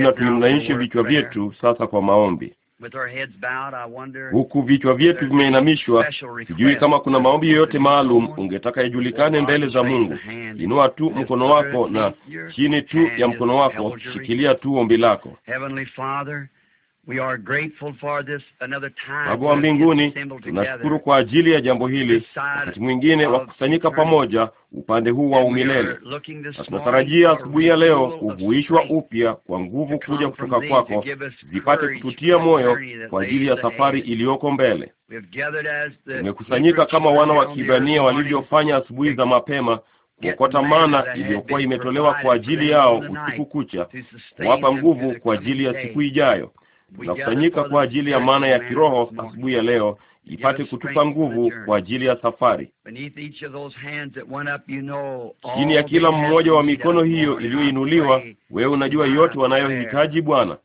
na tuliunganishe vichwa vyetu sasa kwa maombi. Huku vichwa vyetu vimeinamishwa, sijui kama kuna maombi yoyote maalum ungetaka ijulikane mbele za Mungu. Inua tu mkono wako, na chini tu ya mkono wako shikilia tu ombi lako. Baba wa mbinguni, tunashukuru kwa ajili ya jambo hili, wakati mwingine wakusanyika pamoja upande huu wa umilele, tunatarajia asubuhi ya leo kuvuishwa upya kwa nguvu kuja kutoka kwako, zipate kututia moyo kwa ajili ya safari iliyoko mbele. Tumekusanyika kama wana wa Kibrania walivyofanya asubuhi za mapema kuokota mana iliyokuwa imetolewa kwa ajili yao usiku kucha, kuwapa nguvu kwa ajili ya siku ijayo. Tunakusanyika kwa ajili ya mana ya kiroho asubuhi ya leo ipate kutupa nguvu kwa ajili ya safari. Chini ya kila mmoja wa mikono hiyo iliyoinuliwa, wewe unajua yote wanayohitaji Bwana.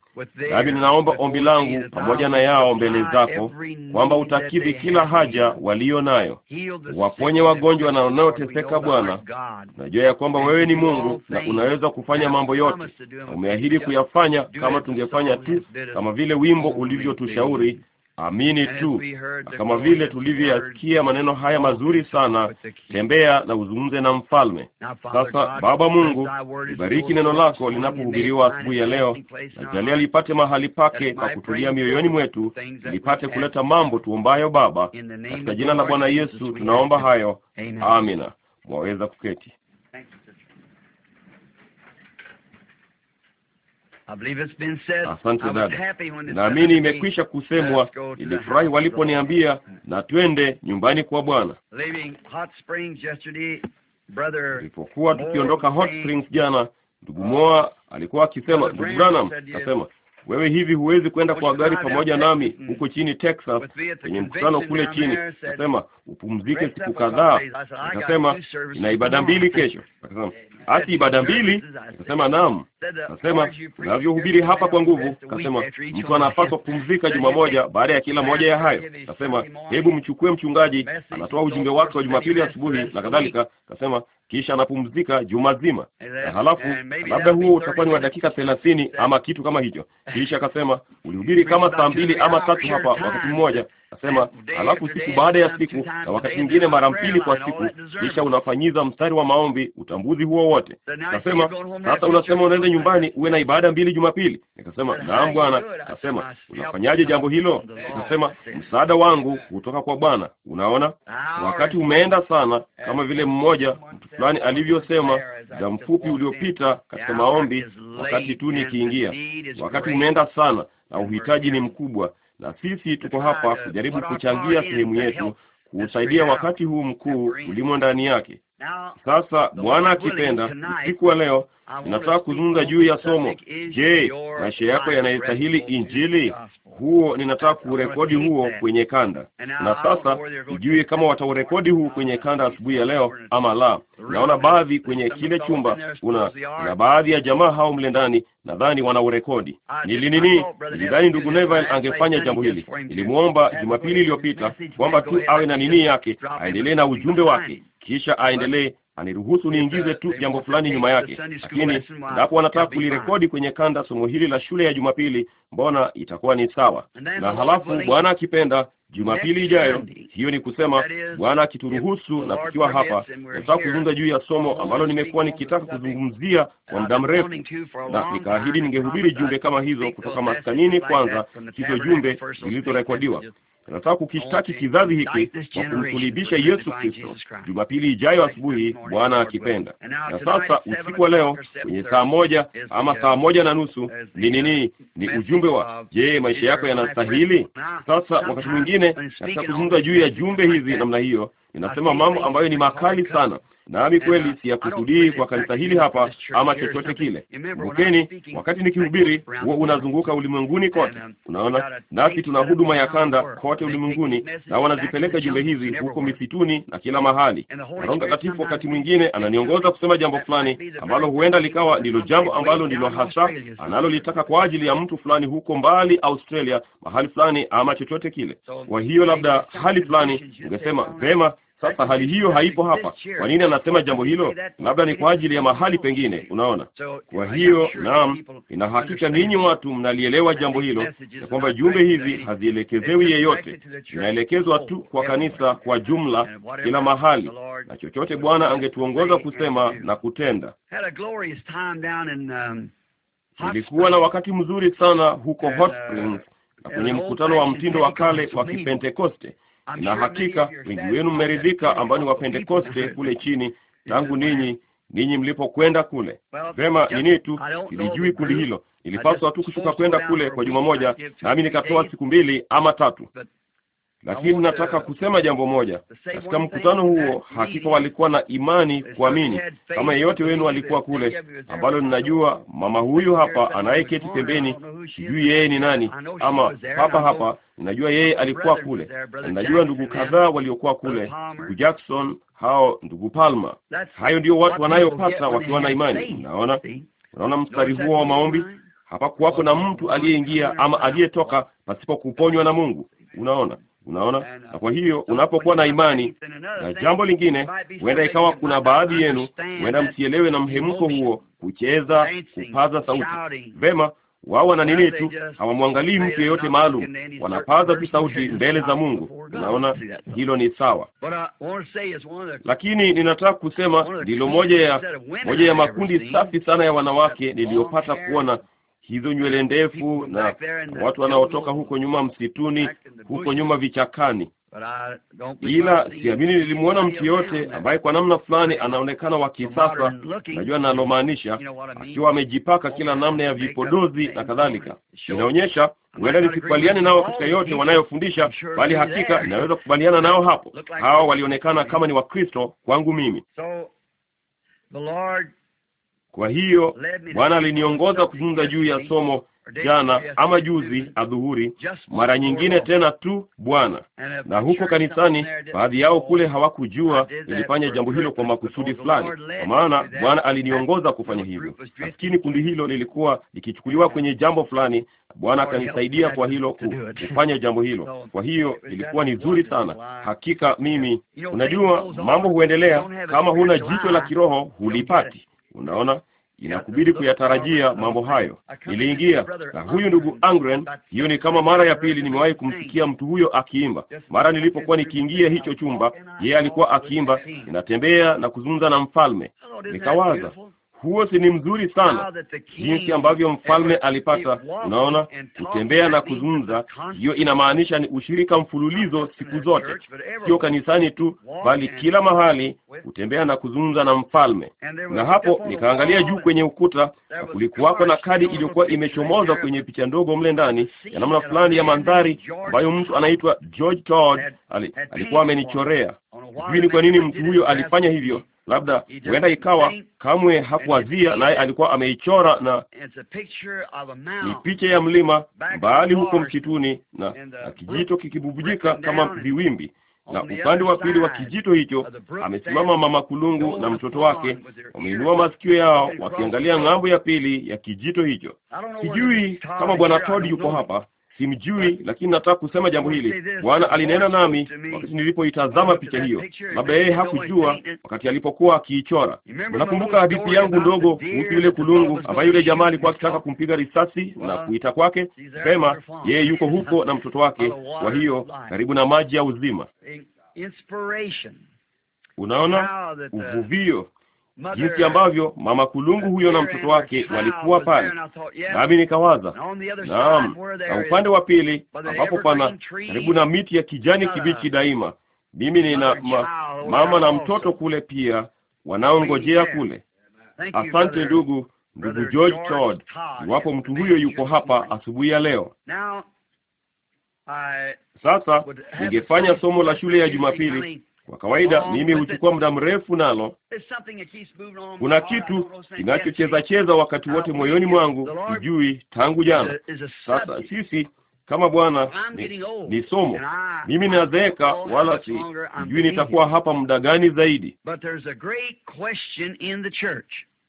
Nami ninaomba ombi langu pamoja na yao mbele zako kwamba utakidhi kila haja waliyo nayo, waponye wagonjwa na wanaoteseka. Bwana, unajua ya kwamba wewe ni Mungu na unaweza kufanya mambo yote, na umeahidi kuyafanya, kama tungefanya tu kama vile wimbo ulivyotushauri Amini tu kama vile tulivyoyasikia maneno haya mazuri sana, tembea na uzungumze na mfalme sasa. Baba Mungu, ibariki neno lako linapohubiriwa asubuhi ya leo, na jalia lipate mahali pake pa kutulia mioyoni mwetu, lipate kuleta mambo tuombayo Baba, katika jina la Bwana Yesu tunaomba hayo, amina. Mwaweza kuketi. Asante dada, naamini imekwisha kusemwa. Nilifurahi waliponiambia na twende nyumbani kwa Bwana. Tulipokuwa tukiondoka Hot Springs jana, ndugu uh, Moa alikuwa akisema, ndugu Branham akasema wewe hivi huwezi kwenda kwa gari pamoja nami mm, huko chini Texas kwenye mkutano kule chini. Akasema upumzike siku kadhaa. Akasema na ibada mbili kesho. Akasema ati ibada mbili? Akasema naam. Akasema unavyohubiri hapa kwa nguvu. Akasema mtu anapaswa kupumzika juma moja baada ya kila moja ya hayo. Akasema hebu mchukue mchungaji, anatoa ujumbe wake wa Jumapili asubuhi na kadhalika. Akasema kisha anapumzika juma zima, na halafu labda huo utakuwa ni wa dakika thelathini ama kitu kama hicho. Kisha akasema, ulihubiri kama saa mbili ama tatu hapa wakati mmoja, Nasema alafu siku baada ya siku na wakati mwingine mara mbili kwa siku, kisha unafanyiza mstari wa maombi, utambuzi huo wote. Nasema sasa, unasema unaenda nyumbani uwe na ibada mbili Jumapili. Nikasema naam Bwana. Nasema unafanyaje jambo hilo? Nikasema msaada wangu kutoka kwa Bwana. Unaona, wakati umeenda sana, kama vile mmoja mtu fulani alivyosema muda mfupi uliopita katika maombi, wakati tu nikiingia, wakati umeenda sana na uhitaji ni mkubwa na sisi tuko hapa kujaribu kuchangia sehemu yetu kuusaidia wakati huu mkuu ulimo ndani yake sasa Bwana akipenda, usiku wa leo ninataka kuzungumza juu ya somo, je, maisha yako yanayostahili Injili? Huo ninataka kurekodi huo kwenye kanda, na sasa sijui kama wataurekodi huu kwenye kanda asubuhi ya leo ama la. Naona baadhi kwenye kile chumba kuna na baadhi ya jamaa hao mle ndani, nadhani wanaurekodi. Nili nini, nilidhani ndugu Neville angefanya jambo hili. Nilimwomba Jumapili iliyopita kwamba tu awe na nini yake, aendelee na ujumbe wake kisha aendelee aniruhusu niingize tu jambo fulani nyuma yake, lakini ndapo anataka kulirekodi kwenye kanda somo hili la shule ya Jumapili, mbona itakuwa ni sawa. Na halafu Bwana akipenda Jumapili ijayo, hiyo ni kusema Bwana akituruhusu na tukiwa hapa, nataka kuzungumza juu ya somo ambalo nimekuwa nikitaka kuzungumzia kwa muda mrefu, na nikaahidi ningehubiri jumbe kama hizo kutoka maskanini kwanza, hizo jumbe zilizorekodiwa. Anataka kukishtaki kizazi hiki kwa kumkulibisha Yesu Kristo Jumapili ijayo asubuhi, Bwana akipenda. Na sasa usiku wa leo kwenye saa moja ama saa moja na nusu ni nini? Ni ujumbe wa je, maisha yako yanastahili? Sasa wakati mwingine nataka kuzungumza juu ya jumbe hizi namna hiyo, ninasema mambo ambayo ni makali sana nami uh, kweli siyakusudii kwa kanisa hili hapa ama chochote kile. Kumbukeni, wakati nikihubiri huwa unazunguka ulimwenguni kote, um, unaona, uh, nasi tuna huduma ya kanda kote ulimwenguni, na wanazipeleka jumbe hizi huko misituni na kila uh, mahali. Roho Mtakatifu wakati mwingine ananiongoza kusema jambo fulani ambalo huenda likawa ndilo jambo ambalo ndilo hasa analolitaka kwa ajili ya mtu fulani huko mbali Australia, mahali fulani ama chochote kile. Kwa hiyo labda hali fulani ungesema vema sasa hali hiyo haipo hapa. Kwa nini anasema jambo hilo? Labda ni kwa ajili ya mahali pengine, unaona. Kwa hiyo, naam, ina hakika ninyi watu mnalielewa jambo hilo, ya kwamba jumbe hizi hazielekezewi yeyote, zinaelekezwa tu kwa kanisa kwa jumla, kila mahali, na chochote Bwana angetuongoza kusema na kutenda. Um, ilikuwa na wakati mzuri sana huko uh, Hot Springs na kwenye mkutano wa mtindo wa kale wa Kipentekoste na hakika wengi wenu mmeridhika, ambao ni Wapentekoste kule chini, tangu ninyi ninyi mlipokwenda kule. Vema, nini tu ilijui kundi hilo, ilipaswa tu kushuka kwenda kule kwa juma moja, nami nikatoa siku mbili ama tatu, lakini nataka uh, kusema jambo moja katika mkutano huo. Hakika walikuwa na imani kuamini, kama yeyote wenu alikuwa kule, ambalo ninajua mama huyu hapa anayeketi pembeni, sijui yeye ni nani, ama papa hapa, ninajua yeye alikuwa kule, ninajua ndugu kadhaa waliokuwa kule, ndugu Jackson, hao ndugu Palma. Hayo ndio watu wanayopata wakiwa na imani. Unaona, unaona mstari huo wa maombi, Hapakuwako na mtu aliyeingia ama aliyetoka pasipo kuponywa na Mungu. Unaona. Unaona, uh, na kwa hiyo unapokuwa na imani. Na jambo lingine, huenda ikawa kuna baadhi yenu huenda msielewe na mhemko huo, kucheza, kupaza sauti vema. Wao wana nini tu, hawamwangalii mtu yeyote maalum, wanapaza tu sauti mbele za Mungu. Unaona, hilo ni sawa, uh, lakini ninataka kusema ndilo moja ya moja ya makundi safi sana ya wanawake niliyopata kuona hizo nywele ndefu na watu wanaotoka huko nyuma msituni, huko nyuma vichakani. Ila siamini nilimwona mtu yote ambaye kwa namna fulani anaonekana wa kisasa, najua nalomaanisha, akiwa amejipaka kila namna ya vipodozi na kadhalika. Inaonyesha huenda nisikubaliane nao katika yote wanayofundisha, bali hakika inaweza kukubaliana nao hapo. hawa walionekana kama ni Wakristo kwangu mimi. Kwa hiyo Bwana aliniongoza kuzungumza juu ya somo jana ama juzi adhuhuri, mara nyingine tena tu Bwana. Na huko kanisani, baadhi yao kule hawakujua nilifanya jambo hilo kwa makusudi fulani, kwa maana Bwana aliniongoza kufanya hivyo. Lakini kundi hilo lilikuwa likichukuliwa kwenye jambo fulani, Bwana akanisaidia kwa hilo, kufanya jambo hilo. Kwa hiyo ilikuwa ni zuri sana hakika. Mimi unajua, mambo huendelea, kama huna jicho la kiroho hulipati Unaona, inakubidi kuyatarajia mambo hayo. Niliingia na huyu ndugu Angren, hiyo ni kama mara ya pili nimewahi kumsikia mtu huyo akiimba. Mara nilipokuwa nikiingia hicho chumba, yeye alikuwa akiimba, ninatembea na kuzungumza na mfalme. Nikawaza, huo si ni mzuri sana, jinsi ambavyo mfalme alipata. Unaona, kutembea na kuzungumza, hiyo inamaanisha ni ushirika mfululizo siku zote, sio kanisani tu, bali kila mahali, kutembea na kuzungumza na mfalme. Na hapo nikaangalia juu kwenye ukuta, na kulikuwako na kadi iliyokuwa imechomoza kwenye picha ndogo mle ndani ya namna fulani ya mandhari ambayo mtu anaitwa George Todd alikuwa amenichorea. Sijui ni kwa nini mtu huyo alifanya hivyo, labda huenda ikawa kamwe hakuwazia, naye alikuwa ameichora, na ni picha ya mlima mbali huko msituni na, na kijito kikibubujika kama viwimbi, na upande wa pili wa kijito hicho amesimama mama kulungu na mtoto wake, wameinua masikio yao wakiangalia ng'ambo ya pili ya kijito hicho. Sijui kama bwana Todd yupo hapa simjui, lakini nataka kusema jambo hili. Bwana alinena nami wakati nilipoitazama picha hiyo, labda yeye hakujua wakati alipokuwa akiichora. Unakumbuka hadithi yangu ndogo kuhusu yule kulungu ambaye yule jamaa alikuwa akitaka kumpiga risasi na kuita kwake, sema yeye yuko huko na mtoto wake, kwa hiyo karibu na maji ya uzima. Unaona uvuvio jinsi ambavyo mama kulungu huyo na mtoto wake walikuwa pale, nami nikawaza, naam, na upande wa pili ambapo pana karibu na miti ya kijani kibichi daima, mimi nina ma, oh mama na mtoto kule pia wanaongojea kule. Asante ndugu, ndugu George Todd, iwapo mtu huyo yuko hapa asubuhi ya leo. Sasa ningefanya somo la shule ya Jumapili kwa kawaida mimi huchukua muda mrefu nalo. Kuna kitu kinachocheza cheza wakati wote moyoni mwangu, sijui tangu jana. Sasa sisi kama Bwana ni, ni somo. Mimi nazeeka, wala sijui nitakuwa hapa muda gani zaidi,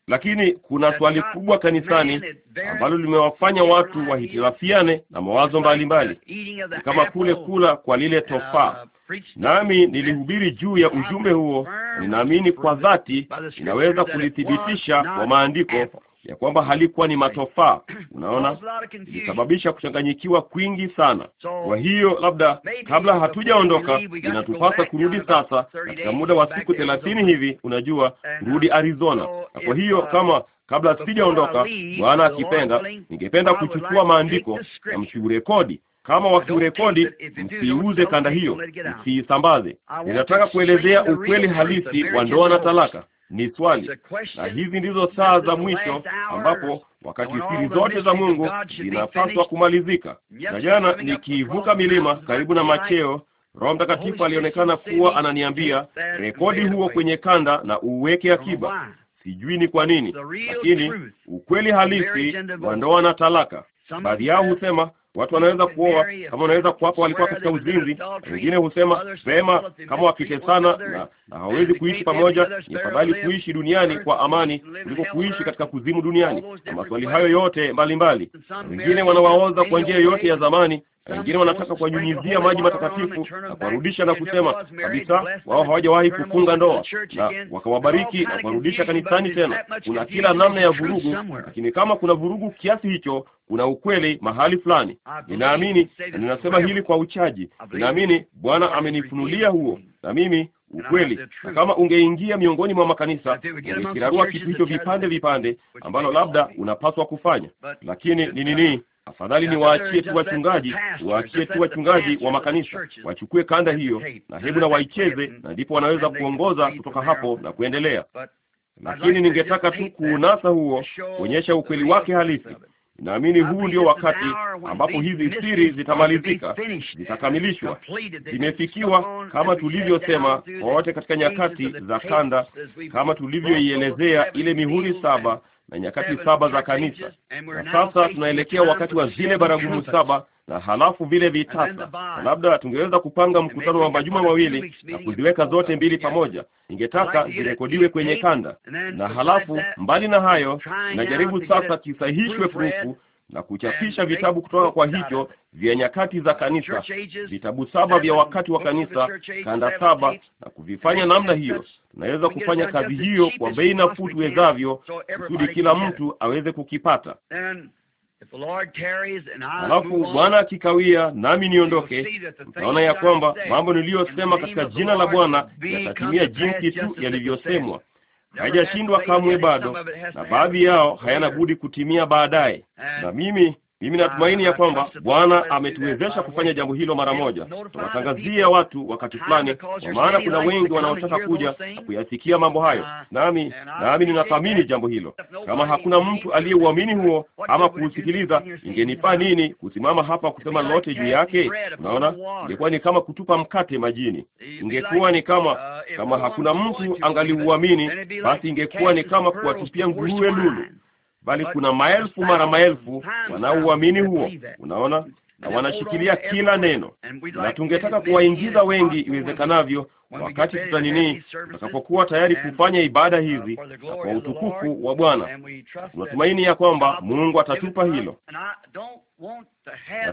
lakini kuna swali kubwa kanisani ambalo limewafanya watu wahitilafiane na mawazo mbalimbali mbali. Kama kule kula kwa lile tofaa uh, nami nilihubiri juu ya ujumbe huo. Ninaamini kwa dhati, ninaweza kulithibitisha kwa maandiko ya kwamba halikuwa ni matofaa. Unaona, ilisababisha kuchanganyikiwa kwingi sana. Kwa hiyo, labda kabla hatujaondoka, inatupasa kurudi sasa katika muda wa siku thelathini hivi, unajua, kurudi uh, Arizona. Na kwa hiyo uh, kama kabla sijaondoka, Bwana akipenda, ningependa kuchukua maandiko na msiurekodi kama wakiurekodi, msiuze kanda hiyo, msiisambaze. Ninataka kuelezea ukweli halisi wa ndoa na talaka. Ni swali, na hizi ndizo saa za mwisho ambapo wakati siri zote za Mungu zinapaswa kumalizika. Na jana nikiivuka milima karibu na macheo Roho Mtakatifu alionekana kuwa ananiambia rekodi huo kwenye kanda na uweke akiba. Sijui ni kwa nini, lakini ukweli halisi wa ndoa na talaka. Baadhi yao husema Watu wanaweza kuoa kama wanaweza kuwapa walikuwa katika uzinzi. Wengine husema vema, kama wakitesana na, na hawawezi kuishi pamoja, ni afadhali kuishi duniani kwa amani kuliko kuishi katika kuzimu duniani, na maswali hayo yote mbalimbali. Wengine wanawaoza kwa njia yote ya zamani Eh, wengine wanataka kuwanyunyizia maji matakatifu na kuwarudisha na kusema kabisa wao hawajawahi kufunga ndoa, na wakawabariki na kuwarudisha kanisani tena. Kuna kila namna ya vurugu, lakini kama kuna vurugu kiasi hicho, kuna ukweli mahali fulani. Ninaamini na ninasema hili kwa uchaji, ninaamini Bwana amenifunulia huo na mimi ukweli na kama ungeingia miongoni mwa makanisa ungekirarua kitu hicho vipande vipande, ambalo labda unapaswa kufanya. Lakini ni nini? Afadhali ni waachie tu wachungaji, waachie tu wachungaji wa makanisa wachukue kanda hiyo, na hebu na waicheze, na ndipo wanaweza kuongoza kutoka hapo na kuendelea. Lakini ningetaka tu kuunasa huo, kuonyesha ukweli wake halisi. Naamini huu ndio wakati ambapo hizi siri zitamalizika, zitakamilishwa, zimefikiwa kama tulivyosema kwa wote katika nyakati za kanda, kama tulivyoielezea ile mihuri saba na nyakati saba za kanisa, na sasa tunaelekea wakati wa zile baragumu saba na halafu vile vitasa, na labda tungeweza kupanga mkutano wa majuma mawili na kuziweka zote mbili pamoja. Ningetaka zirekodiwe kwenye kanda, na halafu mbali na hayo, najaribu sasa kisahihishwe furufu na kuchapisha vitabu kutoka kwa hivyo vya nyakati za kanisa, vitabu saba vya wakati wa kanisa, kanda saba, na kuvifanya namna hiyo. Tunaweza kufanya kazi hiyo kwa bei nafuu tuwezavyo, kusudi kila mtu aweze kukipata. alafu Bwana akikawia nami niondoke, utaona ya kwamba mambo niliyosema katika jina la Bwana yatatimia jinsi tu yalivyosemwa, hayajashindwa kamwe bado, na baadhi yao hayana budi kutimia baadaye. Na mimi mimi ah, natumaini ya kwamba Bwana ametuwezesha kufanya jambo hilo mara moja. Tunatangazia watu wakati fulani, kwa maana kuna wengi wanaotaka kuja na kuyasikia mambo hayo, ah, nami nami ninathamini jambo hilo. Kama hakuna mtu aliyeuamini huo ama kuusikiliza, ingenipa nini kusimama hapa kusema lote juu yake? Unaona, ingekuwa ni kama kutupa mkate majini. Ingekuwa ni kama uh, kama hakuna mtu angaliuamini, basi ingekuwa ni kama kuwatupia nguruwe lulu bali kuna maelfu mara maelfu wanaouamini huo, unaona, na wanashikilia kila neno, na tungetaka kuwaingiza wengi iwezekanavyo wakati tutanini, tutakapokuwa tayari kufanya ibada hizi na kwa utukufu wa Bwana. Tunatumaini ya kwamba Mungu atatupa hilo, na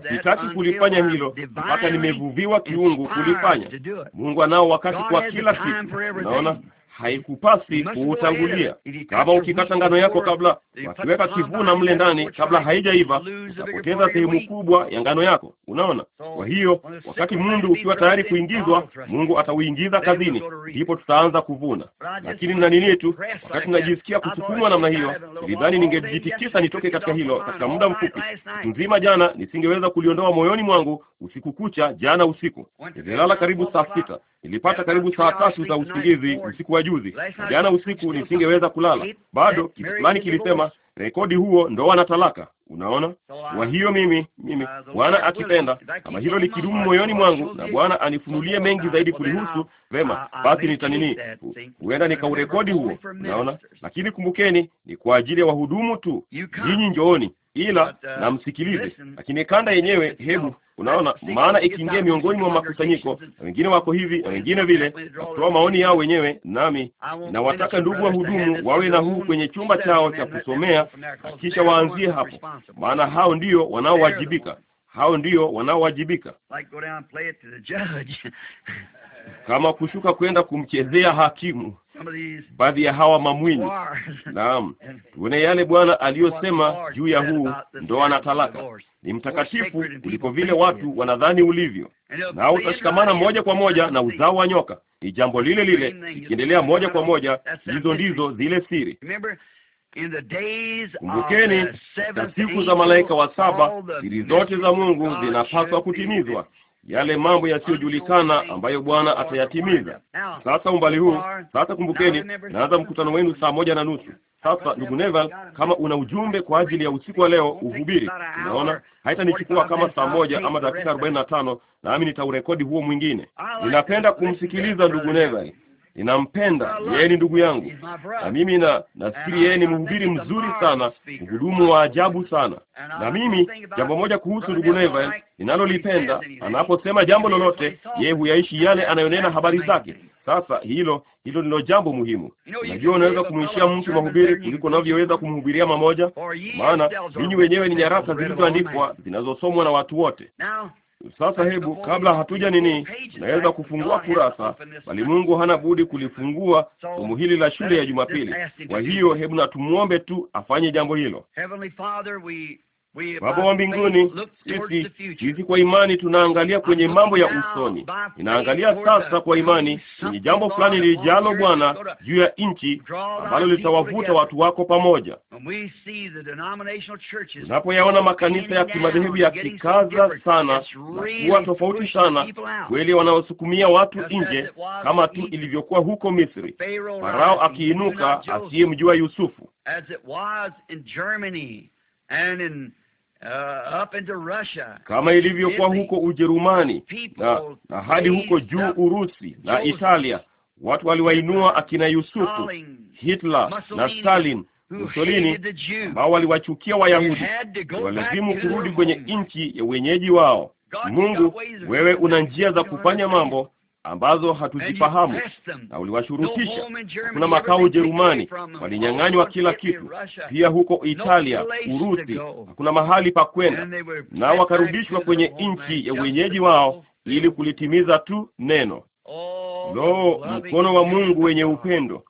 sitaki kulifanya hilo mpaka nimevuviwa kiungu kulifanya. Mungu anao wakati kwa kila siku, unaona haikupasi kuutangulia. Kama ukikata ngano yako kabla, wakiweka kivuna mle ndani, kabla haijaiva, utapoteza sehemu kubwa ya ngano yako. Unaona? Kwa hiyo wakati mundu ukiwa tayari kuingizwa, Mungu atauingiza kazini, ndipo tutaanza kuvuna. Lakini na nini tu, wakati najisikia kusukumwa namna hiyo, nilidhani ningejitikisa nitoke katika hilo katika muda mfupi. Mzima jana nisingeweza kuliondoa moyoni mwangu usiku kucha jana usiku. Nililala karibu saa sita, nilipata karibu saa tatu za usingizi usiku wa juzi. Jana usiku nisingeweza kulala bado, kitu fulani kilisema rekodi huo, ndoa na talaka. Unaona, uh, kwa hiyo mimi mimi, uh, Bwana akipenda, kama hilo likidumu moyoni mwangu na Bwana anifunulie mengi zaidi kulihusu, vema uh, basi nitanini, huenda nikaurekodi huo. Unaona, lakini kumbukeni, ni kwa ajili ya wahudumu tu. Ninyi njooni ila uh, na msikilize. Lakini kanda yenyewe, hebu unaona, maana ikiingia miongoni mwa makusanyiko, na wengine wako hivi na wengine vile, wakitoa maoni yao wenyewe, nami nawataka ndugu wa hudumu wawe na huu kwenye chumba chao cha kusomea, kisha waanzie hapo, maana hao ndio wanaowajibika hao ndio wanaowajibika, kama kushuka kwenda kumchezea hakimu baadhi ya hawa mamwinyi. Naam, tuone yale Bwana aliyosema juu ya huu ndoa na talaka. Ni mtakatifu kuliko vile watu wanadhani ulivyo, na utashikamana moja kwa moja na uzao wa nyoka. Ni jambo lile lile ikiendelea moja kwa moja. Hizo ndizo zile siri. Kumbukeni, katika siku za malaika wa saba, siri zote za Mungu zinapaswa kutimizwa yale mambo yasiyojulikana ambayo Bwana atayatimiza. Sasa umbali huu sasa, kumbukeni, naanza mkutano wenu saa moja na nusu. Sasa ndugu Neville, kama una ujumbe kwa ajili ya usiku wa leo uhubiri, unaona haitanichukua kama saa moja ama dakika arobaini na tano nami nitaurekodi huo mwingine. Ninapenda kumsikiliza ndugu Neville ninampenda yeye, ni ndugu yangu na mimi na nafikiri yeye ni mhubiri mzuri sana, mhudumu wa ajabu sana. Na mimi jambo moja kuhusu ndugu Neville ninalolipenda, anaposema jambo lolote, yeye huyaishi yale anayonena habari zake. Sasa hilo hilo ndilo jambo muhimu. Unajua, unaweza kumwishia mtu mahubiri kuliko unavyoweza kumhubiria mamoja, maana ninyi wenyewe ni nyaraka zilizoandikwa zinazosomwa na watu wote. Sasa hebu kabla hatuja nini, tunaweza kufungua kurasa, bali Mungu hana budi kulifungua somo hili la shule ya Jumapili. Kwa hiyo hebu na tumwombe tu afanye jambo hilo. Baba wa mbinguni, sisi sisi kwa imani tunaangalia kwenye mambo ya usoni. Ninaangalia sasa kwa imani kwenye jambo fulani lijalo, Bwana, juu ya nchi ambalo litawavuta watu wako pamoja. Tunapoyaona makanisa ya kimadhehebu yakikaza sana na kuwa tofauti sana, kweli wanaosukumia watu nje, kama tu ilivyokuwa huko Misri, Farao akiinuka asiyemjua Yusufu And in Uh, kama ilivyokuwa huko Ujerumani na, na hadi huko juu Urusi na Italia. Watu waliwainua akina Yusufu, Hitler na Stalin, Mussolini ambao waliwachukia Wayahudi, walazimu kurudi kwenye nchi ya wenyeji wao. Mungu, wewe una njia za kufanya mambo ambazo hatuzifahamu na uliwashurutisha. Hakuna makao Ujerumani, walinyang'anywa uh, kila kitu, pia huko Italia, Urusi, hakuna mahali pa kwenda, nao wakarudishwa kwenye nchi ya wenyeji wao ili kulitimiza tu neno. Oh, Lo, mkono wa Mungu wenye upendo,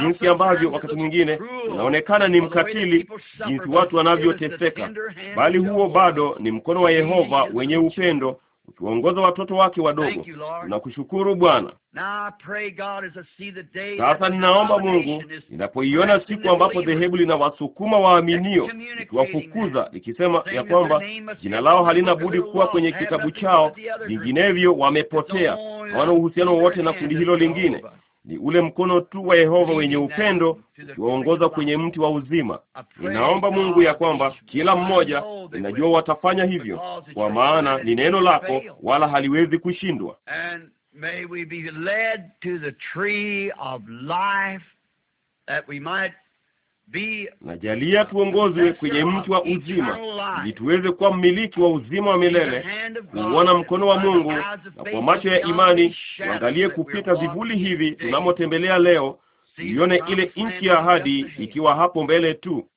jinsi ambavyo wakati mwingine unaonekana ni mkatili, jinsi watu wanavyoteseka, bali huo bado ni mkono wa Yehova wenye upendo ukiwaongoza watoto wake wadogo. Nakushukuru Bwana. Sasa ninaomba Mungu, ninapoiona siku ambapo dhehebu linawasukuma waaminio, ikiwafukuza likisema ya kwamba jina lao halina budi kuwa kwenye kitabu chao, vinginevyo wamepotea, hawana uhusiano wowote na kundi hilo lingine, ni ule mkono tu wa Yehova wenye upendo ukiwaongoza kwenye mti wa uzima. Ninaomba Mungu ya kwamba kila mmoja, ninajua watafanya hivyo, kwa maana ni neno lako, wala haliwezi kushindwa. Najalia tuongozwe kwenye mti wa uzima, ili tuweze kuwa mmiliki wa uzima wa milele, kuuona mkono wa Mungu na kwa macho ya imani tuangalie kupita vivuli hivi tunamotembelea leo, tuione ile nchi ya ahadi ikiwa hapo mbele tu.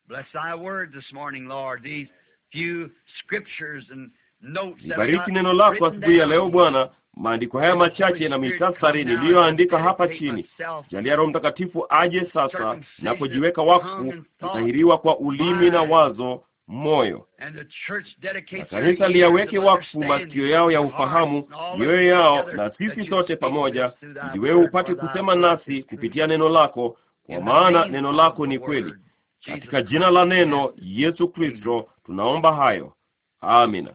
Nibariki neno lako asubuhi ya leo Bwana, maandiko haya machache na mitasari niliyoandika hapa chini. Jalia Roho Mtakatifu aje sasa na kujiweka wakfu, kutahiriwa kwa ulimi na wazo, moyo na kanisa liyaweke wakfu masikio yao ya ufahamu, mioyo yao, na sisi sote pamoja, ili wewe upate kusema nasi kupitia neno lako, kwa maana neno lako ni kweli. Katika jina la neno Yesu Kristo tunaomba hayo, amina.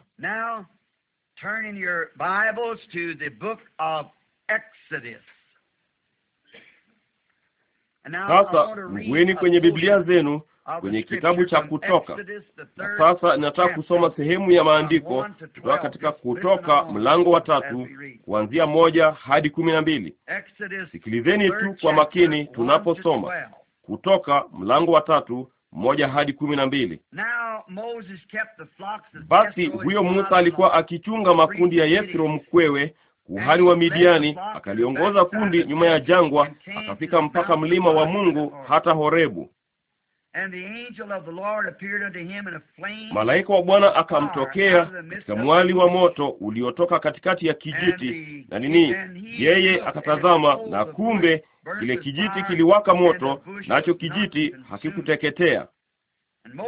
Turn in your Bibles to the book of Exodus. Sasa weni kwenye Biblia zenu kwenye kitabu cha Kutoka. Na sasa nataka kusoma sehemu ya maandiko kutoka katika Kutoka mlango wa tatu kuanzia moja hadi kumi na mbili. Sikilizeni tu kwa makini tunaposoma Kutoka mlango wa tatu moja hadi kumi na mbili. Basi huyo Musa alikuwa akichunga makundi ya Yethro mkwewe kuhani wa Midiani, akaliongoza kundi nyuma ya jangwa, akafika mpaka mlima wa Mungu hata Horebu. Malaika wa Bwana akamtokea katika mwali wa moto uliotoka katikati ya kijiti na nini, yeye akatazama, na kumbe kile kijiti kiliwaka moto, nacho kijiti hakikuteketea.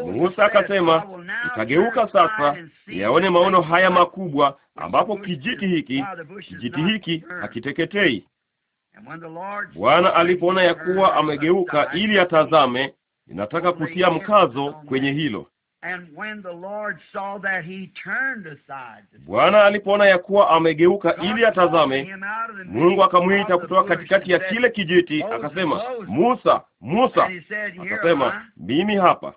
Musa akasema, nitageuka sasa niyaone maono haya makubwa, ambapo kijiti hiki kijiti hiki hakiteketei. Bwana alipoona ya kuwa amegeuka ili atazame Ninataka kutia mkazo kwenye hilo. Bwana alipoona ya kuwa amegeuka ili atazame, Mungu akamwita kutoka katikati ya kile kijiti, akasema, Musa, Musa. Akasema, mimi hapa.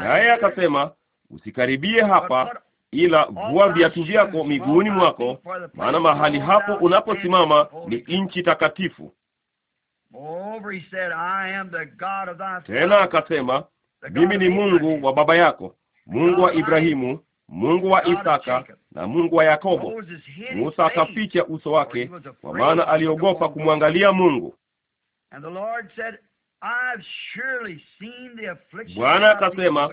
Naye akasema, usikaribie hapa, ila vua viatu vyako miguuni mwako, maana mahali hapo unaposimama ni nchi takatifu. Tena akasema mimi ni Mungu wa baba yako, Mungu wa Ibrahimu, Mungu wa Isaka na Mungu wa Yakobo. Musa akaficha uso wake, kwa maana aliogopa kumwangalia Mungu. Bwana akasema,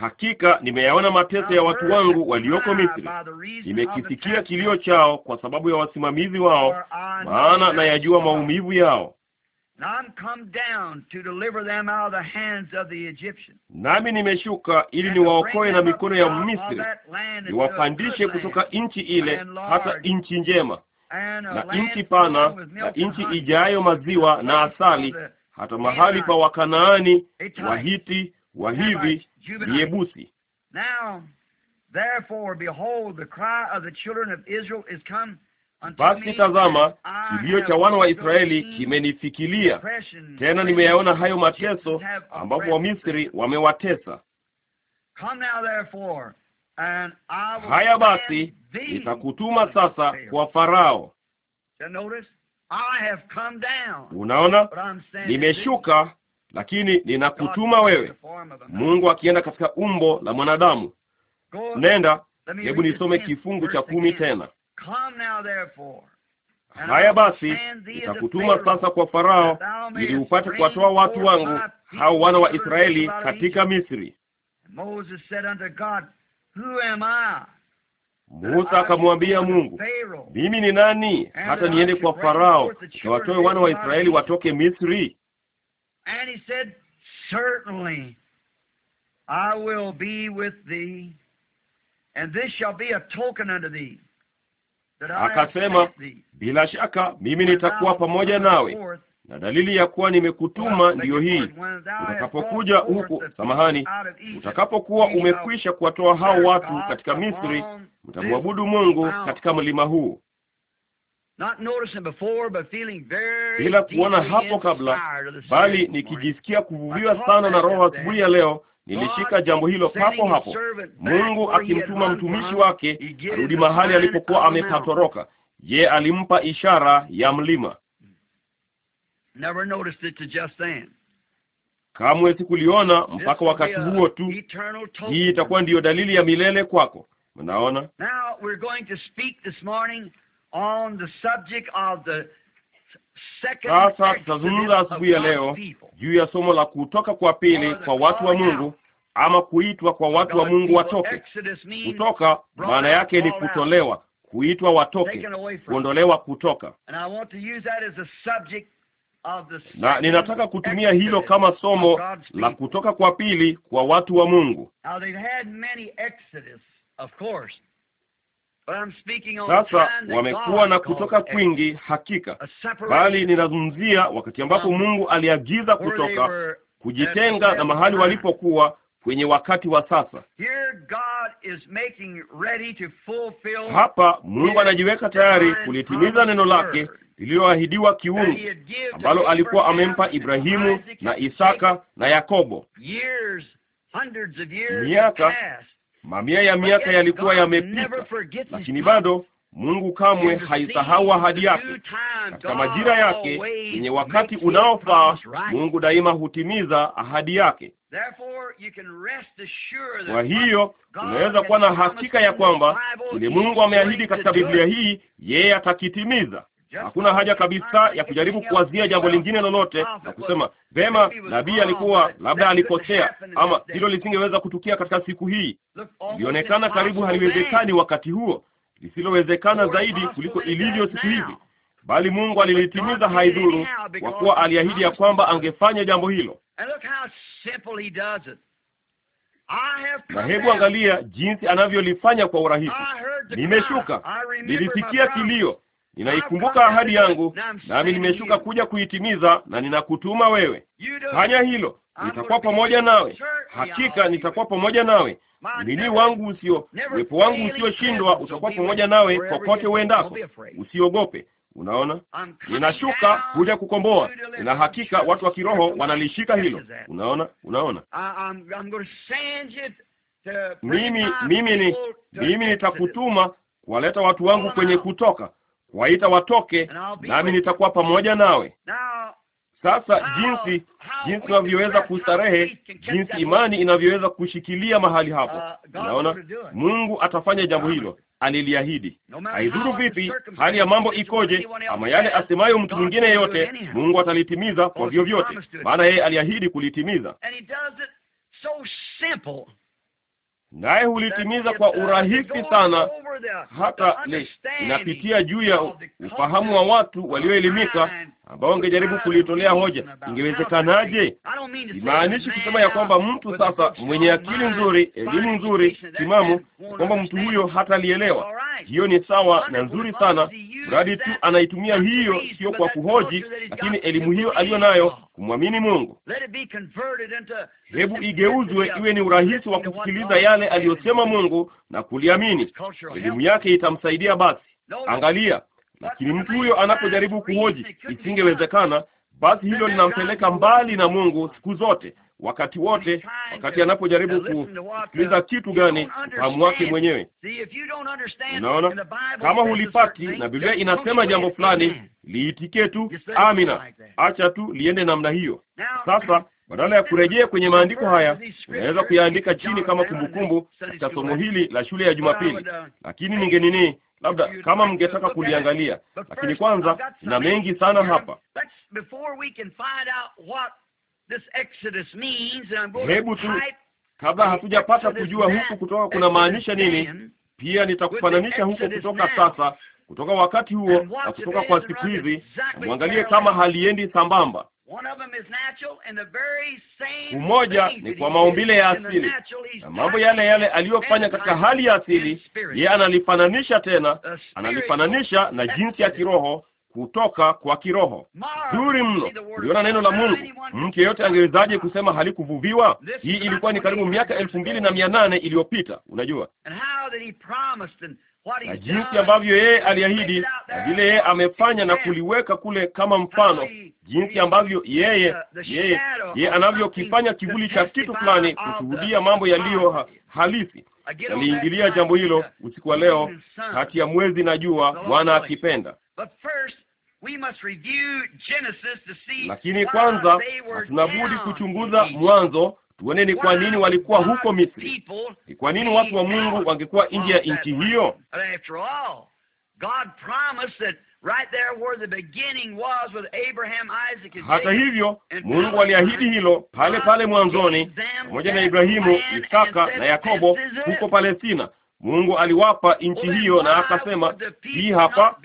hakika nimeyaona mateso ya watu wangu walioko Misri, nimekisikia kilio chao kwa sababu ya wasimamizi wao, maana nayajua maumivu yao. Nami nimeshuka ili niwaokoe na mikono ya Misri, niwapandishe kutoka nchi ile hata nchi njema na nchi pana na nchi ijayo maziwa na asali, hata mahali pa Wakanaani, Wahiti, Wahivi, Yebusi. therefore behold the cry of the children of Israel is come basi tazama, kilio cha wana wa Israeli kimenifikilia tena, nimeyaona hayo mateso ambapo Wamisri wamewatesa. Haya basi, nitakutuma sasa kwa Farao. Unaona, nimeshuka lakini ninakutuma wewe, Mungu akienda katika umbo la mwanadamu. Nenda, hebu nisome kifungu cha kumi tena. Haya basi, nitakutuma sasa kwa Farao ili upate kuwatoa watu wangu hao wana wa Israeli katika Misri. Musa akamwambia Mungu, mimi ni nani hata niende kwa Farao nikawatoe wana wa Israeli watoke Misri? and this shall be a token unto thee Akasema, bila shaka mimi nitakuwa pamoja nawe, na dalili ya kuwa nimekutuma ndiyo hii, utakapokuja huku samahani, utakapokuwa umekwisha kuwatoa hao watu katika Misri, mtamwabudu Mungu katika mlima huu bila kuona hapo kabla, bali nikijisikia kuvuviwa sana na Roho asubuhi ya leo, Nilishika jambo hilo papo hapo, Mungu akimtuma mtumishi wake arudi mahali alipokuwa amepatoroka. ye alimpa ishara ya mlima. Kamwe sikuliona mpaka wakati huo tu. Hii itakuwa ndiyo dalili ya milele kwako. Mnaona, sasa tutazungumza asubuhi ya leo juu ya somo la kutoka kwa pili kwa watu wa Mungu ama kuitwa kwa watu wa Mungu watoke. Kutoka maana yake ni kutolewa, kuitwa watoke, kuondolewa kutoka. Na ninataka kutumia hilo kama somo la kutoka kwa pili kwa watu wa Mungu. Sasa wamekuwa na kutoka kwingi hakika, bali ninazungumzia wakati ambapo Mungu aliagiza kutoka, kujitenga na mahali walipokuwa kwenye wakati wa sasa. Hapa Mungu anajiweka tayari kulitimiza neno lake lililoahidiwa kiungu ambalo alikuwa amempa Ibrahimu na Isaka na Yakobo. Miaka Mamia ya miaka yalikuwa yamepita, lakini bado Mungu kamwe haisahau ahadi yake. Katika majira yake yenye wakati unaofaa, Mungu daima hutimiza ahadi yake. Kwa hiyo unaweza kuwa na hakika ya kwamba kile Mungu ameahidi katika Biblia hii, yeye atakitimiza. Hakuna haja kabisa ya kujaribu kuwazia jambo lingine lolote na kusema vema, nabii alikuwa labda alikosea, ama hilo lisingeweza kutukia katika siku hii. Ilionekana karibu haliwezekani wakati huo, lisilowezekana zaidi kuliko ilivyo siku hivi bali Mungu alilitimiza, haidhuru, kwa kuwa aliahidi ya kwamba angefanya jambo hilo. Na hebu angalia jinsi anavyolifanya kwa urahisi. Nimeshuka, nilisikia kilio ninaikumbuka ahadi yangu, nami nimeshuka kuja kuitimiza, na ninakutuma wewe. Fanya hilo, nitakuwa pamoja nawe, hakika nitakuwa pamoja nawe. Mlili wangu usio uwepo wangu usioshindwa utakuwa pamoja nawe kokote uendako, usiogope. Unaona, ninashuka kuja kukomboa. Nina hakika watu wa kiroho wanalishika hilo. Unaona, unaona, mimi mimi ni mimi nitakutuma kuwaleta watu wangu kwenye kutoka waita watoke, nami nitakuwa pamoja nawe. Sasa jinsi jinsi unavyoweza kustarehe, jinsi imani inavyoweza kushikilia mahali uh, hapo, unaona Mungu atafanya jambo hilo, aniliahidi. Haidhuru vipi hali ya mambo ikoje, ama yale asemayo mtu mwingine yeyote, Mungu atalitimiza kwa vyovyote, maana yeye aliahidi kulitimiza naye hulitimiza kwa urahisi sana, hata linapitia juu ya ufahamu wa watu walioelimika ambao wangejaribu kulitolea hoja. Ingewezekanaje? imaanishi kusema ya kwamba mtu sasa mwenye akili nzuri, elimu nzuri, timamu, kwamba mtu huyo hatalielewa hiyo ni sawa na nzuri sana, mradi tu anaitumia hiyo, sio kwa kuhoji, lakini elimu hiyo aliyo nayo kumwamini Mungu. Hebu igeuzwe iwe ni urahisi wa kusikiliza yale aliyosema Mungu na kuliamini. Elimu yake itamsaidia. Basi angalia, lakini mtu huyo anapojaribu kuhoji, isingewezekana. Basi hilo linampeleka mbali na Mungu siku zote, wakati wote, wakati anapojaribu kusikiliza kitu gani fahamu wake mwenyewe. Unaona, kama hulipati na Biblia inasema jambo fulani, liitikie tu amina, acha tu liende namna hiyo. Sasa badala ya kurejea kwenye maandiko haya, unaweza kuyaandika chini kama kumbukumbu katika somo hili la shule ya Jumapili, uh, lakini ningenini labda kama mngetaka kuliangalia, lakini kwanza, na mengi sana hapa. Hebu tu kabla hatujapata kujua huku kutoka kuna maanisha nini, pia nitakufananisha huku kutoka sasa, kutoka wakati huo na kutoka kwa siku hizi, mwangalie kama haliendi sambamba. Umoja ni kwa maumbile ya asili na mambo yale yale aliyofanya katika hali ya asili, yeye analifananisha tena, analifananisha na jinsi ya kiroho kutoka kwa kiroho. Zuri mno, uliona neno la Mungu. Mtu yeyote angewezaje kusema halikuvuviwa? Hii ilikuwa ni karibu miaka elfu mbili na mia nane iliyopita. Unajua, na jinsi ambavyo yeye aliahidi na vile yeye amefanya na kuliweka kule kama mfano, jinsi ambavyo yeye yeye yeye anavyokifanya kivuli cha kitu fulani kushuhudia mambo yaliyo ha halisi. Aliingilia jambo hilo usiku wa leo, kati ya mwezi na jua, Bwana akipenda. Lakini kwanza tunabudi kuchunguza Mwanzo, tuone ni kwa nini walikuwa huko Misri, ni kwa nini watu wa Mungu wangekuwa nje ya nchi hiyo. Hata hivyo, Mungu aliahidi hilo pale pale mwanzoni, pamoja na Ibrahimu, Isaka na Yakobo huko Palestina Mungu aliwapa nchi hiyo na akasema, hii hapa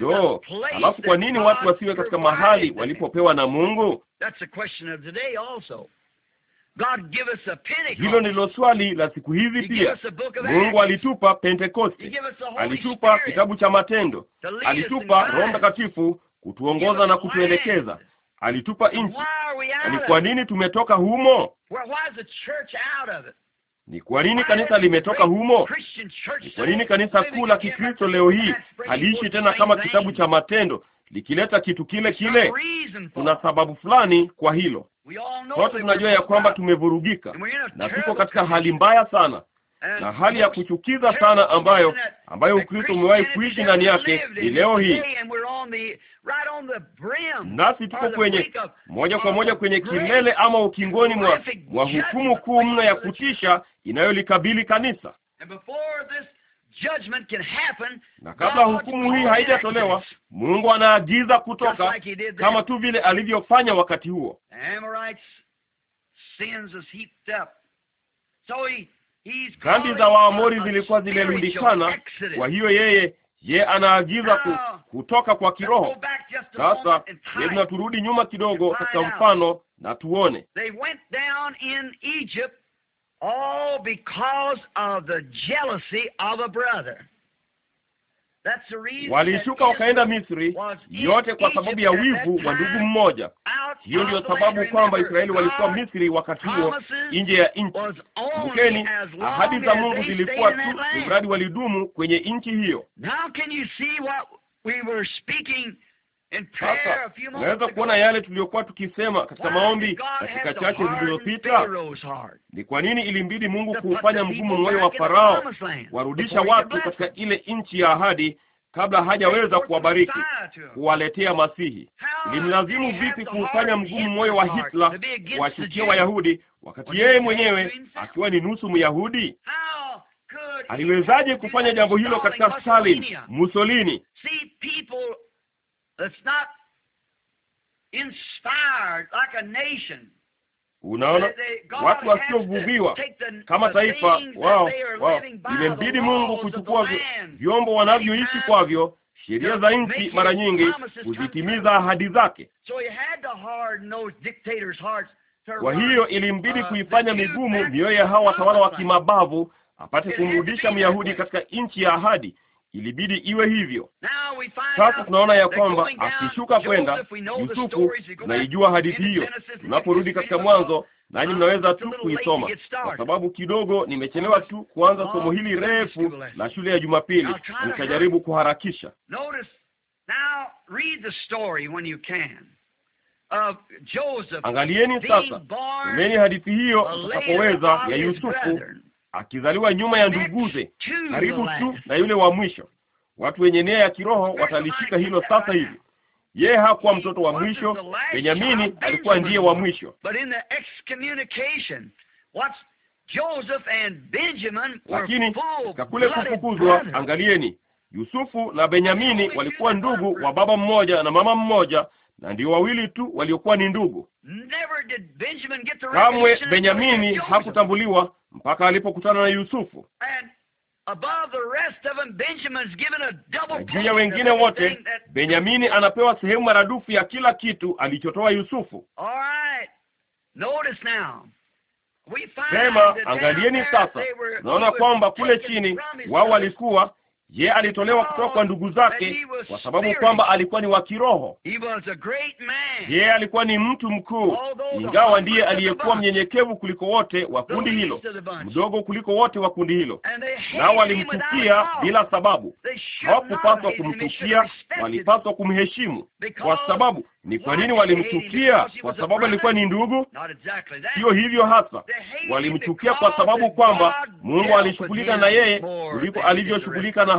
do. Alafu kwa nini watu wasiwe katika mahali walipopewa na Mungu? Hilo ndilo swali la siku hizi pia. Mungu alitupa Pentekoste, alitupa kitabu cha Matendo, alitupa Roho Mtakatifu kutuongoza na kutuelekeza, alitupa nchi. Ni yaani kwa nini tumetoka humo? Ni kwa nini kanisa limetoka humo? Ni kwa nini kanisa kuu la Kikristo leo hii haliishi tena kama kitabu cha Matendo likileta kitu kile kile? Kuna sababu fulani kwa hilo. Sote tunajua ya kwamba tumevurugika na tuko katika hali mbaya sana, na hali ya kuchukiza sana ambayo ambayo Ukristo umewahi kuishi ndani yake ni leo hii, nasi tuko kwenye moja kwa moja kwenye kilele ama ukingoni mwa mwa hukumu kuu mno ya kutisha inayolikabili kanisa, na kabla hukumu hii haijatolewa, Mungu anaagiza kutoka, kama tu vile alivyofanya wakati huo kandi za Waamori zilikuwa zimerundikana. Kwa hiyo yeye ye anaagiza ku, kutoka kwa kiroho. Sasa hebu na turudi nyuma kidogo katika mfano na tuone Walishuka wakaenda Misri yote kwa sababu ya wivu wa ndugu mmoja. Hiyo ndiyo sababu kwamba Israeli walikuwa Misri wakati huo, nje ya nchi. Kumbukeni, ahadi za Mungu zilikuwa tu mradi walidumu kwenye nchi hiyo. Sasa naweza kuona yale tuliyokuwa tukisema katika maombi katika chache zilizopita. Ni kwa nini ilimbidi Mungu kuufanya mgumu moyo wa Farao warudisha watu katika ile nchi ya ahadi kabla hajaweza kuwabariki kuwaletea Masihi. Ilimlazimu vipi kuufanya mgumu moyo wa Hitler kuwachukia Wayahudi wakati yeye mwenyewe akiwa ni nusu Myahudi? Aliwezaje kufanya jambo hilo katika Stalin, Mussolini? Unaona, watu wasiovuviwa kama taifa wao wao, imembidi Mungu kuchukua vyombo wanavyoishi kwavyo, sheria za nchi, mara nyingi kuzitimiza ahadi zake. Kwa hiyo ilimbidi uh, kuifanya migumu mioyo ya hawa watawala wa kimabavu apate kumrudisha Myahudi katika nchi ya ahadi Ilibidi iwe hivyo. Sasa tunaona ya kwamba akishuka kwenda Yusufu, naijua hadithi hiyo. Tunaporudi katika Mwanzo, nanyi mnaweza tu kuisoma, kwa sababu kidogo nimechelewa tu kuanza oh, somo hili refu la shule ya Jumapili. Nitajaribu kuharakisha. Angalieni sasa, someni hadithi hiyo mtakapoweza, ya Yusufu akizaliwa nyuma ya nduguze, karibu tu na yule wa mwisho. Watu wenye nia ya kiroho watalishika hilo sasa hivi. Yeye hakuwa mtoto wa mwisho. Benyamini alikuwa ndiye wa mwisho, lakini katika kule kufukuzwa, angalieni, Yusufu na Benyamini walikuwa ndugu wa baba mmoja na mama mmoja na ndio wawili tu waliokuwa ni ndugu. Kamwe Benyamini hakutambuliwa mpaka alipokutana na Yusufu. Juu ya wengine wote, Benyamini anapewa sehemu maradufu ya kila kitu alichotoa Yusufu. Sema, angalieni sasa, naona kwamba kule chini wao walikuwa Ye alitolewa kutoka kwa ndugu zake kwa sababu kwamba alikuwa ni wa kiroho. Ye alikuwa ni mtu mkuu, ingawa ndiye aliyekuwa mnyenyekevu kuliko wote wa kundi hilo, mdogo kuliko wote wa kundi hilo. Nao walimchukia bila sababu. Hawakupaswa kumchukia, walipaswa kumheshimu. Kwa sababu ni kwa nini walimchukia? Kwa sababu alikuwa ni ndugu? Sio hivyo hasa. Walimchukia kwa sababu kwamba Mungu alishughulika na yeye kuliko alivyoshughulika na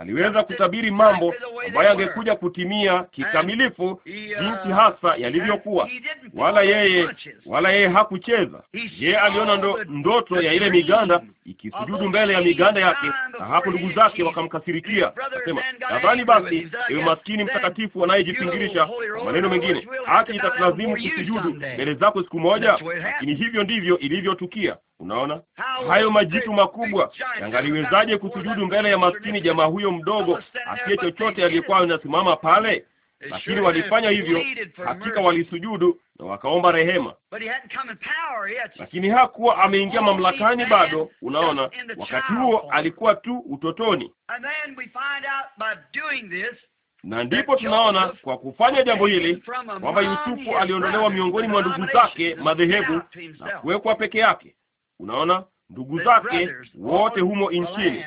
aliweza kutabiri mambo ambayo angekuja kutimia kikamilifu jinsi uh, hasa yalivyokuwa. Wala yeye wala yeye hakucheza. Yeye aliona ndo, ndoto ya ile miganda ikisujudu mbele ya miganda yake, na hapo ndugu zake wakamkasirikia, akasema, nadhani basi, ewe maskini mtakatifu wanayejipingirisha kwa maneno mengine, hata itatulazimu kusujudu mbele zako siku moja. Lakini hivyo ndivyo ilivyotukia. Unaona hayo majitu makubwa, yangaliwezaje kusujudu mbele ya maskini jamaa huyo mdogo asiye chochote aliyekuwa anasimama pale? Lakini walifanya hivyo, hakika walisujudu na wakaomba rehema, lakini hakuwa ameingia mamlakani bado. Unaona, wakati huo alikuwa tu utotoni. Na ndipo tunaona kwa kufanya jambo hili kwamba Yusufu aliondolewa miongoni mwa ndugu zake madhehebu na kuwekwa peke yake. Unaona, ndugu zake wote humo nchini.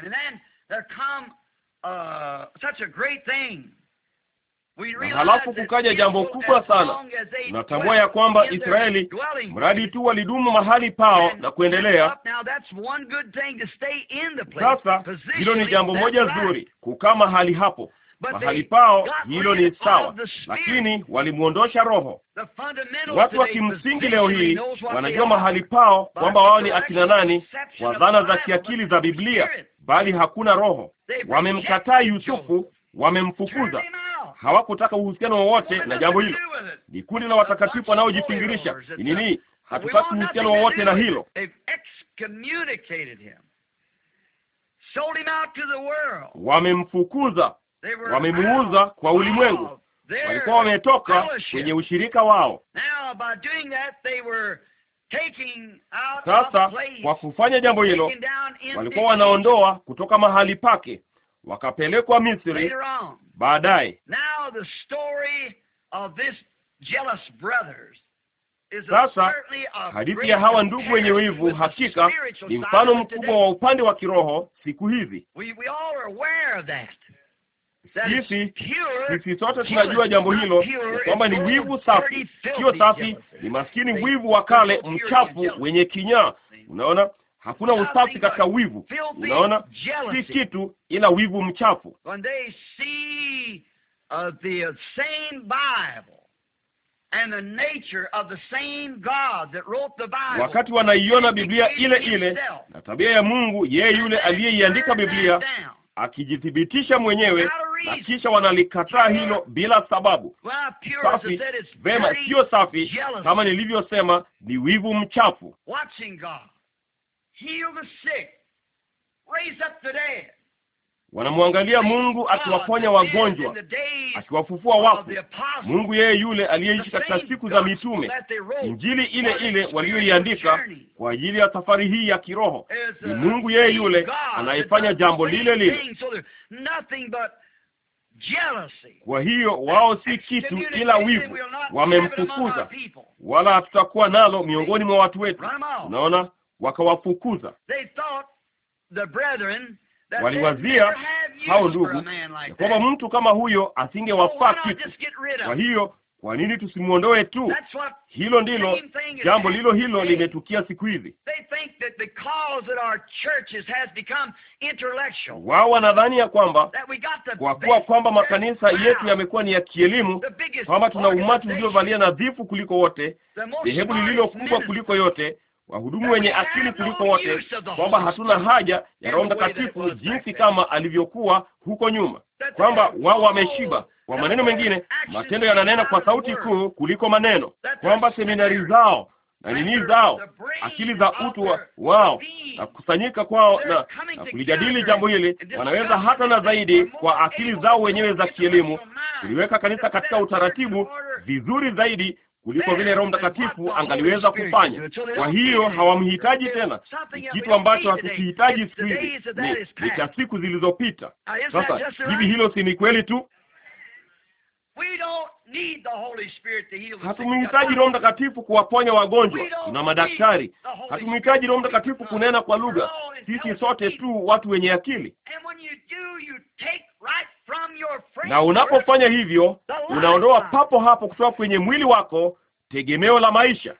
Uh, halafu kukaja jambo kubwa sana. Natambua ya kwamba Israeli, mradi tu walidumu mahali pao na kuendelea. Sasa hilo ni jambo moja zuri, kukaa mahali hapo, mahali pao hilo ni sawa, lakini walimwondosha Roho. Watu wa kimsingi leo hii wanajua mahali pao kwamba wao ni akina nani kwa dhana za kiakili za Biblia, bali hakuna Roho. Wamemkataa Yusufu, wamemfukuza hawakutaka uhusiano wowote na jambo hilo. Ni kundi la watakatifu wanaojipingirisha ni nini? Hatutaki uhusiano wowote na hilo. Wamemfukuza, wamemuuza kwa ulimwengu. Walikuwa wametoka kwenye ushirika wao. Sasa kwa kufanya jambo hilo, walikuwa wanaondoa kutoka mahali pake, wakapelekwa Misri baadaye. Sasa hadithi ya hawa ndugu wenye wivu hakika ni mfano mkubwa wa upande wa kiroho siku hizi. Sisi sisi sote tunajua jambo hilo kwamba ni wivu safi, sio safi. Ni maskini wivu wa kale mchafu, wenye kinyaa. Unaona, hakuna usafi katika wivu. Unaona, si kitu ila wivu mchafu. Uh, Wakati wanaiona Biblia ile ile na tabia ya Mungu yeye yule aliyeiandika Biblia akijithibitisha mwenyewe na kisha wanalikataa hilo bila sababu. Safi vema, sio safi. Kama nilivyosema, ni wivu mchafu. Wanamwangalia Mungu akiwaponya wagonjwa, akiwafufua wafu. Mungu yeye yule aliyeishi katika siku za mitume, injili ile ile waliyoiandika kwa ajili ya safari hii ya kiroho. Ni Mungu yeye yule anayefanya jambo lile lile. Kwa hiyo wao si kitu ila wivu, wamemfukuza, wala hatutakuwa nalo miongoni mwa watu wetu. Unaona, wakawafukuza waliwazia hao ndugu kwamba mtu kama huyo asingewafaa oh, kitu. Kwa hiyo kwa nini tusimwondoe tu? Hilo ndilo jambo lilo hilo limetukia siku hizi. Wao wanadhani ya kwamba kwa kuwa kwamba makanisa yetu yamekuwa ni ya kielimu, kwamba tuna umati uliovalia nadhifu kuliko wote, dhehebu lililo kubwa kuliko yote wahudumu wenye akili kuliko wote, kwamba hatuna haja ya Roho Mtakatifu jinsi kama alivyokuwa huko nyuma, kwamba wao wameshiba. Kwa maneno mengine, matendo yananena kwa sauti kuu kuliko maneno, kwamba seminari zao na nini zao, akili za utu wao na kukusanyika kwao na, na kulijadili jambo hili, wanaweza hata na zaidi kwa akili zao wenyewe za kielimu kuliweka kanisa katika utaratibu vizuri zaidi kuliko vile Roho Mtakatifu angaliweza kufanya. Kwa hiyo hawamhitaji tena, kitu ambacho hatukihitaji siku hizi ni cha siku zilizopita. Uh, Sasa hivi, hilo si ni kweli tu? Hatumhitaji Roho Mtakatifu kuwaponya wagonjwa na madaktari. Hatumhitaji Roho Mtakatifu kunena kwa lugha. Sisi sote tu watu wenye akili na unapofanya hivyo, unaondoa papo hapo kutoka kwenye mwili wako tegemeo la maisha.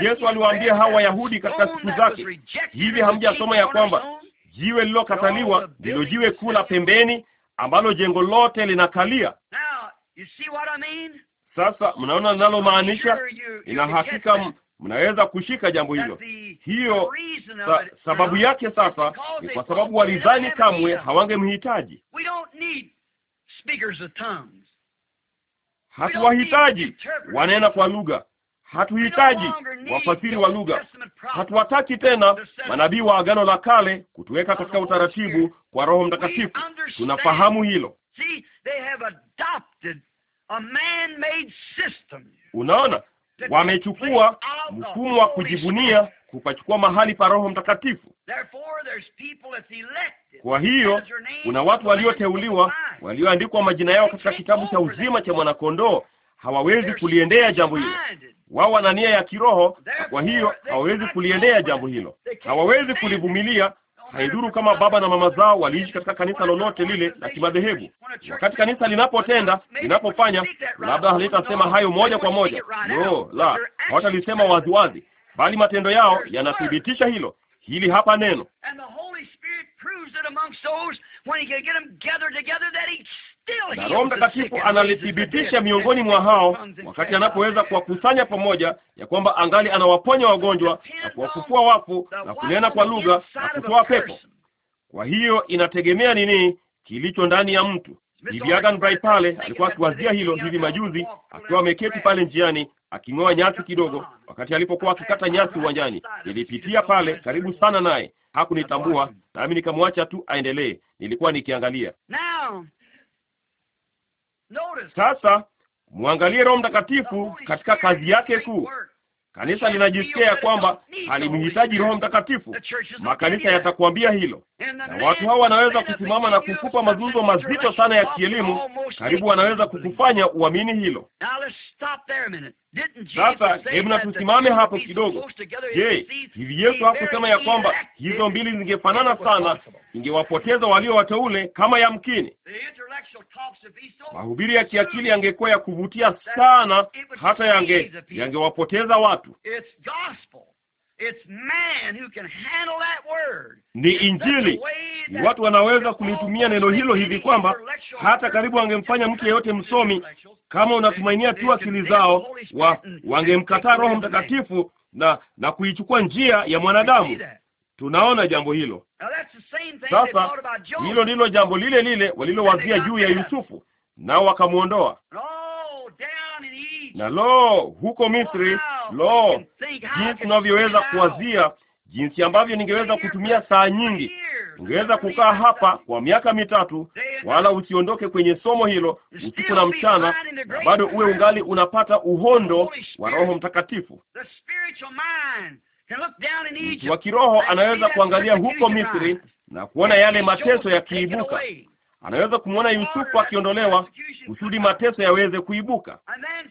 Yesu aliwaambia hawa Wayahudi katika siku zake, hivi hamjasoma ya kwamba jiwe lililokataliwa ndilo jiwe kuu la pembeni ambalo jengo lote linakalia? Sasa mnaona ninalomaanisha? Ina hakika mnaweza kushika jambo hilo. Hiyo sa, sababu yake sasa ni kwa sababu walidhani kamwe hawangemhitaji. Hatuwahitaji wanena kwa lugha, hatuhitaji wafasiri wa lugha, hatuwataki tena manabii wa Agano la Kale kutuweka katika utaratibu kwa Roho Mtakatifu. Tunafahamu hilo. Unaona, Wamechukua mfumo wa kujivunia kupachukua mahali pa Roho Mtakatifu. Kwa hiyo kuna watu walioteuliwa walioandikwa majina yao katika kitabu cha uzima cha mwanakondoo hawawezi kuliendea jambo hilo. Wao wana nia ya kiroho, kwa hiyo hawawezi kuliendea jambo hilo, hawawezi kulivumilia, haidhuru kama baba na mama zao waliishi katika kanisa lolote lile la kimadhehebu. Wakati kanisa linapotenda, linapofanya, labda halitasema hayo moja kwa moja, no, la, hawatalisema waziwazi, bali matendo yao yanathibitisha hilo. Hili hapa neno na Roho Mtakatifu analithibitisha miongoni mwa hao wakati anapoweza kuwakusanya pamoja, ya kwamba angali anawaponya wagonjwa na kuwafufua wafu na kunena kwa lugha na kutoa pepo. Kwa hiyo inategemea nini kilicho ndani ya mtu. Bibi Bright pale alikuwa akiwazia hilo hivi majuzi, akiwa ameketi pale njiani aking'oa nyasi kidogo, wakati alipokuwa akikata nyasi uwanjani. Nilipitia pale karibu sana naye hakunitambua, nami nikamwacha tu aendelee, nilikuwa nikiangalia. Sasa mwangalie Roho Mtakatifu katika kazi yake kuu. Kanisa linajisikia ya kwamba halimhitaji Roho Mtakatifu. Makanisa yatakwambia hilo na watu hawa wanaweza kusimama na kukupa mazunzo mazito sana ya kielimu, karibu wanaweza kukufanya uamini hilo. Sasa hebu na tusimame hapo kidogo. Je, hivi Yesu hakusema ya kwamba hizo mbili zingefanana sana, ingewapoteza walio wateule kama yamkini? Mahubiri ya kiakili yangekuwa ya kuvutia sana, hata yange yangewapoteza watu ni Injili. Watu wanaweza kulitumia neno hilo hivi kwamba hata karibu wangemfanya mtu yeyote msomi, kama unatumainia tu akili zao, wa wangemkataa Roho Mtakatifu na na kuichukua njia ya mwanadamu. Tunaona jambo hilo sasa. Hilo ndilo jambo lile lile walilowazia juu ya Yusufu, nao wakamwondoa. Na lo, huko Misri Lo, jinsi unavyoweza kuwazia jinsi ambavyo ningeweza kutumia saa nyingi. Ningeweza kukaa hapa kwa miaka mitatu, wala usiondoke kwenye somo hilo usiku na mchana, na bado uwe ungali unapata uhondo wa Roho Mtakatifu. Mtu wa kiroho anaweza kuangalia huko Misri na kuona yale mateso yakiibuka, anaweza kumwona Yusufu akiondolewa kusudi mateso yaweze kuibuka,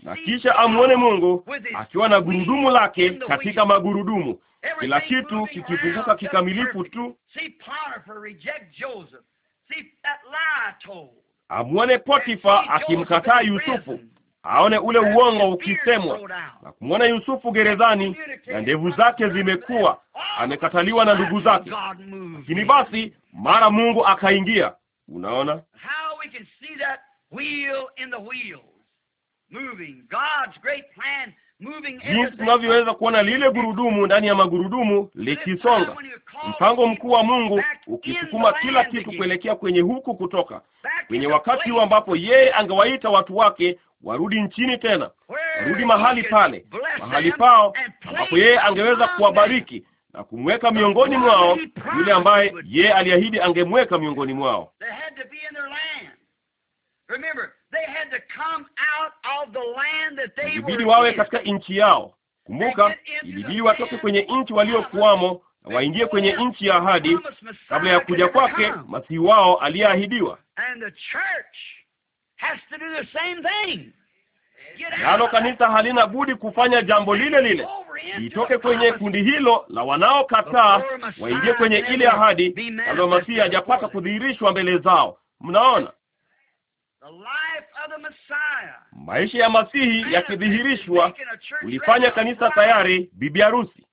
na kisha amwone Mungu akiwa na gurudumu lake katika magurudumu, kila kitu kikizunguka kikamilifu tu. Amwone Potifa akimkataa Yusufu, aone ule uongo ukisemwa, na kumwona Yusufu gerezani na ndevu zake zimekuwa, amekataliwa na ndugu zake, lakini basi mara Mungu akaingia Unaona jinsi tunavyoweza kuona lile gurudumu ndani ya magurudumu likisonga, mpango mkuu wa Mungu ukisukuma kila kitu kuelekea kwenye huku kutoka kwenye wakati huu ambapo yeye angewaita watu wake warudi nchini tena, warudi mahali pale, mahali pao ambapo yeye angeweza kuwabariki na kumweka miongoni mwao yule ambaye ye aliahidi angemweka miongoni mwao. Ilibidi wawe katika nchi yao. Kumbuka, ilibidi watoke kwenye nchi waliokuwamo na waingie kwenye nchi ya ahadi, kabla ya kuja kwake Masihi wao aliyeahidiwa nalo kanisa halina budi kufanya jambo lile lile, itoke kwenye kundi hilo la wanaokataa, waingie kwenye ile ahadi kabla Masihi hajapata kudhihirishwa mbele zao. Mnaona maisha ya Masihi yakidhihirishwa ulifanya kanisa tayari bibi harusi.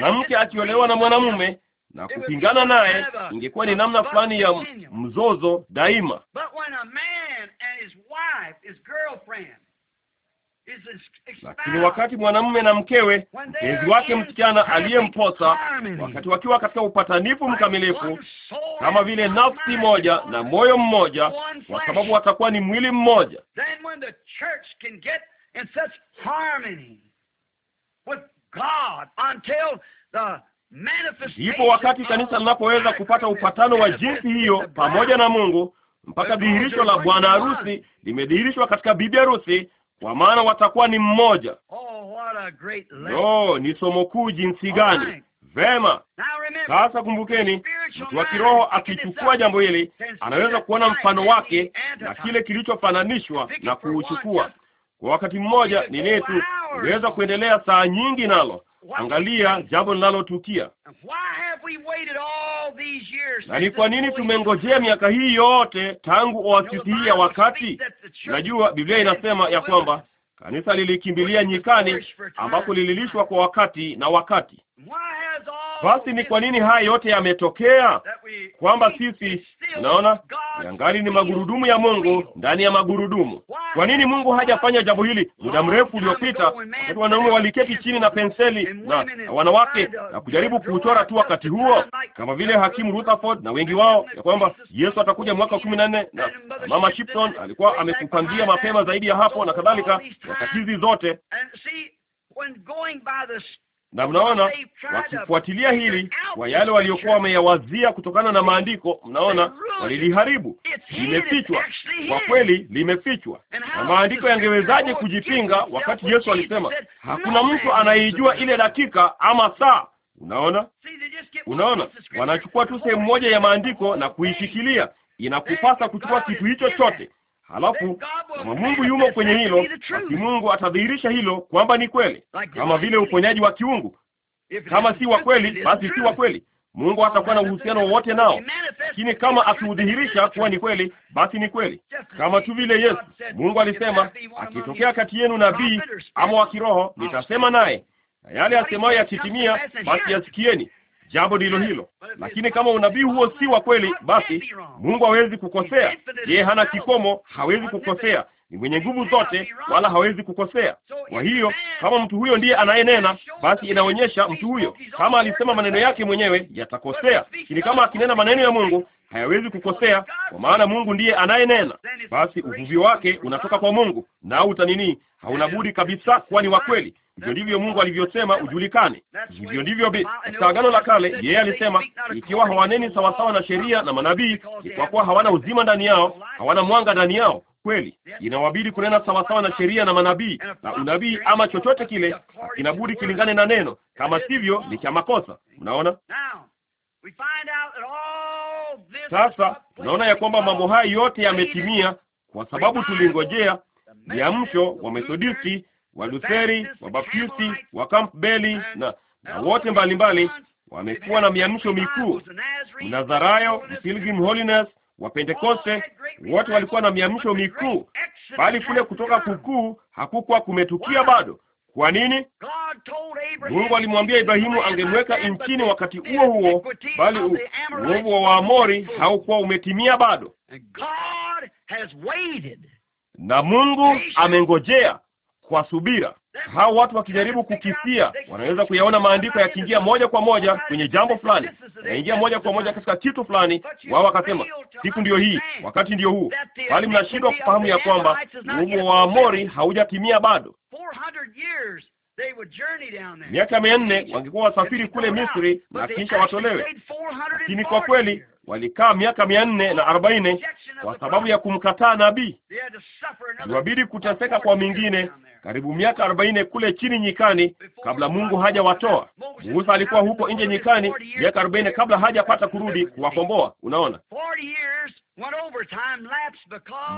Mwanamke akiolewa na mwanamume na kupingana naye ingekuwa ni namna fulani ya mzozo daima, lakini wakati mwanamume na mkewe, mpenzi wake msichana aliyemposa, wakati wakiwa katika upatanifu mkamilifu, kama vile nafsi moja na moyo mmoja, kwa sababu watakuwa ni mwili mmoja Ipo wakati kanisa linapoweza kupata upatano wa jinsi hiyo pamoja na Mungu, mpaka dhihirisho la bwana harusi limedhihirishwa katika bibi harusi, kwa maana watakuwa ni mmoja. Oh, no, ni somo kuu jinsi gani! Vema, sasa kumbukeni, mtu wa kiroho akichukua jambo hili anaweza kuona mfano wake na kile kilichofananishwa na kuuchukua kwa wakati mmoja. Ni netu uliweza kuendelea saa nyingi nalo Angalia jambo linalotukia. Na ni kwa nini tumengojea miaka hii yote tangu oasisi hii ya wakati? Najua Biblia inasema ya kwamba kanisa lilikimbilia nyikani, ambapo lililishwa kwa wakati na wakati. Basi ni kwa nini haya yote yametokea? Kwamba sisi unaona, yangali ni magurudumu ya Mungu ndani ya magurudumu. Kwa nini Mungu hajafanya jambo hili muda mrefu uliopita, wakati wanaume waliketi chini na penseli na, na wanawake na kujaribu kuuchora tu wakati huo, kama vile hakimu Rutherford na wengi wao, ya kwamba Yesu atakuja mwaka kumi na nne na mama Chipton alikuwa amekupangia mapema zaidi ya hapo na kadhalika, wakati hizi zote na mnaona wakifuatilia hili kwa yale waliokuwa wameyawazia kutokana na maandiko, mnaona waliliharibu. Limefichwa kwa kweli, limefichwa. Na maandiko yangewezaje kujipinga wakati Yesu alisema hakuna mtu anayeijua ile dakika ama saa? Unaona, unaona, wanachukua tu sehemu moja ya maandiko na kuishikilia. Inakupasa kuchukua kitu hicho chote Halafu kama Mungu yumo kwenye hilo, basi Mungu atadhihirisha hilo kwamba ni kweli, kama vile uponyaji wa kiungu. Kama si wa kweli, basi si wa kweli. Mungu hatakuwa na uhusiano wowote nao, lakini kama akiudhihirisha kuwa ni kweli, basi ni kweli, kama tu vile Yesu. Mungu alisema, akitokea kati yenu nabii ama wa kiroho, nitasema naye na yale asemayo yakitimia, basi yasikieni. Jambo ndilo hilo. Lakini kama unabii huo si wa kweli, basi Mungu hawezi kukosea. Yeye hana kikomo, hawezi kukosea ni mwenye nguvu zote, wala hawezi kukosea. Kwa hiyo kama mtu huyo ndiye anayenena, basi inaonyesha mtu huyo, kama alisema maneno yake mwenyewe, yatakosea. Lakini kama akinena maneno ya Mungu hayawezi kukosea, kwa maana Mungu ndiye anayenena. Basi uvuvio wake unatoka kwa Mungu, na utanini, hauna budi kabisa kuwa ni wa kweli. Hivyo ndivyo Mungu alivyosema ujulikane. Hivyo ndivyo bi katika Agano la Kale, yeye alisema ikiwa hawaneni sawasawa na sheria na manabii, ni kwa kuwa hawana uzima ndani yao, hawana mwanga ndani yao, kweli, inawabidi kunena sawasawa na sheria na manabii na unabii, ama chochote kile inabudi kilingane na neno, kama sivyo ni cha makosa. Mnaona sasa, tunaona ya kwamba mambo haya yote yametimia kwa sababu tulingojea miamsho wa Methodisti, wa Lutheri, wa Baptisti, wa Kampbeli na, na wote mbalimbali wamekuwa na miamsho mikuu. Mnazarayo, Pilgrim Holiness wa Pentekoste wote walikuwa na miamsho mikuu, bali kule kutoka kukuu hakukuwa kumetukia bado. Kwa nini? Mungu alimwambia Ibrahimu angemweka nchini wakati huo huo, bali uovu wa Waamori haukuwa umetimia bado, na Mungu amengojea kwa subira hao watu wakijaribu kukisia, wanaweza kuyaona maandiko yakiingia moja kwa moja kwenye jambo fulani, yaingia moja kwa moja katika kitu fulani. Wao wakasema siku ndiyo hii, wakati ndiyo huu, bali mnashindwa kufahamu ya kwamba nguvu wa Amori haujatimia bado. Miaka mia nne wangekuwa wasafiri kule Misri na kisha watolewe, lakini kwa kweli walikaa miaka mia nne na arobaini kwa sababu ya kumkataa nabii. Iwabidi kuteseka kwa mingine karibu miaka arobaini kule chini nyikani, kabla Mungu hajawatoa. Musa alikuwa huko nje nyikani miaka arobaini kabla hajapata kurudi kuwakomboa. Unaona,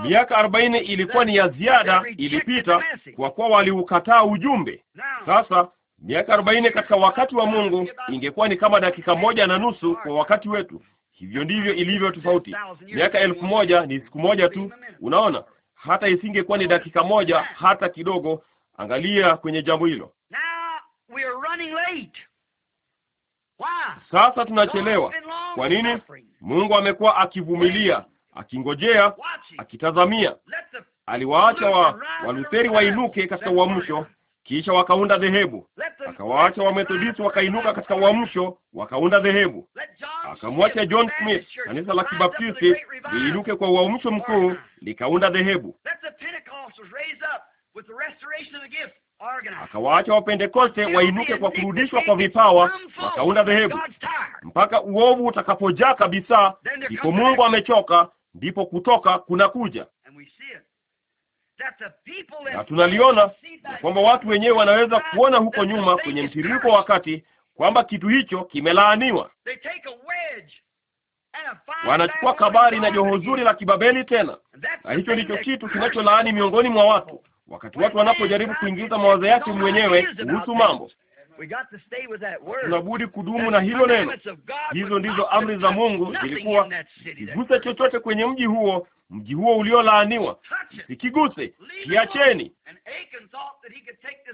miaka arobaini ilikuwa ni ya ziada, ilipita kwa kuwa waliukataa ujumbe. Sasa miaka arobaini katika wakati wa Mungu ingekuwa ni kama dakika moja na nusu kwa wakati wetu. Hivyo ndivyo ilivyo tofauti. Miaka elfu moja ni siku moja tu. Unaona, hata isingekuwa ni dakika moja hata kidogo. Angalia kwenye jambo hilo. Sasa tunachelewa. Kwa nini? Mungu amekuwa akivumilia, akingojea, akitazamia. Aliwaacha wa Walutheri wainuke katika uamsho kisha wakaunda dhehebu, akawaacha Wamethodisti wakainuka katika uamsho, wakaunda dhehebu. Akamwacha John Smith, kanisa la Kibaptisti liinuke kwa uamsho mkuu, likaunda dhehebu. Akawaacha Wapentekoste wainuke kwa kurudishwa kwa vipawa, wakaunda dhehebu. Mpaka uovu utakapojaa kabisa, ndipo Mungu amechoka, ndipo kutoka kunakuja na tunaliona kwamba watu wenyewe wanaweza kuona huko nyuma kwenye mtiririko wa wakati kwamba kitu hicho kimelaaniwa. Wanachukua kabari na joho zuri la kibabeli tena, na hicho ndicho kitu kinacholaani miongoni mwa watu, wakati watu wanapojaribu kuingiza mawazo yake mwenyewe kuhusu mambo tunabudi kudumu na hilo neno. Hizo ndizo amri za Mungu zilikuwa kiguse chochote kwenye mji huo, mji huo uliolaaniwa, ikiguse kiacheni.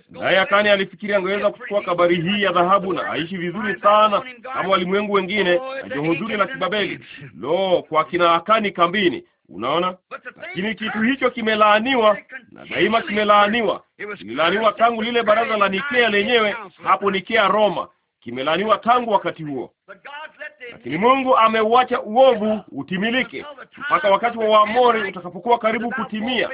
Naye Akani alifikiria angeweza kuchukua kabari hii ya dhahabu na aishi vizuri sana kama walimwengu wengine, na joho zuri la kibabeli. Lo, kwa kina Akani kambini Unaona, lakini kitu hicho kimelaaniwa na daima kimelaaniwa. Kimelaaniwa tangu lile baraza la Nikea lenyewe hapo Nikea Roma, kimelaaniwa tangu wakati huo. Lakini Mungu ameuacha uovu utimilike mpaka wakati wa Waamori utakapokuwa karibu kutimia.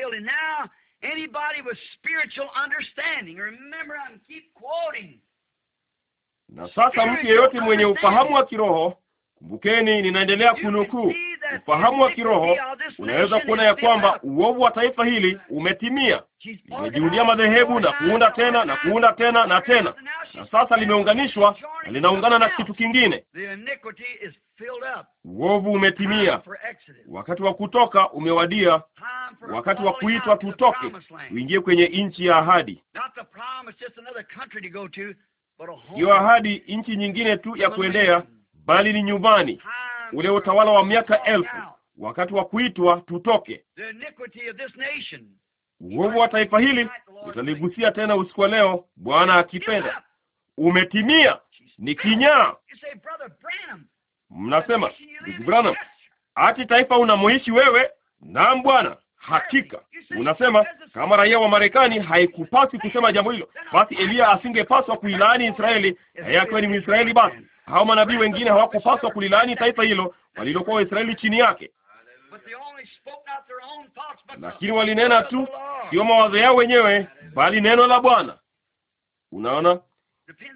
Na sasa mtu yeyote mwenye ufahamu wa kiroho Kumbukeni, ninaendelea kunukuu. Ufahamu wa kiroho unaweza kuona ya kwamba uovu wa taifa hili umetimia. Limejiundia madhehebu na kuunda tena na kuunda tena na tena, na sasa limeunganishwa na linaungana na kitu kingine. Uovu umetimia. Wakati wa kutoka umewadia, wakati wa kuitwa tutoke, tuingie kwenye nchi ya ahadi. Hiyo ahadi, nchi nyingine tu ya kuendea bali ni nyumbani, ule utawala wa miaka elfu, wakati wa kuitwa tutoke. Uovu wa taifa hili utaligusia tena usiku wa leo, Bwana akipenda. Umetimia, ni kinyaa. Mnasema ndugu Branham, ati taifa unamoishi wewe? Naam bwana, hakika. Unasema kama raia wa Marekani haikupasi kusema jambo hilo, basi Eliya asingepaswa kuilaani Israeli, yeye akiwa ni Mwisraeli basi hao manabii wengine hawakupaswa kulilani taifa hilo walilokuwa Waisraeli chini yake, lakini walinena tu, sio mawazo yao wenyewe, bali neno la Bwana. Unaona,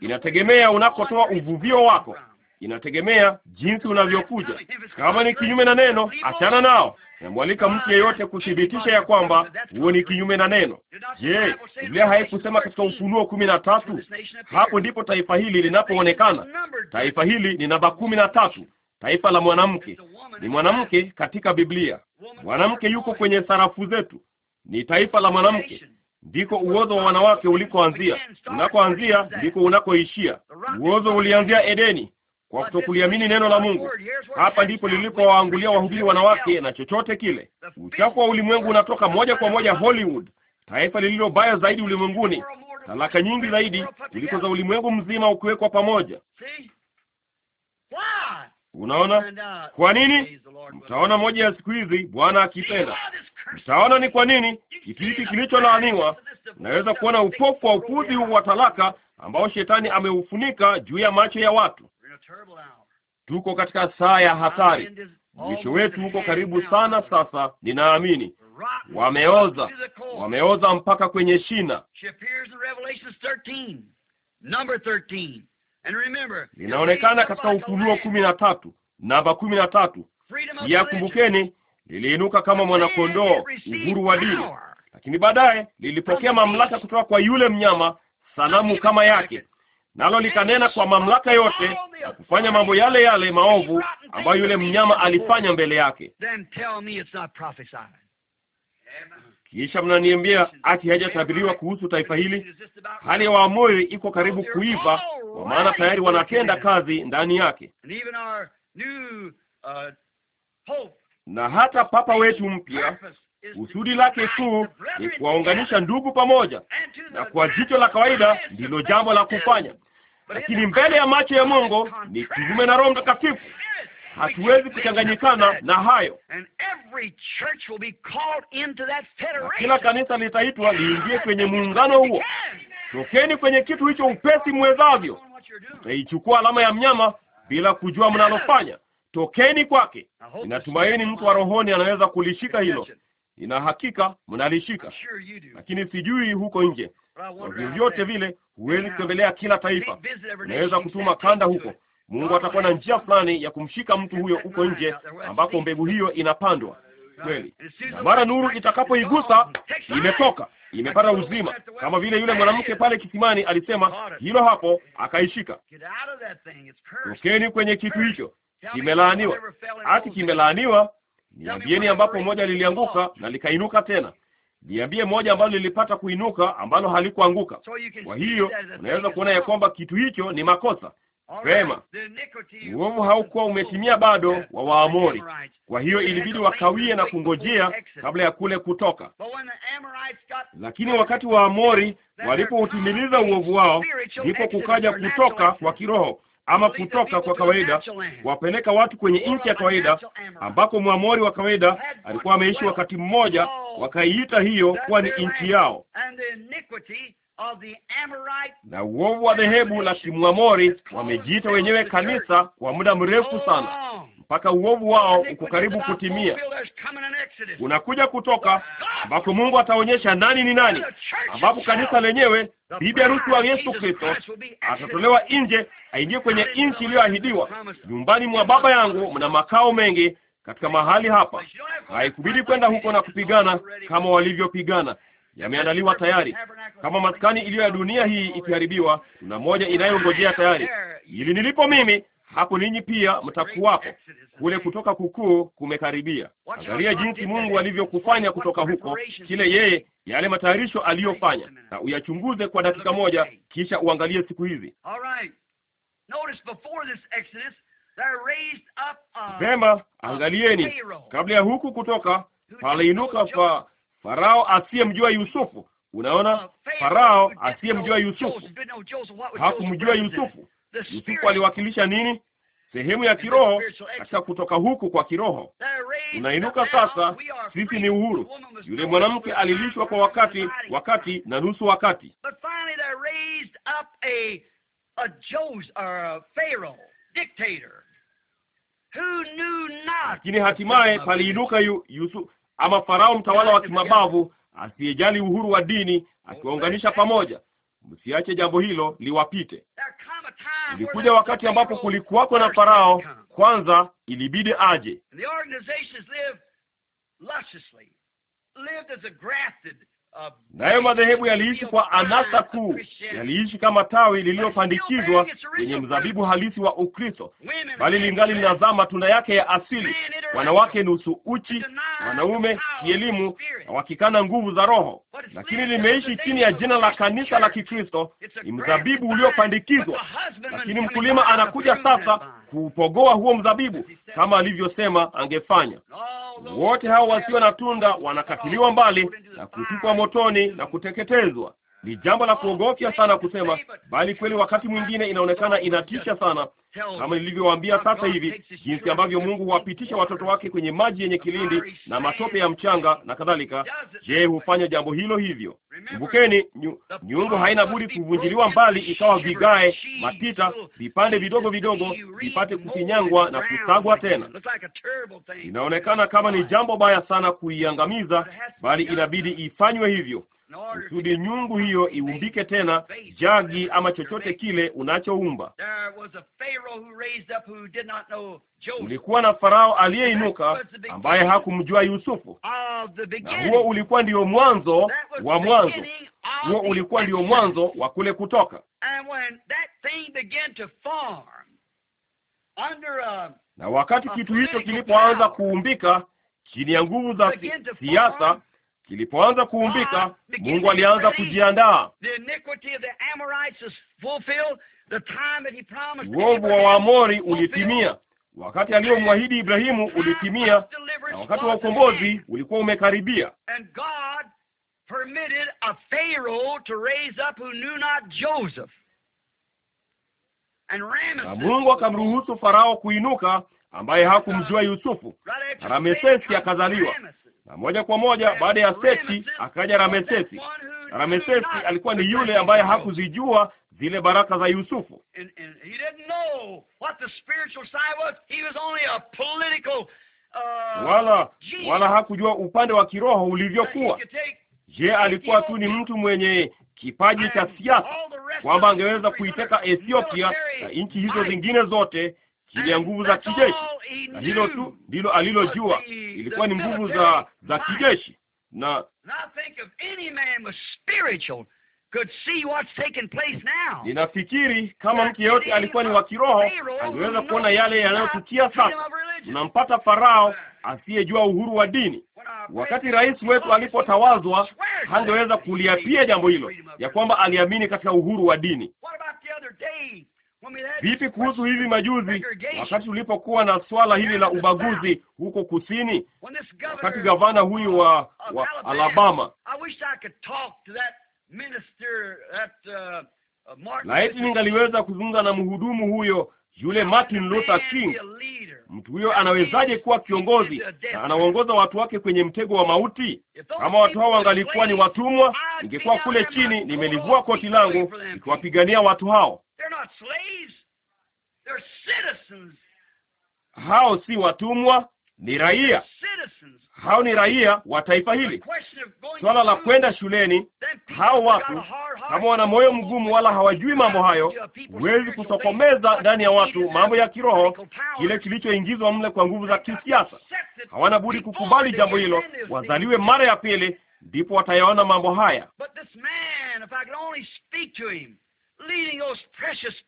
inategemea unakotoa uvuvio wako inategemea jinsi unavyokuja. Kama ni kinyume na neno, achana nao. Namwalika mtu yeyote kuthibitisha ya kwamba huo ni kinyume na neno. Je, Biblia haikusema katika Ufunuo kumi na tatu? Hapo ndipo taifa hili linapoonekana. Taifa hili ni namba kumi na tatu, taifa la mwanamke. Ni mwanamke katika Biblia. Mwanamke yuko kwenye sarafu zetu, ni taifa la mwanamke. Ndiko uozo wa wanawake ulikoanzia, unakoanzia ndiko unakoishia. Uozo ulianzia Edeni, kwa kutokuliamini neno la Mungu. Hapa ndipo lilipowaangulia wahubiri wanawake na chochote kile. Uchafu wa ulimwengu unatoka moja kwa moja Hollywood, taifa lililo baya zaidi ulimwenguni, talaka nyingi zaidi kuliko za ulimwengu mzima ukiwekwa pamoja. Unaona uh, kwa nini? Mtaona moja ya siku hizi, Bwana akipenda, mtaona ni kwa nini kitu hiki kilicholaaniwa. naweza kuona upofu wa upuzi wa talaka ambao shetani ameufunika juu ya macho ya watu. Tuko katika saa ya hatari. Mwisho wetu huko karibu sana. Sasa ninaamini wameoza, wameoza mpaka kwenye shina. Linaonekana katika Ufunuo kumi na tatu namba kumi na tatu. Ya kumbukeni, liliinuka kama mwanakondoo, uhuru wa dini, lakini baadaye lilipokea mamlaka kutoka kwa yule mnyama, sanamu kama yake nalo likanena kwa mamlaka yote na kufanya mambo yale yale maovu ambayo yule mnyama alifanya mbele yake. Kisha mnaniambia ati hajatabiriwa kuhusu taifa hili? Hali ya wamoyo iko karibu kuiva, kwa maana tayari wanatenda kazi ndani yake. Uh, na hata papa wetu mpya Kusudi lake kuu ni kuwaunganisha ndugu pamoja, na kwa jicho la kawaida ndilo jambo la kufanya, lakini mbele ya macho ya Mungu ni kinyume na Roho Mtakatifu. Hatuwezi kuchanganyikana na hayo. Kila kanisa litaitwa liingie kwenye muungano huo. Tokeni kwenye kitu hicho upesi mwezavyo. Mtaichukua alama ya mnyama bila kujua mnalofanya. Tokeni kwake. Ninatumaini mtu wa rohoni anaweza kulishika hilo Nina hakika mnalishika, lakini sijui huko nje. Kwa vyovyote vile, huwezi kutembelea kila taifa. Unaweza kutuma kanda huko. Mungu atakuwa na njia fulani ya kumshika mtu huyo huko nje ambako mbegu hiyo inapandwa kweli, na mara nuru itakapoigusa imetoka, imepata uzima, kama vile yule mwanamke pale kisimani alisema hilo hapo, akaishika. Tokeni kwenye kitu hicho, kimelaaniwa. Ati kimelaaniwa niambieni ambapo moja lilianguka na likainuka tena. Niambie moja ambalo lilipata kuinuka ambalo halikuanguka. Kwa hiyo unaweza kuona ya kwamba kitu hicho ni makosa. Vema, uovu haukuwa umetimia bado wa Waamori. Kwa hiyo ilibidi wakawie na kungojea kabla ya kule kutoka. Lakini wakati Waamori walipotimiliza uovu wao, ndipo kukaja kutoka kwa kiroho, ama kutoka kwa kawaida, wapeleka watu kwenye nchi ya kawaida ambako mwamori wa kawaida alikuwa ameishi wakati mmoja, wakaiita hiyo kuwa ni nchi yao, na uovu wa dhehebu la kimwamori wamejiita wenyewe kanisa kwa muda mrefu sana mpaka uovu wao uko karibu kutimia. Unakuja kutoka ambapo Mungu ataonyesha nani ni nani, ambapo kanisa lenyewe, bibi harusi wa Yesu Kristo, atatolewa nje aingie kwenye nchi iliyoahidiwa. Nyumbani mwa Baba yangu mna makao mengi katika mahali hapa. Haikubidi kwenda huko na kupigana kama walivyopigana yameandaliwa tayari. Kama maskani iliyo ya dunia hii ikiharibiwa, na moja inayongojea tayari. Ili nilipo mimi hapo ninyi pia mtakuwapo. Kule kutoka kukuu kumekaribia. Angalia jinsi Mungu alivyokufanya kutoka huko, kile yeye yale matayarisho aliyofanya, na uyachunguze kwa dakika moja, kisha uangalie siku hizi. Uh, Vema, uh, angalieni, kabla ya huku kutoka paliinuka fa, Farao asiyemjua Yusufu. Unaona, uh, Farao asiyemjua Yusufu hakumjua Yusufu Yusufu aliwakilisha nini? Sehemu ya kiroho katika kutoka huku kwa kiroho. Unainuka sasa, sisi ni uhuru. Yule mwanamke alilishwa kwa wakati, wakati na nusu wakati, lakini hatimaye paliinuka yu, Yusufu ama Farao, mtawala wa kimabavu asiyejali uhuru wa dini, akiwaunganisha pamoja. Msiache jambo hilo liwapite. Ilikuja wakati ambapo kulikuwako na Farao kwanza, ilibidi aje Nayo madhehebu yaliishi kwa anasa kuu, yaliishi kama tawi lililopandikizwa lenye mzabibu halisi wa Ukristo, bali lingali linazaa matunda yake ya asili: wanawake nusu uchi, wanaume kielimu na wakikana nguvu za Roho, lakini limeishi chini ya jina la kanisa la Kikristo. Ni mzabibu uliopandikizwa, lakini mkulima anakuja sasa kuupogoa huo mzabibu kama alivyosema angefanya. Wote hao wasio na tunda wanakatiliwa mbali na kutupwa motoni na kuteketezwa. Ni jambo la kuogofya sana kusema, bali kweli wakati mwingine inaonekana inatisha sana, kama nilivyowaambia sasa hivi, jinsi ambavyo Mungu huwapitisha watoto wake kwenye maji yenye kilindi na matope ya mchanga na kadhalika. Je, hufanya jambo hilo hivyo? Kumbukeni, nyungu haina budi kuvunjiliwa mbali, ikawa vigae, matita, vipande vidogo vidogo, vipate kufinyangwa na kusagwa tena. Inaonekana kama ni jambo baya sana kuiangamiza, bali inabidi ifanywe hivyo kusudi nyungu hiyo iumbike tena jagi ama chochote kile unachoumba. Ulikuwa na Farao aliyeinuka ambaye hakumjua Yusufu, na huo ulikuwa ndio mwanzo wa mwanzo, huo ulikuwa ndio mwanzo wa kule kutoka na wakati kitu hicho kilipoanza kuumbika chini ya nguvu za siasa kilipoanza kuumbika, ah, Mungu alianza kujiandaa. Uovu wa Waamori ulitimia, wakati aliyomwahidi Ibrahimu ulitimia, na wakati wa ukombozi ulikuwa umekaribia. Na Mungu akamruhusu Farao kuinuka ambaye hakumjua Yusufu, na Ramesesi akazaliwa na moja kwa moja baada ya Seti akaja Ramesesi. Ramesesi alikuwa ni yule ambaye hakuzijua zile baraka za Yusufu. Uh, wala wala hakujua upande wa kiroho ulivyokuwa. Je, alikuwa tu ni mtu mwenye kipaji cha siasa kwamba angeweza kuiteka Ethiopia na nchi hizo zingine zote chini ya nguvu za kijeshi, na hilo tu ndilo alilojua. Ilikuwa ni nguvu za za kijeshi, na ninafikiri kama mtu yeyote alikuwa ni wa kiroho angeweza kuona yale yanayotukia sasa. Tunampata Farao asiyejua uhuru wa dini. Wakati rais wetu alipotawazwa, hangeweza kuliapia jambo hilo ya kwamba aliamini katika uhuru wa dini. Vipi kuhusu hivi majuzi, wakati tulipokuwa na swala hili la ubaguzi huko kusini, wakati gavana huyu wa, wa Alabama laiti uh, uh, ningaliweza kuzungumza na mhudumu huyo yule Martin Luther King. Mtu huyo anawezaje kuwa kiongozi na anaongoza watu wake kwenye mtego wa mauti? Kama watu hao wangalikuwa ni watumwa, ningekuwa kule chini nimelivua koti langu nikiwapigania watu hao. Hao si watumwa, ni raia. Hao ni raia wa taifa hili. Swala la kwenda shuleni, hao watu kama wana moyo mgumu wala hawajui mambo hayo, huwezi kusokomeza ndani ya watu mambo ya kiroho, kile kilichoingizwa mle kwa nguvu za kisiasa. Hawana budi kukubali jambo hilo, wazaliwe mara ya pili, ndipo watayaona mambo haya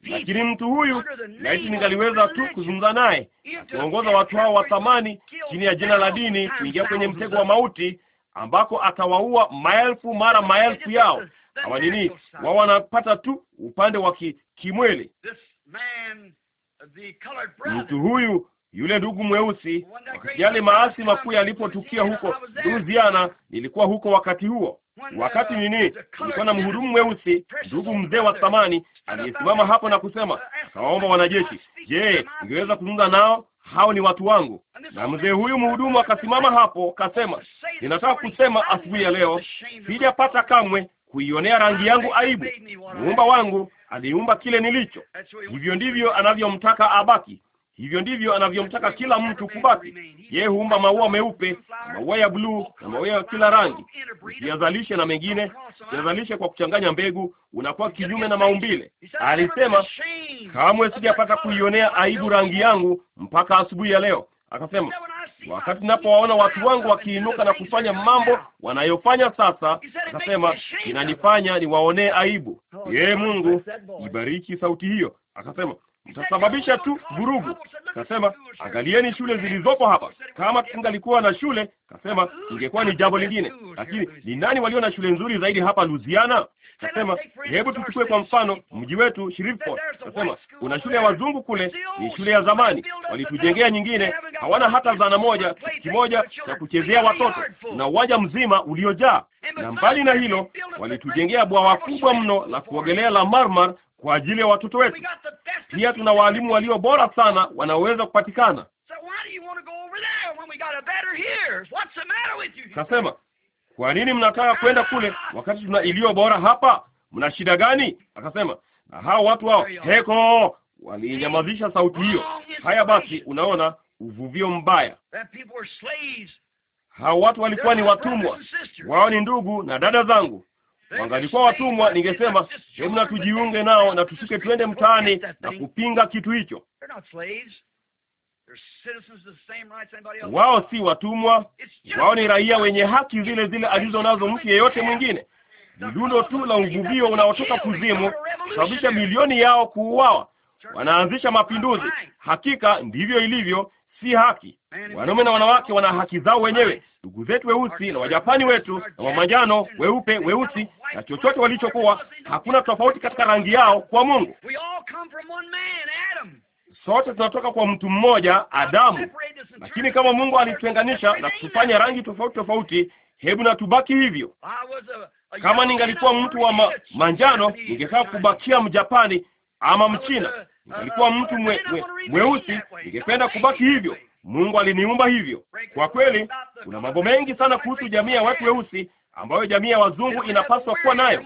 lakini mtu huyu laiti ningaliweza tu kuzungumza naye, kuongoza watu hao wa thamani chini ya jina la dini kuingia kwenye mtego wa mauti ambako atawaua maelfu mara maelfu yao. Hawa nini wao wanapata tu upande wa kimwili. Mtu huyu yule ndugu mweusi. Wakati yale maasi makuu yalipotukia huko Louisiana, nilikuwa huko wakati huo. Wakati nini, nilikuwa na mhudumu mweusi, ndugu mzee wa thamani, aliyesimama hapo na kusema, akawaomba wanajeshi, je, ningeweza kuzungumza nao? Hao ni watu wangu. Na mzee huyu mhudumu akasimama hapo, kasema, ninataka kusema asubuhi ya leo, sijapata kamwe kuionea rangi yangu aibu. Muumba wangu aliumba kile nilicho, hivyo ndivyo anavyomtaka abaki Hivyo ndivyo anavyomtaka kila mtu kubaki. Yeye huumba maua meupe, maua ya bluu na maua ya kila rangi, usiyazalishe na mengine, usiyazalishe kwa kuchanganya mbegu, unakuwa kinyume na maumbile. Alisema, kamwe sijapata kuionea aibu rangi yangu mpaka asubuhi ya leo. Akasema, wakati ninapowaona watu wangu wakiinuka na kufanya mambo wanayofanya sasa, akasema inanifanya niwaonee aibu. Ye ee Mungu, ibariki sauti hiyo. Akasema mtasababisha tu vurugu. Kasema, angalieni shule zilizopo hapa. Kama tungalikuwa na shule, kasema ingekuwa ni jambo lingine, lakini ni nani walio na shule nzuri zaidi hapa Louisiana? Kasema, hebu tuchukue kwa mfano mji wetu Shreveport. Kasema kuna shule ya wazungu kule, ni shule ya zamani, walitujengea nyingine, hawana hata zana moja kimoja cha kuchezea watoto na uwanja mzima uliojaa, na mbali na hilo walitujengea bwawa kubwa mno la kuogelea la marmar kwa ajili ya watoto wetu. Pia tuna walimu walio bora sana wanaoweza kupatikana. Kasema, kwa nini mnataka kwenda kule wakati tuna iliyo bora hapa? Mna shida gani? Akasema, na hao watu hao heko waliinyamazisha sauti hiyo. Haya basi, unaona uvuvio mbaya. Hao watu walikuwa ni watumwa, wao ni ndugu na dada zangu wangalikuwa watumwa, ningesema hebu na tujiunge nao na tusuke twende mtaani na kupinga kitu hicho. Wao si watumwa, wao ni raia wenye haki zile zile alizo nazo mtu yeyote mwingine. Midundo tu la uvuvio unaotoka kuzimu kusababisha milioni yao kuuawa. Wanaanzisha mapinduzi. Hakika ndivyo ilivyo, si haki. Wanaume na wanawake wana haki zao wenyewe. Ndugu zetu weusi na Wajapani wetu na wamanjano, weupe, weusi na chochote walichokuwa, hakuna tofauti katika rangi yao kwa Mungu. Sote tunatoka kwa mtu mmoja Adamu, lakini kama Mungu alitutenganisha na kutufanya rangi tofauti tofauti, hebu na tubaki hivyo. Kama ningalikuwa mtu wa ma, manjano ningetaka kubakia Mjapani ama Mchina. Ningalikuwa mtu mwe, mwe, mweusi ningependa kubaki hivyo. Mungu aliniumba hivyo. Kwa kweli, kuna mambo mengi sana kuhusu jamii ya watu weusi ambayo jamii ya wazungu inapaswa kuwa nayo.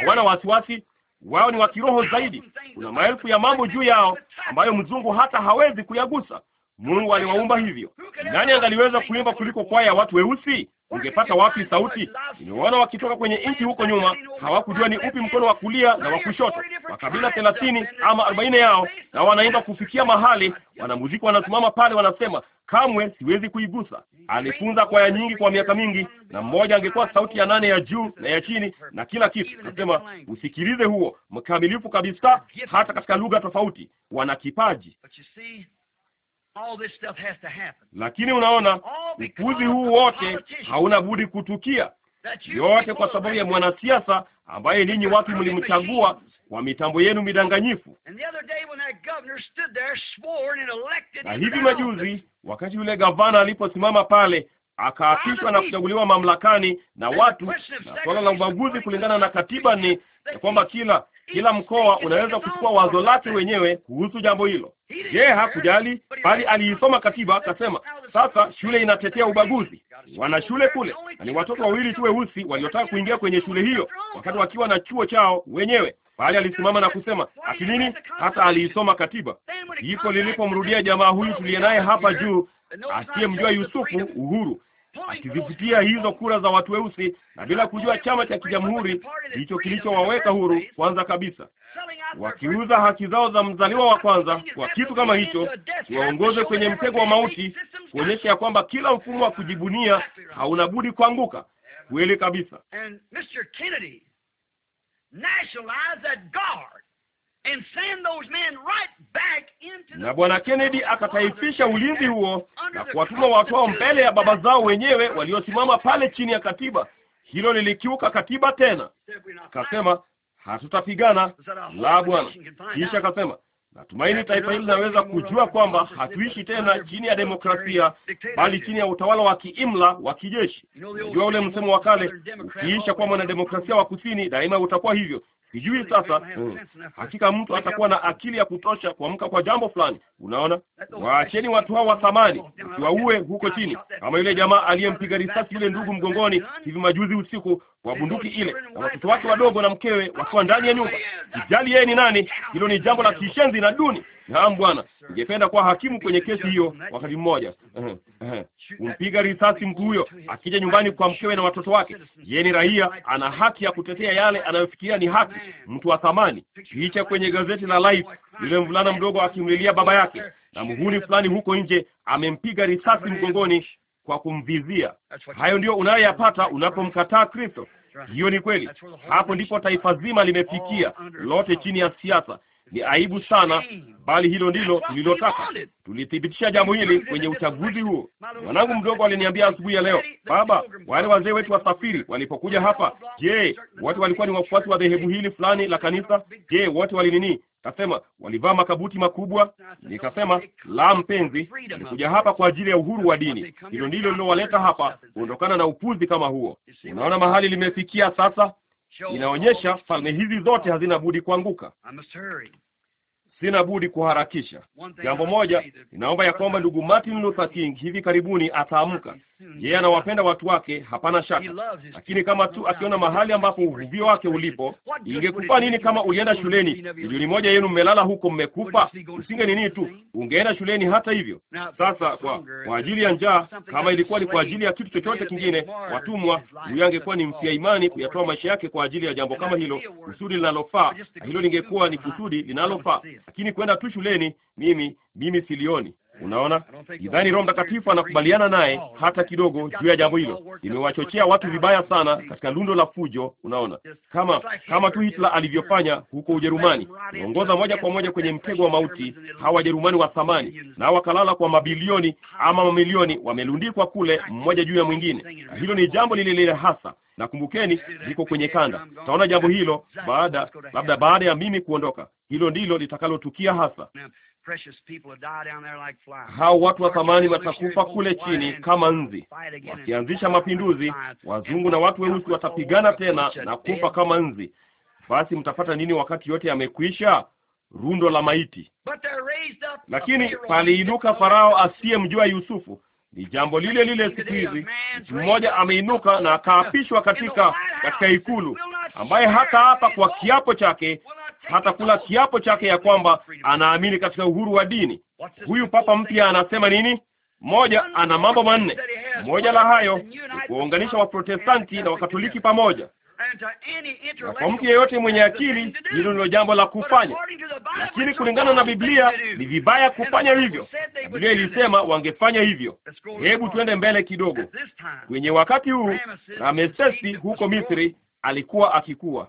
Hawana wasiwasi, wao ni wa kiroho zaidi. Kuna maelfu ya mambo juu yao ambayo mzungu hata hawezi kuyagusa. Mungu aliwaumba hivyo. Nani angaliweza kuimba kuliko kwaya ya watu weusi? Ungepata wapi sauti? Nimewaona wakitoka kwenye nchi huko nyuma, hawakujua ni upi mkono wa kulia na wa kushoto, makabila thelathini ama arobaini yao, na wanaimba kufikia mahali wanamuziki wanasimama pale, wanasema kamwe siwezi kuigusa. Alifunza kwaya nyingi kwa miaka mingi, na mmoja angekuwa sauti ya nane ya juu na ya chini na kila kitu. Nasema usikilize huo mkamilifu kabisa, hata katika lugha tofauti. Wana kipaji lakini unaona upuzi huu wote hauna budi kutukia, yote kwa sababu ya mwanasiasa ambaye ninyi watu mlimchagua kwa mitambo yenu midanganyifu. Na hivi majuzi, wakati yule gavana aliposimama pale akaapishwa na kuchaguliwa mamlakani na watu, na suala la ubaguzi kulingana na katiba ni ya kwamba kila kila mkoa unaweza kuchukua wazo lake wenyewe kuhusu jambo hilo. Yeye hakujali, bali aliisoma katiba akasema, sasa shule inatetea ubaguzi. Wana shule kule na ni watoto wawili tu weusi waliotaka kuingia kwenye shule hiyo, wakati wakiwa na chuo chao wenyewe, bali alisimama na kusema ati nini? Hata aliisoma katiba. Ndipo lilipomrudia jamaa huyu tuliye naye hapa juu asiyemjua Yusufu, Uhuru akizifutia hizo kura za watu weusi, na bila kujua chama cha kijamhuri ndicho kilichowaweka huru kwanza kabisa, wakiuza haki zao za mzaliwa wa kwanza kwa kitu kama hicho, kiwaongoze kwenye mtego wa mauti, kuonyesha ya kwamba kila mfumo wa kujibunia hauna budi kuanguka. Kweli kabisa. Na Bwana Kennedy akataifisha ulinzi huo na kuwatuma watu hao mbele ya baba zao wenyewe waliosimama pale chini ya katiba. Hilo lilikiuka katiba tena. Akasema hatutapigana la Bwana. Kisha akasema natumaini taifa hili linaweza kujua kwamba hatuishi tena chini ya demokrasia, bali chini ya utawala wa kiimla wa kijeshi. Unajua ule msemo wa kale, ukiisha kuwa mwanademokrasia wa kusini, daima utakuwa hivyo sijui sasa. Mm, hakika mtu atakuwa na akili ya kutosha kuamka kwa jambo fulani. Unaona, waacheni watu hao wa thamani, usiwaue huko chini, kama yule jamaa aliyempiga risasi yule ndugu mgongoni hivi majuzi usiku kwa bunduki ile, na watoto wake wadogo na mkewe wakiwa ndani ya nyumba. Kijali yeye ni nani, hilo ni jambo la kishenzi na duni. Naam bwana, ningependa kuwa hakimu kwenye kesi hiyo wakati mmoja. Kumpiga risasi mtu huyo akija nyumbani kwa mkewe na watoto wake. Yeye ni raia, ana haki ya kutetea yale anayofikiria ni haki, mtu wa thamani. Picha kwenye gazeti la Life, yule mvulana mdogo akimlilia baba yake, na mhuni fulani huko nje amempiga risasi mgongoni kwa kumvizia. Hayo ndio unayoyapata unapomkataa Kristo. Hiyo ni kweli. Hapo ndipo taifa zima limefikia lote chini ya siasa. Ni aibu sana, bali hilo ndilo tulilotaka. Tulithibitisha jambo hili kwenye uchaguzi huo. Mwanangu mdogo aliniambia asubuhi ya leo, baba, wale wazee wetu wasafiri walipokuja hapa, je, wote walikuwa ni wafuasi wa dhehebu hili fulani la kanisa? Je, wote walinini? Kasema walivaa makabuti makubwa. Nikasema la, mpenzi, nilikuja hapa kwa ajili ya uhuru wa dini. Hilo ndilo lilowaleta hapa, kuondokana na upuzi kama huo. Unaona mahali limefikia sasa inaonyesha falme hizi zote hazina budi kuanguka. Sina budi kuharakisha jambo moja. Inaomba ya kwamba ndugu Martin Luther King hivi karibuni ataamka yeye anawapenda watu wake, hapana shaka, lakini kama tu akiona mahali ambapo uvuvio wake ulipo. Ingekufa nini kama ulienda shuleni, milioni moja yenu mmelala huko, mmekufa? Usinge nini tu, ungeenda shuleni hata hivyo. Sasa kwa, kwa ajili ya njaa, kama ilikuwa ni kwa ajili ya kitu chochote kingine, watumwa, huyu angekuwa ni mfia imani kuyatoa maisha yake kwa ajili ya jambo kama hilo, kusudi linalofaa, na hilo lingekuwa ni kusudi linalofaa, lakini kwenda tu shuleni, mimi mimi silioni. Unaona, idhani Roho Mtakatifu anakubaliana naye hata kidogo juu ya jambo hilo. Imewachochea watu vibaya sana katika lundo la fujo. Unaona, kama kama tu Hitler alivyofanya huko Ujerumani, kuongoza moja kwa moja kwenye mtego wa mauti. Hawa Wajerumani wa thamani na wakalala kwa mabilioni ama mamilioni, wamelundikwa kule, mmoja juu ya mwingine. Hilo ni jambo lile lile hasa na kumbukeni, liko kwenye kanda. Taona jambo hilo baada, labda baada ya mimi kuondoka. Hilo ndilo litakalotukia hasa. Hao watu wa thamani watakufa kule chini kama nzi. Wakianzisha mapinduzi, wazungu na watu weusi watapigana tena na kufa kama nzi. Basi mtapata nini wakati yote yamekwisha? Rundo la maiti. Lakini paliinuka Farao asiyemjua Yusufu. Ni jambo lile lile siku hizi, mtu mmoja ameinuka na akaapishwa katika katika ikulu, ambaye hata hapa kwa kiapo chake hatakula kiapo chake ya kwamba anaamini katika uhuru wa dini. Huyu papa mpya anasema nini? Mmoja ana mambo manne. Moja la hayo ni kuwaunganisha Waprotestanti na Wakatoliki pamoja, na kwa mtu yeyote mwenye akili, hilo ndilo jambo la kufanya, lakini kulingana na Biblia ni vibaya kufanya hivyo. Biblia ilisema wangefanya hivyo. Hebu tuende mbele kidogo. Kwenye wakati huu, Ramesesi huko Misri alikuwa akikua,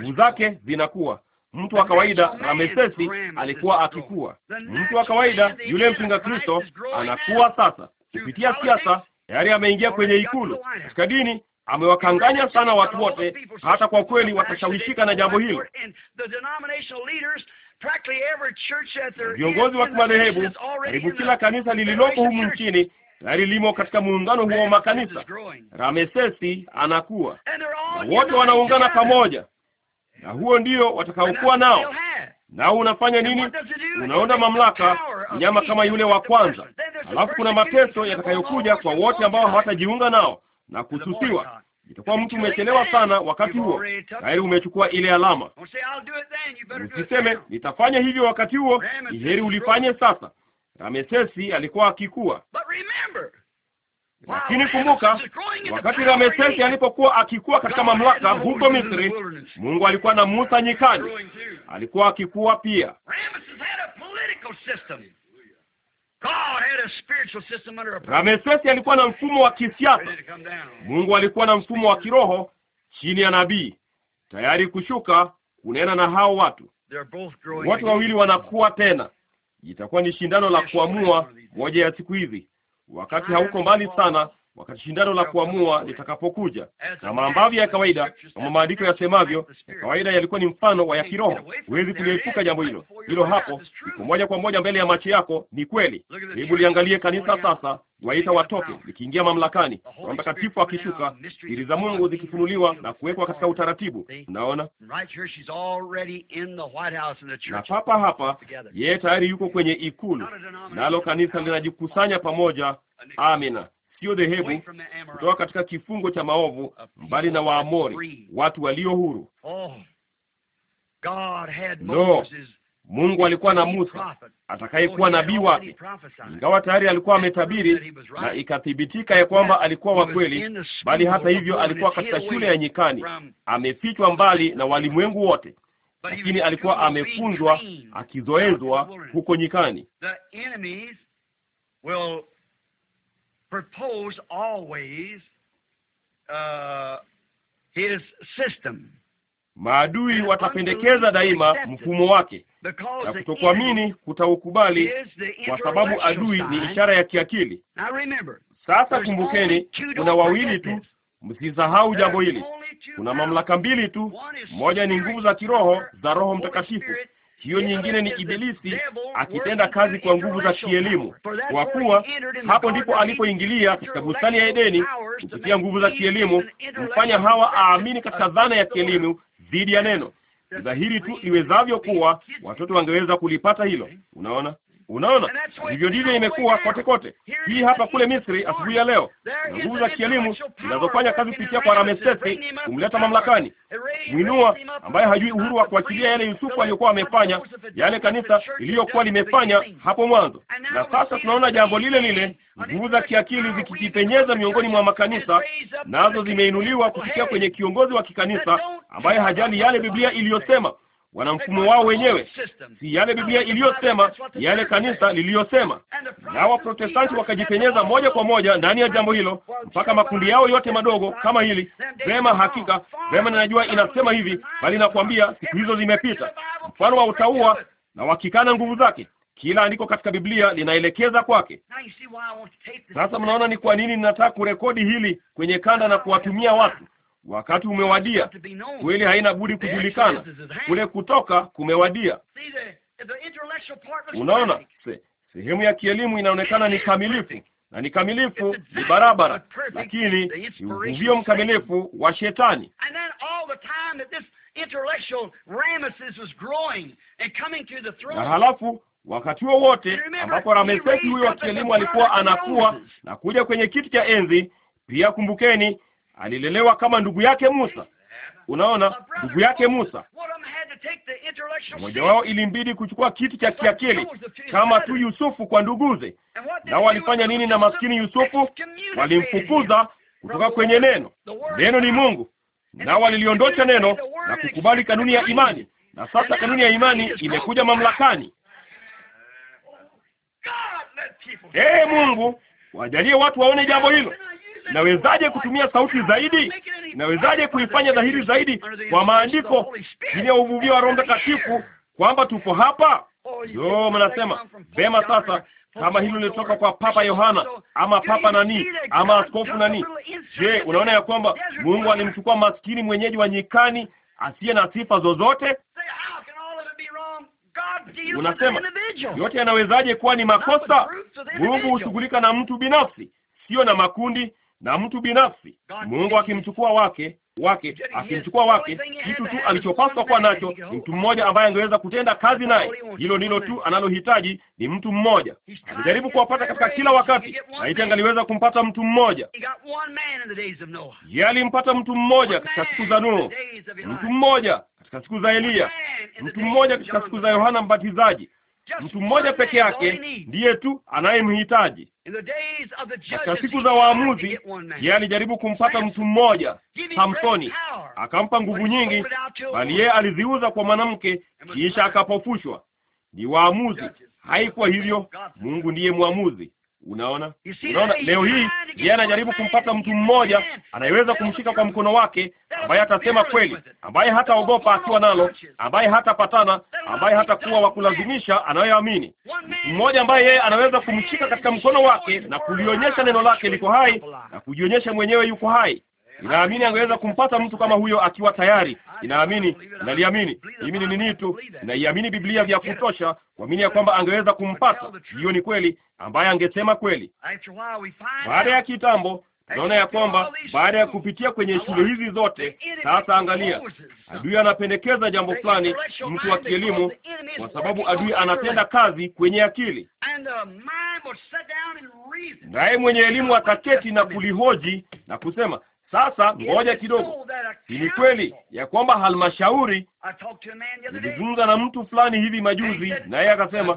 nguvu zake zinakuwa Mtu wa kawaida Ramesesi alikuwa akikua. Mtu wa kawaida yule mpinga Kristo anakuwa sasa, kupitia siasa tayari ameingia kwenye ikulu. Katika dini amewakanganya sana watu wote, hata kwa kweli watashawishika na jambo hilo. Viongozi wa kimadhehebu, karibu kila kanisa lililopo humu nchini tayari limo katika muungano huo wa makanisa. Ramesesi anakuwa, wote wanaungana pamoja na huo ndio watakaokuwa nao. Na unafanya nini? Unaonda mamlaka mnyama kama yule wa kwanza, alafu kuna mateso yatakayokuja kwa wote ambao hawatajiunga nao na kususiwa. Itakuwa mtu umechelewa sana, wakati huo tayari umechukua ile alama. Usiseme nitafanya hivyo wakati huo, heri ulifanye sasa. Ramesesi alikuwa akikua lakini kumbuka, wakati Ramesesi alipokuwa akikuwa katika mamlaka huko Misri, Mungu alikuwa na Musa nyikani, alikuwa akikuwa pia. Ramesesi alikuwa na mfumo wa kisiasa, Mungu alikuwa na mfumo wa kiroho chini ya nabii, tayari kushuka kunena na hao watu. Watu wawili wanakuwa tena, itakuwa ni shindano la kuamua moja ya siku hizi Wakati hauko mbali sana wakati shindano la kuamua litakapokuja. Kama ambavyo ya kawaida, kama maandiko yasemavyo, ya kawaida yalikuwa ni mfano wa ya kiroho. Huwezi kuliepuka jambo hilo, hilo hapo iko moja kwa moja mbele ya macho yako, ni kweli. Hebu liangalie kanisa sasa, waita watoke, likiingia mamlakani, Roho Mtakatifu akishuka, siri za Mungu zikifunuliwa na kuwekwa katika utaratibu. Naona na papa hapa yeye tayari yuko kwenye ikulu, nalo kanisa linajikusanya pamoja. Amina sio dhehebu, kutoka katika kifungo cha maovu, mbali na Waamori, watu walio huru. Oh, no, Mungu alikuwa na Musa atakayekuwa oh, nabii wake, ingawa tayari alikuwa ametabiri na ikathibitika ya kwamba alikuwa wa kweli, bali hata hivyo alikuwa katika shule ya nyikani, amefichwa mbali na walimwengu wote, lakini alikuwa amefunzwa, akizoezwa huko nyikani proposed always uh, his system. Maadui watapendekeza daima mfumo wake na kutokuamini kutaukubali, kwa sababu adui ni ishara ya kiakili. Sasa kumbukeni, kuna wawili tu, msisahau jambo hili. Kuna mamlaka mbili tu, moja ni nguvu za kiroho za Roho Mtakatifu hiyo nyingine ni Ibilisi akitenda kazi kwa nguvu za kielimu, kwa kuwa hapo ndipo alipoingilia katika bustani ya Edeni kupitia nguvu za kielimu, kumfanya Hawa aamini katika dhana ya kielimu dhidi ya neno dhahiri tu iwezavyo kuwa watoto wangeweza kulipata hilo. Unaona, Unaona, hivyo ndivyo imekuwa kote kote. Hii hapa kule Misri asubuhi ya leo, nguvu za kielimu zinazofanya kazi kupitia kwa Ramesesi kumleta mamlakani, mwinua ambaye hajui uhuru wa kuachilia yale Yusufu aliyokuwa amefanya, yale kanisa iliyokuwa limefanya hapo mwanzo. Na sasa tunaona jambo lile lile, nguvu za kiakili zikijipenyeza miongoni mwa makanisa, nazo zimeinuliwa kufikia kwenye kiongozi wa kikanisa ambaye hajali yale Biblia iliyosema wana mfumo wao wenyewe, si yale Biblia iliyosema, yale kanisa liliyosema, na Waprotestanti wakajipenyeza moja kwa moja ndani ya jambo hilo, mpaka makundi yao yote madogo kama hili. Vema, hakika vema, ninajua inasema hivi, bali nakwambia siku hizo zimepita. Mfano wa utaua na wakikana nguvu zake kila andiko katika Biblia linaelekeza kwake. Sasa mnaona ni kwa nini ninataka kurekodi hili kwenye kanda na kuwatumia watu. Wakati umewadia, kweli haina budi kujulikana. Kule kutoka kumewadia. Unaona, sehemu ya kielimu inaonekana ni kamilifu na ni kamilifu, ni barabara, lakini ni uvuvio mkamilifu wa Shetani. Na halafu wakati huo wote ambapo Ramesesi huyo wa kielimu alikuwa anakuwa na kuja kwenye kiti cha enzi, pia kumbukeni alilelewa kama ndugu yake Musa. Unaona, ndugu yake Musa, mmoja wao ilimbidi kuchukua kitu cha kiakili kama tu Yusufu kwa nduguze. Nao walifanya nini na maskini Yusufu? Walimfukuza kutoka kwenye neno. Neno ni Mungu, nao waliliondosha neno na kukubali kanuni ya imani, na sasa kanuni ya imani imekuja mamlakani. Ee Mungu, wajalie watu waone jambo hilo. Nawezaje kutumia sauti zaidi? Nawezaje kuifanya dhahiri zaidi kwa maandiko chini ya uvuvio wa Roho Mtakatifu kwamba tupo hapa? Ndio mnasema vema. Sasa kama hilo lilitoka kwa Papa Yohana ama Papa nani ama askofu nani, je, unaona ya kwamba Mungu alimchukua maskini mwenyeji wa nyikani asiye na sifa zozote? Unasema yote yanawezaje kuwa ni makosa? Mungu hushughulika na mtu binafsi, sio na makundi, na mtu binafsi, Mungu akimchukua wake wake akimchukua wake, kitu tu alichopaswa kuwa nacho ni mtu mmoja ambaye angeweza kutenda kazi naye. Hilo ndilo tu analohitaji, ni mtu mmoja. Alijaribu kuwapata katika kila wakati, laiti angaliweza kumpata mtu mmoja. Yeye alimpata mtu mmoja katika siku za Nuhu, mtu mmoja katika siku za Eliya, mtu mmoja katika siku za Yohana Mbatizaji, Mtu mmoja peke yake ndiye tu anayemhitaji. Katika siku za waamuzi, yeye alijaribu yaani kumpata mtu mmoja, Samsoni akampa nguvu nyingi, bali yeye aliziuza kwa mwanamke, kisha akapofushwa. Ni waamuzi, haikuwa hivyo. Mungu ndiye mwamuzi. Unaona, unaona, leo hii yeye anajaribu kumpata mtu mmoja anayeweza kumshika kwa mkono wake, ambaye atasema kweli, ambaye hataogopa akiwa nalo, ambaye hatapatana, ambaye hatakuwa wa kulazimisha, anayoamini mmoja, ambaye yeye anaweza kumshika katika mkono wake na kulionyesha neno lake liko hai na kujionyesha mwenyewe yuko hai. Ninaamini angeweza kumpata mtu kama huyo akiwa tayari. Ninaamini, naliamini, mimi ni nini tu, ninaiamini Biblia vya kutosha kuamini ya kwamba angeweza kumpata. Hiyo ni kweli, ambaye angesema kweli. Baada ya kitambo Tunaona ya kwamba baada ya kupitia kwenye shule hizi zote, sasa angalia, adui anapendekeza jambo fulani, mtu wa kielimu, kwa sababu adui anatenda kazi kwenye akili, naye mwenye elimu ataketi na kulihoji na kusema, sasa ngoja kidogo, ni kweli ya kwamba halmashauri. Nilizungumza na mtu fulani hivi majuzi, naye akasema,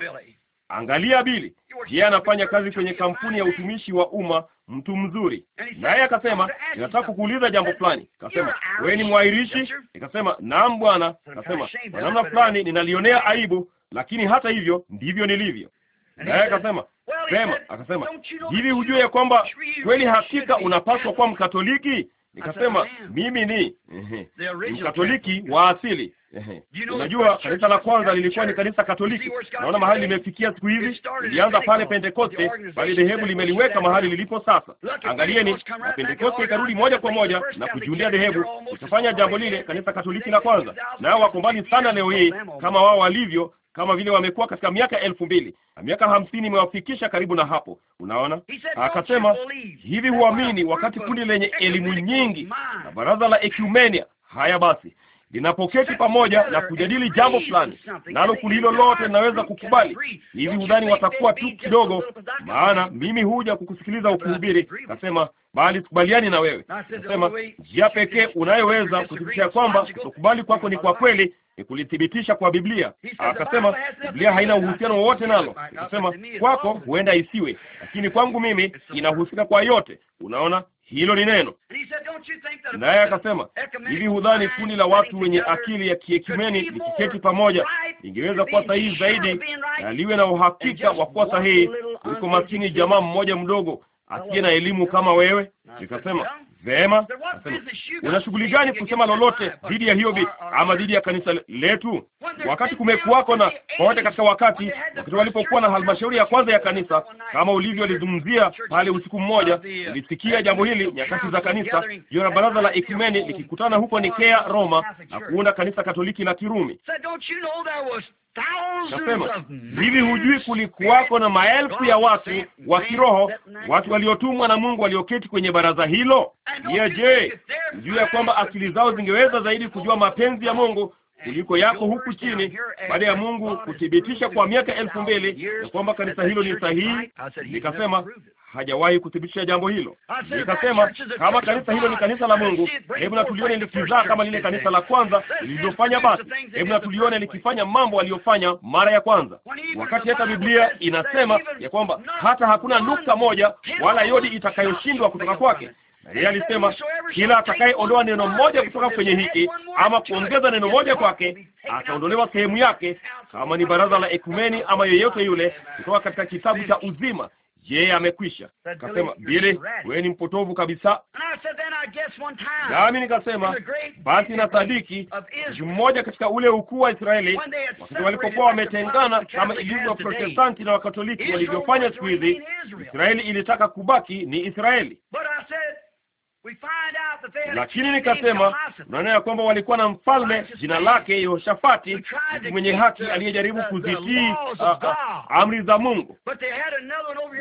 angalia Bili, yeye anafanya kazi kwenye kampuni ya utumishi wa umma, mtu mzuri. Naye akasema, ninataka kukuuliza jambo fulani. Akasema, wewe ni mwairishi? Nikasema, naam bwana. Akasema, kwa namna fulani ninalionea aibu, lakini hata hivyo ndivyo nilivyo. Naye akasema Vema, akasema hivi, hujue ya kwamba kweli hakika unapaswa kuwa Mkatoliki? Nikasema mimi ni Mkatoliki wa asili. Unajua, kanisa la kwanza lilikuwa ni kanisa Katoliki. Naona mahali limefikia siku hizi, lilianza pale Pentekoste, bali dhehebu limeliweka mahali lilipo sasa. Angalieni, na Pentekoste ikarudi moja kwa moja na kujiundia dhehebu, ikafanya jambo lile kanisa Katoliki la kwanza. Nao wako mbali sana leo hii kama wao walivyo kama vile wamekuwa katika miaka elfu mbili na miaka hamsini imewafikisha karibu na hapo. Unaona, akasema hivi, huamini wakati kundi lenye elimu nyingi na baraza la ekumenia Haya basi, linapoketi pamoja na kujadili jambo fulani, nalo kulilo lote linaweza kukubali hivi. Udhani watakuwa tu kidogo, maana mimi huja kukusikiliza ukuhubiri. Nasema bali tukubaliani na wewe. Nasema njia pekee unayoweza kuthibitisha kwamba kutokubali kwako ni kwa kweli ni kulithibitisha kwa Biblia. Akasema Biblia haina uhusiano wowote nalo. Akasema kwako huenda isiwe, lakini kwangu mimi inahusika kwa yote. Unaona, hilo ni neno. Naye akasema hivi, hudhani kundi la watu wenye akili ya kiekumeni likiketi pamoja lingeweza kuwa sahihi zaidi na liwe na uhakika wa kuwa sahihi kuliko maskini jamaa mmoja mdogo asiye na elimu kama wewe? Nikasema Vema, una shughuli gani kusema lolote dhidi ya hiyo ama dhidi ya kanisa letu? Wakati kumekuwako na wote katika wakati, wakati walipokuwa na halmashauri ya kwanza ya kanisa, kama ulivyo lizungumzia pale usiku mmoja, nilisikia uh, jambo hili uh, nyakati za kanisa hiyo, na baraza la ekumeni likikutana huko Nikea, Roma, na kuunda kanisa Katoliki la Kirumi. Nasema hivi, hujui kulikuwako na maelfu ya watu wa kiroho, watu waliotumwa na Mungu walioketi kwenye baraza hilo? Ya je, juu ya kwamba akili zao zingeweza zaidi kujua mapenzi ya Mungu kuliko yako huku chini, baada ya Mungu kuthibitisha kwa miaka elfu mbili ya kwamba kanisa hilo ni sahihi. Nikasema hajawahi kuthibitisha jambo hilo. Nikasema kama kanisa hilo ni kanisa la Mungu, hebu na tulione likizaa kama lile kanisa la kwanza lilivyofanya. Basi hebu na tulione likifanya mambo aliyofanya mara ya kwanza, wakati hata Biblia inasema ya kwamba hata hakuna nukta moja wala yodi itakayoshindwa kutoka kwake. na Yeye alisema kila atakayeondoa neno moja kutoka kwenye hiki ama kuongeza neno moja kwake ataondolewa sehemu yake, kama ni baraza la ekumeni ama yeyote yule, kutoka katika kitabu cha uzima, Je, amekwisha? Kasema Bili, wewe ni mpotovu kabisa. Nami nikasema basi na sadiki mmoja katika ule ukuu wa Israeli, wakati walipokuwa wametengana kama ilivyo Protestanti na Wakatoliki walivyofanya siku hizi, Israeli ilitaka kubaki ni Israeli. Lakini nikasema unaona ya kwamba walikuwa na mfalme jina lake Yehoshafati, mwenye haki aliyejaribu kuzitii uh, uh, amri za Mungu,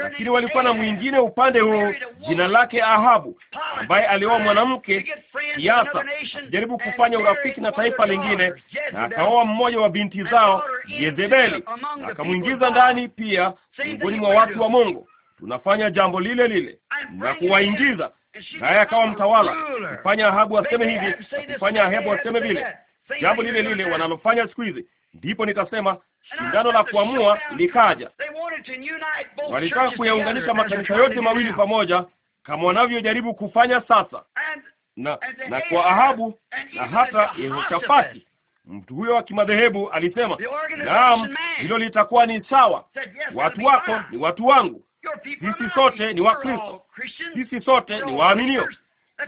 lakini walikuwa na mwingine upande huo jina lake Ahabu, ambaye alioa mwanamke siasa, jaribu kufanya urafiki na taifa lingine, na akaoa mmoja wa binti zao Yezebeli, na akamwingiza ndani pia miongoni mwa watu wa Mungu. Tunafanya jambo lile lile na kuwaingiza naye akawa mtawala. kufanya Ahabu aseme hivi, mfanya Ahabu aseme vile, jambo lile lile wanalofanya siku hizi. Ndipo nikasema shindano la kuamua likaja. Walitaka kuyaunganisha makanisa yote mawili pamoja kama wanavyojaribu kufanya sasa, na na kwa Ahabu na hata Yehoshafati. Mtu huyo wa kimadhehebu alisema, naam, hilo litakuwa ni sawa, watu wako ni watu wangu sisi sote ni Wakristo, sisi sote ni waaminio.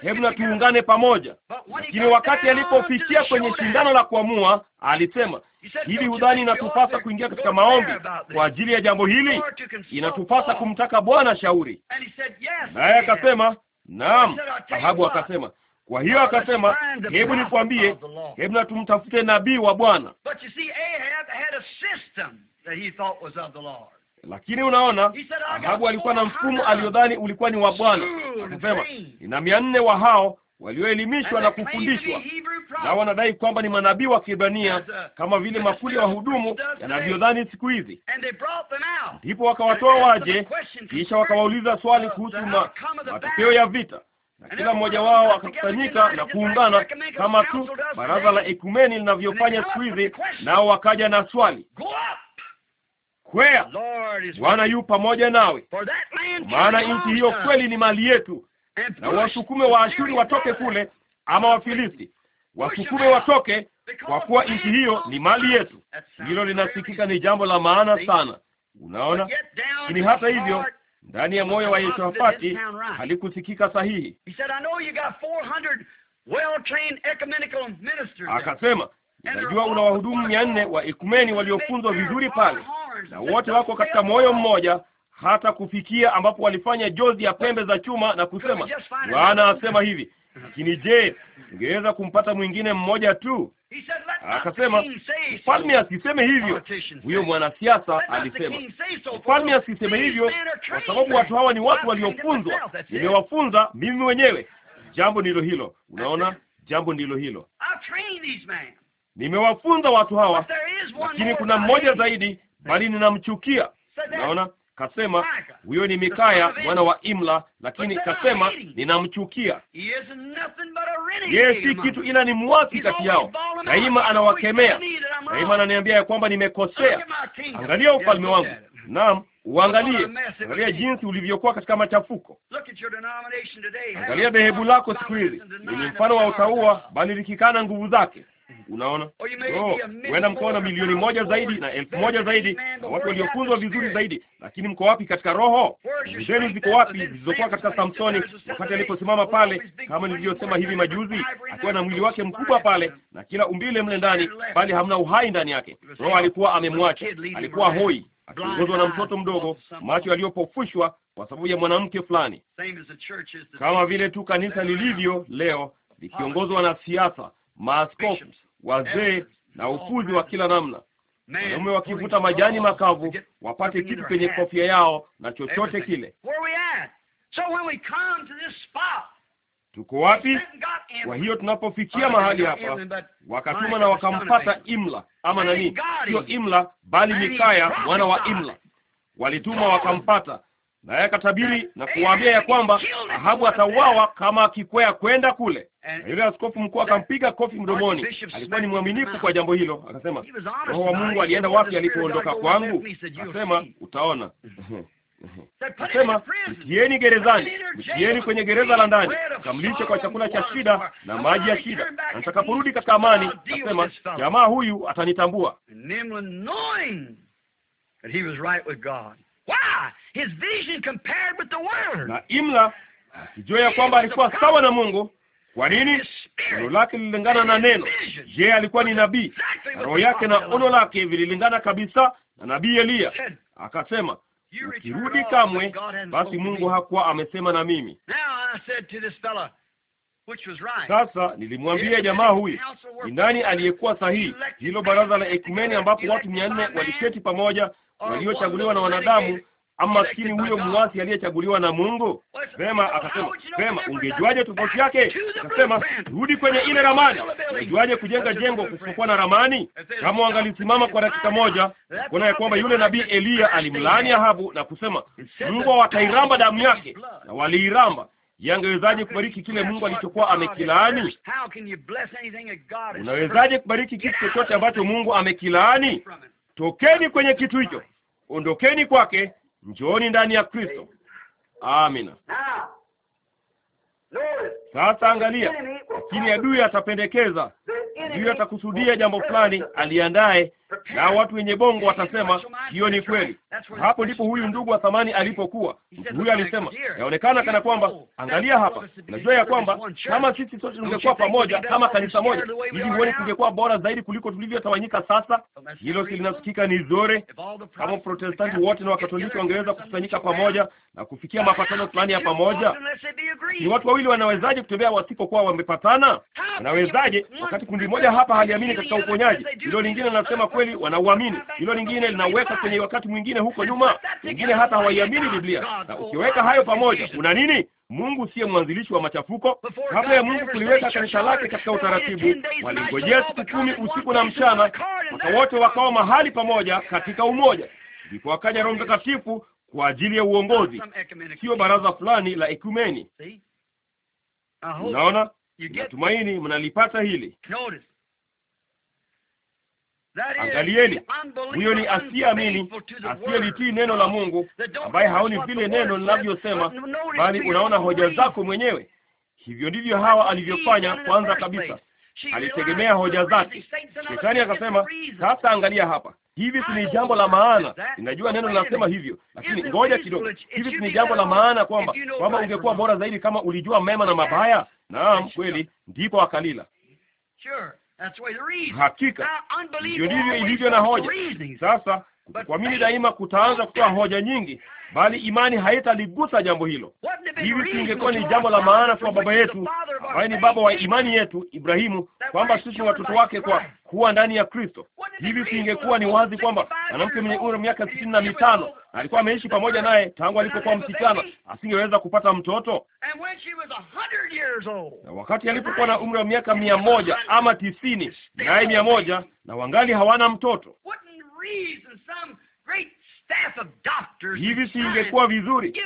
Hebu na tuungane pamoja. Lakini wakati alipofikia kwenye shindano la kuamua, alisema hivi, hudhani inatupasa kuingia katika maombi kwa ajili ya jambo hili? Inatupasa kumtaka Bwana shauri? Naye akasema naam. Ahabu akasema kwa hiyo akasema, hebu nikwambie, hebu na tumtafute nabii wa Bwana. Lakini unaona, Ahabu alikuwa na mfumo aliodhani ulikuwa ni wa Bwana. Akasema, nina mia nne wa hao walioelimishwa na kufundishwa, na wanadai kwamba ni manabii wa Kibania kama vile makundi ya wahudumu yanavyodhani siku hizi. Ndipo wakawatoa waje, kisha wakawauliza swali kuhusu matokeo ya vita na kila mmoja wao akakusanyika na kuungana kama tu baraza la ekumeni linavyofanya siku hizi, nao wakaja na swali, Kwea, Bwana yu pamoja nawe, maana nchi hiyo kweli ni mali yetu. Na wasukume Waashuri watoke kule, ama Wafilisti wasukume watoke, kwa kuwa nchi hiyo ni mali yetu. Hilo linasikika ni jambo la maana sana, unaona. Lakini hata hivyo ndani ya moyo wa Yehoshafati halikusikika sahihi. Akasema, najua una wahudumu mia nne wa ekumeni waliofunzwa vizuri pale na wote wako katika moyo mmoja hata kufikia ambapo walifanya jozi ya pembe za chuma na kusema, Bwana asema hivi. Lakini je, ingeweza kumpata mwingine mmoja tu? Akasema, mfalme asiseme hivyo. Huyo mwanasiasa alisema, mfalme asiseme hivyo, kwa sababu watu hawa ni watu waliofunzwa. Nimewafunza mimi mwenyewe. Jambo ndilo hilo, unaona, jambo ndilo hilo. Nimewafunza watu hawa, lakini kuna mmoja zaidi bali ninamchukia. Naona kasema huyo ni Mikaya mwana wa Imla, lakini kasema ninamchukia. Yeye si kitu, ila ni mwasi kati yao. Daima anawakemea, daima ananiambia ya kwamba nimekosea. Angalia ufalme wangu, naam Uangalie, angalia jinsi ulivyokuwa katika machafuko. Angalia dhehebu lako siku hizi, ni mfano wa utaua, bali likikana nguvu zake. Mm-hmm. Unaona, huenda no, na milioni moja zaidi na elfu moja zaidi na watu waliofunzwa vizuri zaidi, lakini mko wapi katika roho? zenu ziko wapi zilizokuwa katika Samsoni wakati aliposimama pale, kama nilivyosema hivi majuzi, akiwa na mwili wake mkubwa pale na kila umbile mle ndani, bali hamna uhai ndani yake. Roho alikuwa amemwacha, alikuwa hoi, akiongozwa na mtoto mdogo, macho yaliyopofushwa kwa sababu ya mwanamke fulani, kama vile tu kanisa lilivyo leo likiongozwa na siasa maaskofu, wazee na ufundi wa kila namna, wanaume wakivuta majani makavu wapate kitu kwenye kofia yao na chochote kile. Tuko wapi? Kwa hiyo tunapofikia mahali hapa, wakatuma na wakampata Imla ama nani, sio Imla bali Mikaya mwana wa Imla, walituma wakampata, naye akatabiri na kuwaambia ya kwamba Ahabu atauawa kama akikwea kwenda kule. Yule askofu mkuu akampiga kofi mdomoni. Alikuwa ni mwaminifu kwa jambo hilo, akasema roho wa Mungu alienda wapi alipoondoka kwangu? Akasema utaona. Akasema mtieni gerezani, mtieni kwenye gereza la ndani, kamlishe kwa chakula cha shida na maji ya shida, na nitakaporudi katika amani, akasema jamaa huyu atanitambua. Na Imla akijua ah, ya kwamba alikuwa sawa na Mungu kwa nini? Neno lake lililingana na neno. Je, alikuwa ni nabii? Roho yake na ono lake vililingana kabisa na nabii Eliya. Akasema, ukirudi kamwe, basi Mungu hakuwa amesema na mimi. Sasa nilimwambia jamaa huyu, ni nani aliyekuwa sahihi? Hilo baraza la ekumeni ambapo watu mia nne waliketi pamoja waliochaguliwa na wanadamu ama maskini huyo mwasi aliyechaguliwa na Mungu. Vema, akasema vema, ungejuaje tofauti yake? Akasema rudi kwenye ile ramani. Ungejuaje kujenga jengo kusipokuwa na ramani? Kama wangalisimama kwa dakika moja, kuna ya kwamba yule nabii Eliya alimlaani Ahabu na kusema Mungu watairamba damu yake, na waliiramba yangewezaje kubariki kile Mungu alichokuwa amekilaani? Unawezaje kubariki kitu chochote ambacho Mungu amekilaani? Tokeni kwenye kitu hicho, ondokeni kwake, Njooni ndani ya Kristo. Amina. Sasa angalia, lakini adui atapendekeza, adui atakusudia jambo fulani aliandaye na watu wenye bongo watasema hiyo ni kweli. Hapo ndipo huyu ndugu wa thamani alipokuwa. Mtu huyu alisema, yaonekana kana kwamba, angalia hapa, najua ya kwamba kama sisi sote tungekuwa pamoja kama kanisa moja, hivi huoni tungekuwa bora zaidi kuliko tulivyotawanyika sasa? Hilo silinasikika ni zore. Kama Protestanti wote na Wakatoliki wangeweza kukusanyika pamoja na kufikia mapatano fulani ya pamoja, ni watu wawili wanawezaje kutembea wasipokuwa wamepatana? Wanawezaje wakati kundi moja hapa haliamini katika uponyaji, hilo lingine linasema kweli wanauamini. Hilo lingine linaweka kwenye wakati mwingine huko nyuma, lingine hata hawaiamini Biblia. Na ukiweka hayo pamoja, una nini? Mungu siye mwanzilishi wa machafuko. Kabla ya Mungu kuliweka kanisa lake katika utaratibu, walingojea siku kumi usiku na mchana, mpaka wote wakao mahali pamoja katika umoja. Ndipo akaja Roho Mtakatifu kwa ajili ya uongozi, sio baraza fulani la ekumeni. Unaona, natumaini mnalipata hili. Angalieni, huyo ni asiyeamini, asiyelitii neno la Mungu, ambaye haoni vile neno linavyosema, bali unaona hoja zako mwenyewe. Hivyo ndivyo Hawa alivyofanya. Kwanza kabisa alitegemea hoja zake. Shetani akasema, sasa angalia hapa, hivi si ni jambo la maana? Ninajua neno linasema hivyo, lakini ngoja kidogo. Hivi si ni jambo la maana kwamba kwamba ungekuwa bora zaidi kama ulijua mema na mabaya? Naam, kweli. Ndipo akalila Hakika ndivyo ilivyo na hoja. Sasa kuamini daima kutaanza kutoa hoja nyingi, bali imani haitaligusa jambo hilo. Hivi singekuwa ni jambo la maana kwa baba yetu ambaye ni baba wa imani yetu Ibrahimu, kwamba sisi watoto wake kwa kuwa ndani ya Kristo? Hivi singekuwa ni wazi kwamba mwanamke mwenye umri miaka sitini na mitano na alikuwa ameishi pamoja naye tangu alipokuwa msichana asingeweza kupata mtoto? Na wakati alipokuwa na umri wa miaka mia moja ama tisini naye mia moja na wangali hawana mtoto Hivi si ingekuwa vizuri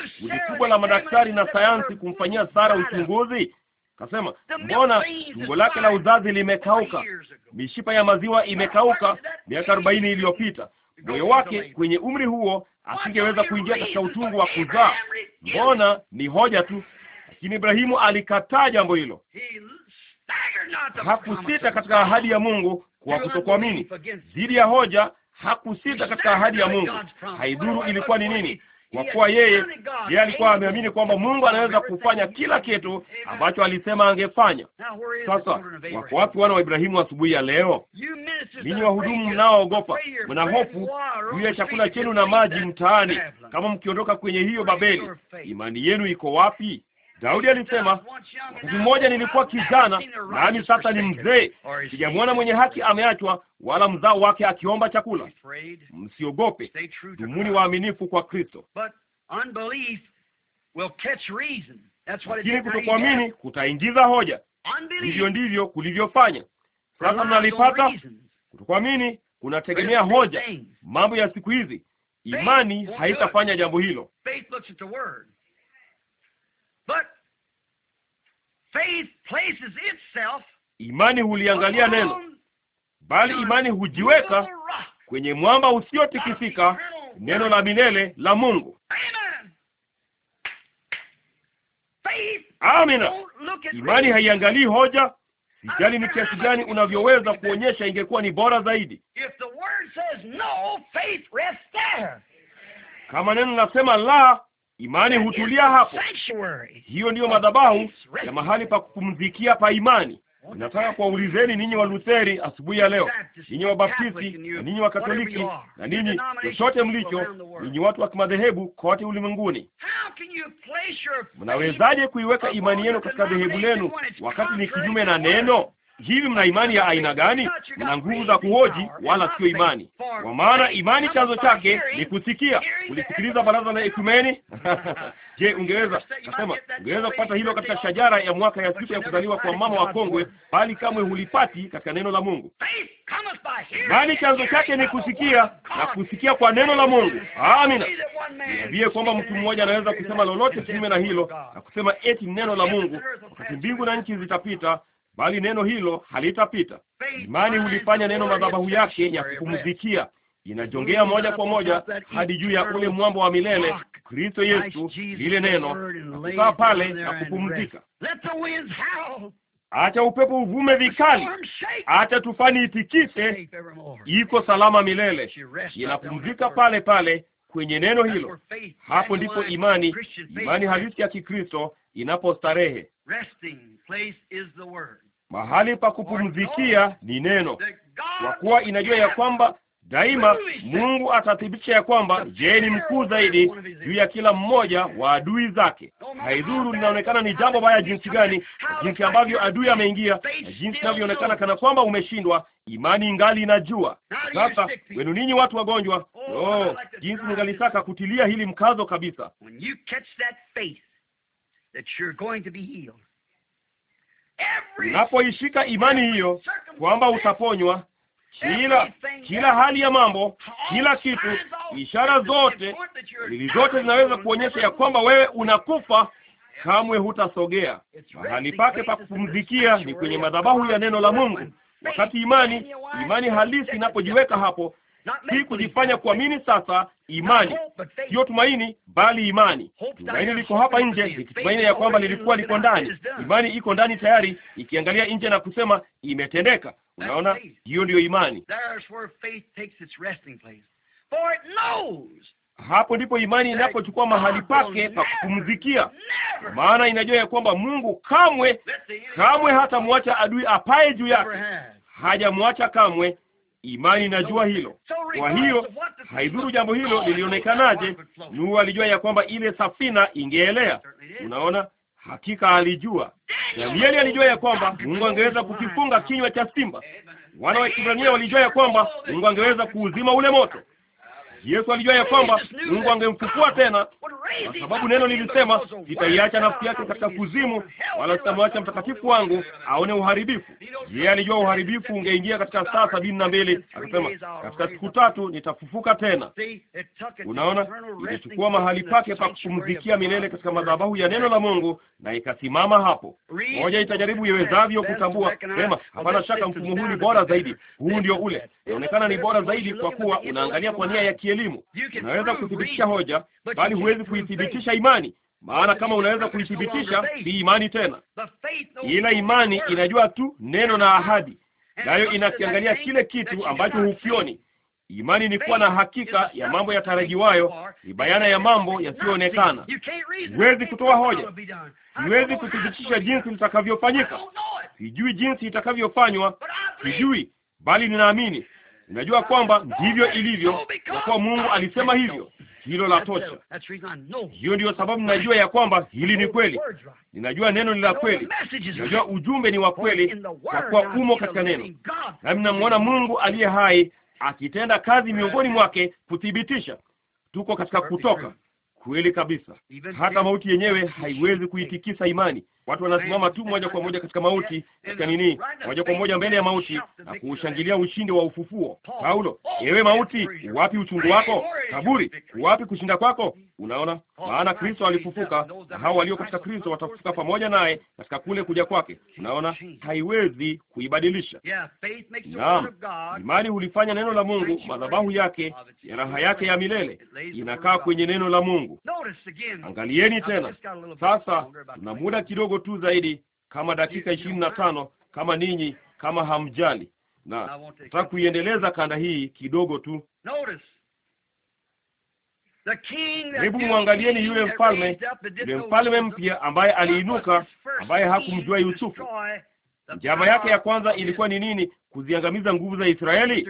kubwa la madaktari na sayansi kumfanyia Sara uchunguzi? Kasema, mbona tumbo lake la uzazi limekauka, mishipa ya maziwa imekauka miaka arobaini iliyopita. Moyo wake kwenye umri huo asingeweza kuingia katika utungu wa kuzaa. Mbona ni hoja tu, lakini Ibrahimu alikataa jambo hilo, hakusita katika ahadi ya Mungu kwa kutokuamini dhidi ya hoja hakusita katika ahadi ya Mungu, haidhuru ilikuwa ni nini, kwa kuwa yeye yeye alikuwa ameamini kwamba Mungu anaweza kufanya kila kitu ambacho alisema angefanya. Sasa wako wapi wana wa Ibrahimu asubuhi ya leo? Ninyi wahudumu mnaoogopa, mna hofu juu ya chakula chenu na maji mtaani, kama mkiondoka kwenye hiyo Babeli, imani yenu iko wapi? Daudi alisema, wakati mmoja nilikuwa kijana, nami sasa ni mzee, sijamwona mwenye haki ameachwa, wala mzao wake akiomba chakula. Msiogope, dumuni waaminifu kwa Kristo. Lakini kutokuamini kutaingiza hoja. Hivyo ndivyo kulivyofanya. Sasa mnalipata kutokuamini kunategemea hoja. Mambo ya siku hizi, imani haitafanya jambo hilo. Imani huliangalia neno, bali imani hujiweka kwenye mwamba usiotikisika, neno la milele la Mungu. Amina. Imani haiangalii hoja, sijali ni kiasi gani unavyoweza kuonyesha ingekuwa ni bora zaidi. Kama neno nasema la, Imani hutulia hapo. Hiyo ndiyo madhabahu ya mahali pa kupumzikia pa imani. Nataka kuwaulizeni ninyi wa Lutheri asubuhi ya leo, ninyi wa Baptisti na ninyi wa Katoliki na ninyi chochote mlicho, ninyi watu wa kimadhehebu kote ulimwenguni, mnawezaje kuiweka imani yenu katika dhehebu lenu wakati ni kinyume na neno? Hivi mna imani ya aina gani? Mna nguvu za kuhoji, wala sio imani, kwa maana imani chanzo chake ni kusikia. Ulisikiliza baraza la ekumeni? Je, ungeweza nasema, ungeweza kupata hilo katika shajara ya mwaka ya siku ya kuzaliwa kwa mama wa kongwe, bali kamwe hulipati katika neno la Mungu. Imani chanzo chake ni kusikia, na kusikia kwa neno la Mungu. Amina. Niambie kwamba mtu mmoja anaweza kusema lolote kinyume na hilo na kusema eti neno la Mungu, wakati mbingu na nchi zitapita bali neno hilo halitapita. Imani hulifanya neno madhabahu yake ya kupumzikia, inajongea moja kwa moja hadi juu ya ule mwamba wa milele, Kristo Yesu, lile neno kukaa pale na kupumzika. Acha upepo uvume vikali, acha tufani itikise, iko salama milele, inapumzika pale pale kwenye neno hilo. Hapo ndipo imani, imani halisi ya Kikristo inapostarehe mahali pa kupumzikia ni neno, kwa kuwa inajua ya kwamba daima Mungu atathibitisha ya kwamba yeye ni mkuu zaidi juu ya kila mmoja wa adui zake. Haidhuru linaonekana ni jambo baya jinsi gani, jinsi ambavyo adui ameingia na jinsi inavyoonekana kana kwamba umeshindwa, imani ingali inajua. Sasa wenu ninyi watu wagonjwa, oh, oh jinsi ningalitaka kutilia hili mkazo kabisa unapoishika imani hiyo kwamba utaponywa kila kila hali ya mambo, kila kitu, ishara zote ili zote zinaweza kuonyesha ya kwamba wewe unakufa, kamwe hutasogea. Mahali pake pa kupumzikia ni kwenye madhabahu ya neno la Mungu. Wakati imani imani halisi inapojiweka hapo, si kujifanya kuamini. Sasa imani sio tumaini, bali imani. Tumaini liko hapa nje likitumaini ya kwamba lilikuwa liko ndani. Imani iko ndani tayari, ikiangalia nje na kusema imetendeka. Unaona, hiyo ndiyo imani. Hapo ndipo imani inapochukua mahali pake pa kupumzikia, maana inajua ya kwamba Mungu kamwe kamwe hatamwacha adui apaye juu yake, hajamwacha kamwe Imani inajua hilo. Kwa hiyo haidhuru jambo hilo oh, lilionekanaje, Nuhu alijua ya kwamba ile safina ingeelea. Unaona, hakika alijua. Danieli alijua ya kwamba Mungu angeweza kukifunga kinywa cha simba. Eh, Wana wa Kibrania walijua ya kwamba Mungu angeweza kuuzima ule moto. Yesu alijua ya kwamba Mungu angemfufua tena, kwa sababu neno lilisema, itaiacha nafsi yake katika kuzimu, wala sitamwacha mtakatifu wangu aone uharibifu. Yeye alijua uharibifu ungeingia katika saa sabini na mbili. Akasema, katika siku tatu nitafufuka tena. Unaona, ilichukua mahali pake pa kupumzikia milele katika madhabahu ya neno la Mungu na ikasimama hapo. Moja itajaribu iwezavyo kutambua sema, hapana shaka mfumo huu ni bora zaidi, huu ndio ule, inaonekana ni bora zaidi, kwa kuwa unaangalia kwa nia ya kie kielimu. Unaweza kuthibitisha hoja, bali huwezi kuithibitisha imani, maana kama unaweza kuithibitisha, si imani tena. Ila imani inajua tu neno na ahadi, nayo inakiangalia kile kitu ambacho hukioni. Imani ni kuwa na hakika ya mambo yatarajiwayo, ni bayana ya mambo yasiyoonekana. huwezi kutoa hoja, siwezi kuthibitisha jinsi litakavyofanyika, sijui jinsi itakavyofanywa, sijui, bali ninaamini Unajua kwamba ndivyo ilivyo, kwa kuwa Mungu alisema hivyo. Hilo la tosha. Hiyo ndiyo sababu najua ya kwamba hili ni kweli. Ninajua neno ni la kweli, ninajua ujumbe ni wa kweli, kwa kuwa umo katika neno, nami namwona Mungu aliye hai akitenda kazi miongoni mwake kuthibitisha. Tuko katika Kutoka, kweli kabisa. Hata mauti yenyewe haiwezi kuitikisa imani, Watu wanasimama tu moja kwa moja katika mauti, katika nini, moja kwa moja mbele ya mauti na kuushangilia ushindi wa ufufuo. Paulo, yewe mauti, wapi uchungu wako? Kaburi, wapi kushinda kwako? Unaona, maana Kristo alifufuka, na hao walio katika Kristo watafufuka pamoja naye katika kule kuja kwake. Unaona, haiwezi kuibadilisha. Naam, imani hulifanya neno la Mungu madhabahu yake ya raha yake ya milele, inakaa kwenye neno la Mungu. Angalieni tena sasa, na muda kidogo kidogo tu zaidi, kama dakika ishirini na tano, kama ninyi kama hamjali, na nataka kuiendeleza kanda hii kidogo tu. Hebu mwangalieni yule mfalme, yule mfalme mpya ambaye aliinuka, ambaye hakumjua Yusufu. Njama yake ya kwanza ilikuwa ni nini? Kuziangamiza nguvu za Israeli,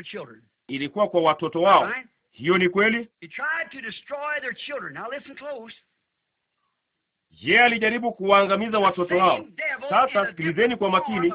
ilikuwa kwa watoto wao. Hiyo ni kweli. Yeye alijaribu kuwaangamiza watoto wao. Sasa sikilizeni kwa makini.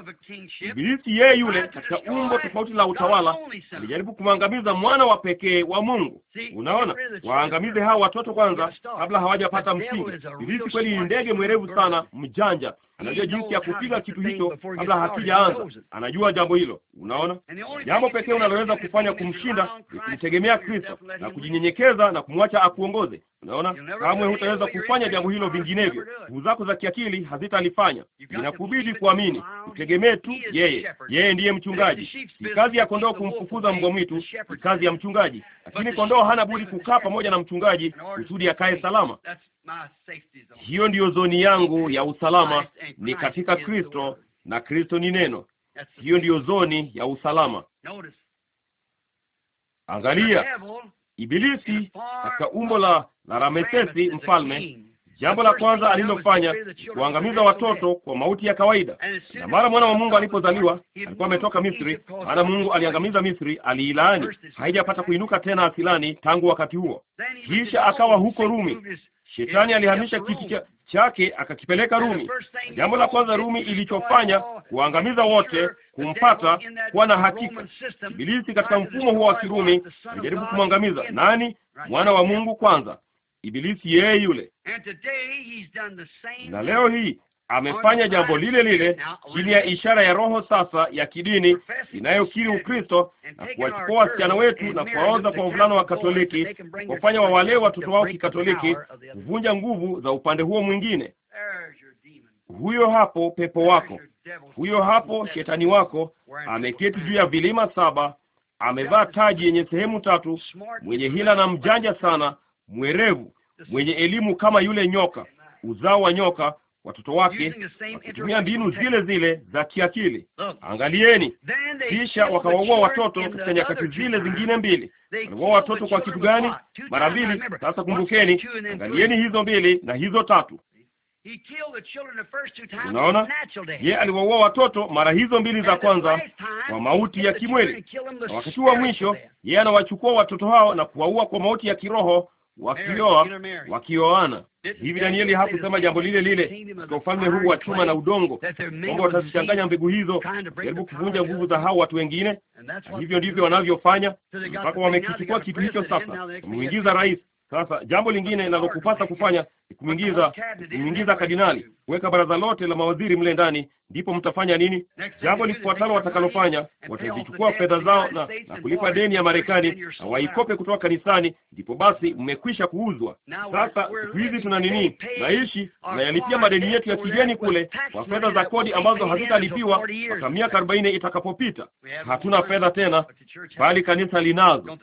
Ibilisi yeye yule katika umbo tofauti la utawala alijaribu kumwangamiza mwana wa pekee wa Mungu. Unaona, waangamize hao watoto kwanza kabla hawajapata msingi. Ibilisi kweli ni ndege mwerevu sana, mjanja anajua jinsi ya kupiga kitu hicho kabla hatujaanza. Anajua jambo hilo. Unaona, jambo pekee unaloweza kufanya kumshinda ni kumtegemea Kristo na kujinyenyekeza na kumwacha akuongoze. Unaona, kamwe hutaweza kufanya jambo hilo vinginevyo. Nguvu zako za kiakili hazitalifanya. Inakubidi kuamini, utegemee tu yeye. Yeye ndiye mchungaji. Ni kazi ya kondoo kumfukuza mbwa mwitu, ni kazi ya mchungaji, lakini kondoo hana budi kukaa pamoja na mchungaji kusudi akae salama. Hiyo ndiyo zoni yangu ya usalama, ni katika Kristo na Kristo ni neno. Hiyo ndiyo zoni ya usalama. Angalia Ibilisi katika umbo la la Ramesesi mfalme, jambo la kwanza alilofanya kuangamiza watoto kwa mauti ya kawaida. Na mara mwana wa Mungu alipozaliwa alikuwa ametoka Misri, maana Mungu aliangamiza Misri, aliilaani, haijapata kuinuka tena asilani tangu wakati huo. Kisha akawa huko Rumi, Shetani alihamisha kiti chake akakipeleka Rumi. Jambo la kwanza Rumi ilichofanya kuangamiza wote, kumpata kuwa na hakika. Ibilisi katika mfumo huo wa Kirumi alijaribu kumwangamiza nani? Mwana wa Mungu kwanza, Ibilisi yeye yule. Na leo hii amefanya jambo lile lile chini ya ishara ya roho sasa ya kidini inayokiri Ukristo na kuwachukua wasichana wetu na kuwaoza kwa wavulana wa Katoliki, kufanya wawalee watoto wao Kikatoliki, kuvunja nguvu za upande huo mwingine. Huyo hapo pepo wako, huyo hapo shetani wako, ameketi juu ya vilima saba, amevaa taji yenye sehemu tatu, mwenye hila na mjanja sana, mwerevu, mwenye elimu kama yule nyoka, uzao wa nyoka watoto wake wakitumia mbinu zile zile za kiakili. Angalieni, kisha wakawaua watoto katika nyakati zile zingine mbili. Waliwaua watoto kwa kitu gani? Mara mbili. Sasa kumbukeni, angalieni hizo mbili na hizo tatu. Unaona, ye aliwaua watoto mara hizo mbili za kwanza kwa mauti ya kimwili, na wakati wa mwisho yeye anawachukua watoto hao na kuwaua kwa mauti ya kiroho wakioa wakioana hivi. Danieli hakusema jambo lile lile kwa ufalme huu wa chuma na udongo, kwamba watazichanganya mbegu hizo, jaribu kuvunja nguvu za hao watu wengine, na hivyo ndivyo wanavyofanya mpaka wamekichukua kitu hicho. Sasa kumwingiza rais. Sasa jambo lingine linalokupasa kufanya ni kumwingiza kumwingiza kardinali, kuweka baraza lote la mawaziri mle ndani ndipo mtafanya nini? Jambo lifuatalo watakalofanya, watazichukua fedha zao na, na kulipa deni ya Marekani na waikope kutoka kanisani, ndipo basi mmekwisha kuuzwa. Sasa siku hizi tuna nini? Naishi yalipia madeni yetu ya kigeni kule kwa fedha za kodi ambazo hazitalipiwa mpaka miaka arobaini itakapopita. Hatuna fedha tena, bali kanisa linazo.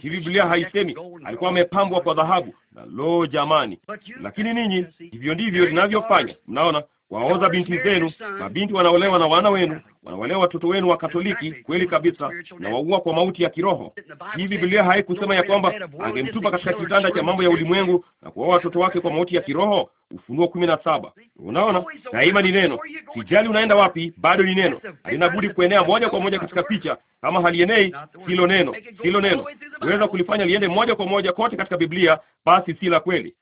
Hivi Biblia haisemi alikuwa amepambwa kwa dhahabu na lo, jamani! Lakini ninyi hivyo ndivyo linavyofanya. Mnaona waoza binti zenu, mabinti wanaolewa na wana wenu, wanaolewa watoto wenu wa Katoliki kweli kabisa, na waua kwa mauti ya kiroho. Hii Biblia haikusema ya kwamba angemtupa katika kitanda cha mambo ya ulimwengu na kuwaoa watoto wake kwa mauti ya kiroho? Ufunuo kumi na saba. Unaona, daima ni neno, sijali unaenda wapi, bado ni neno, linabudi kuenea moja kwa moja katika picha. Kama halienei, silo neno, silo neno. Uweza kulifanya liende moja kwa moja kote katika Biblia, basi si la kweli.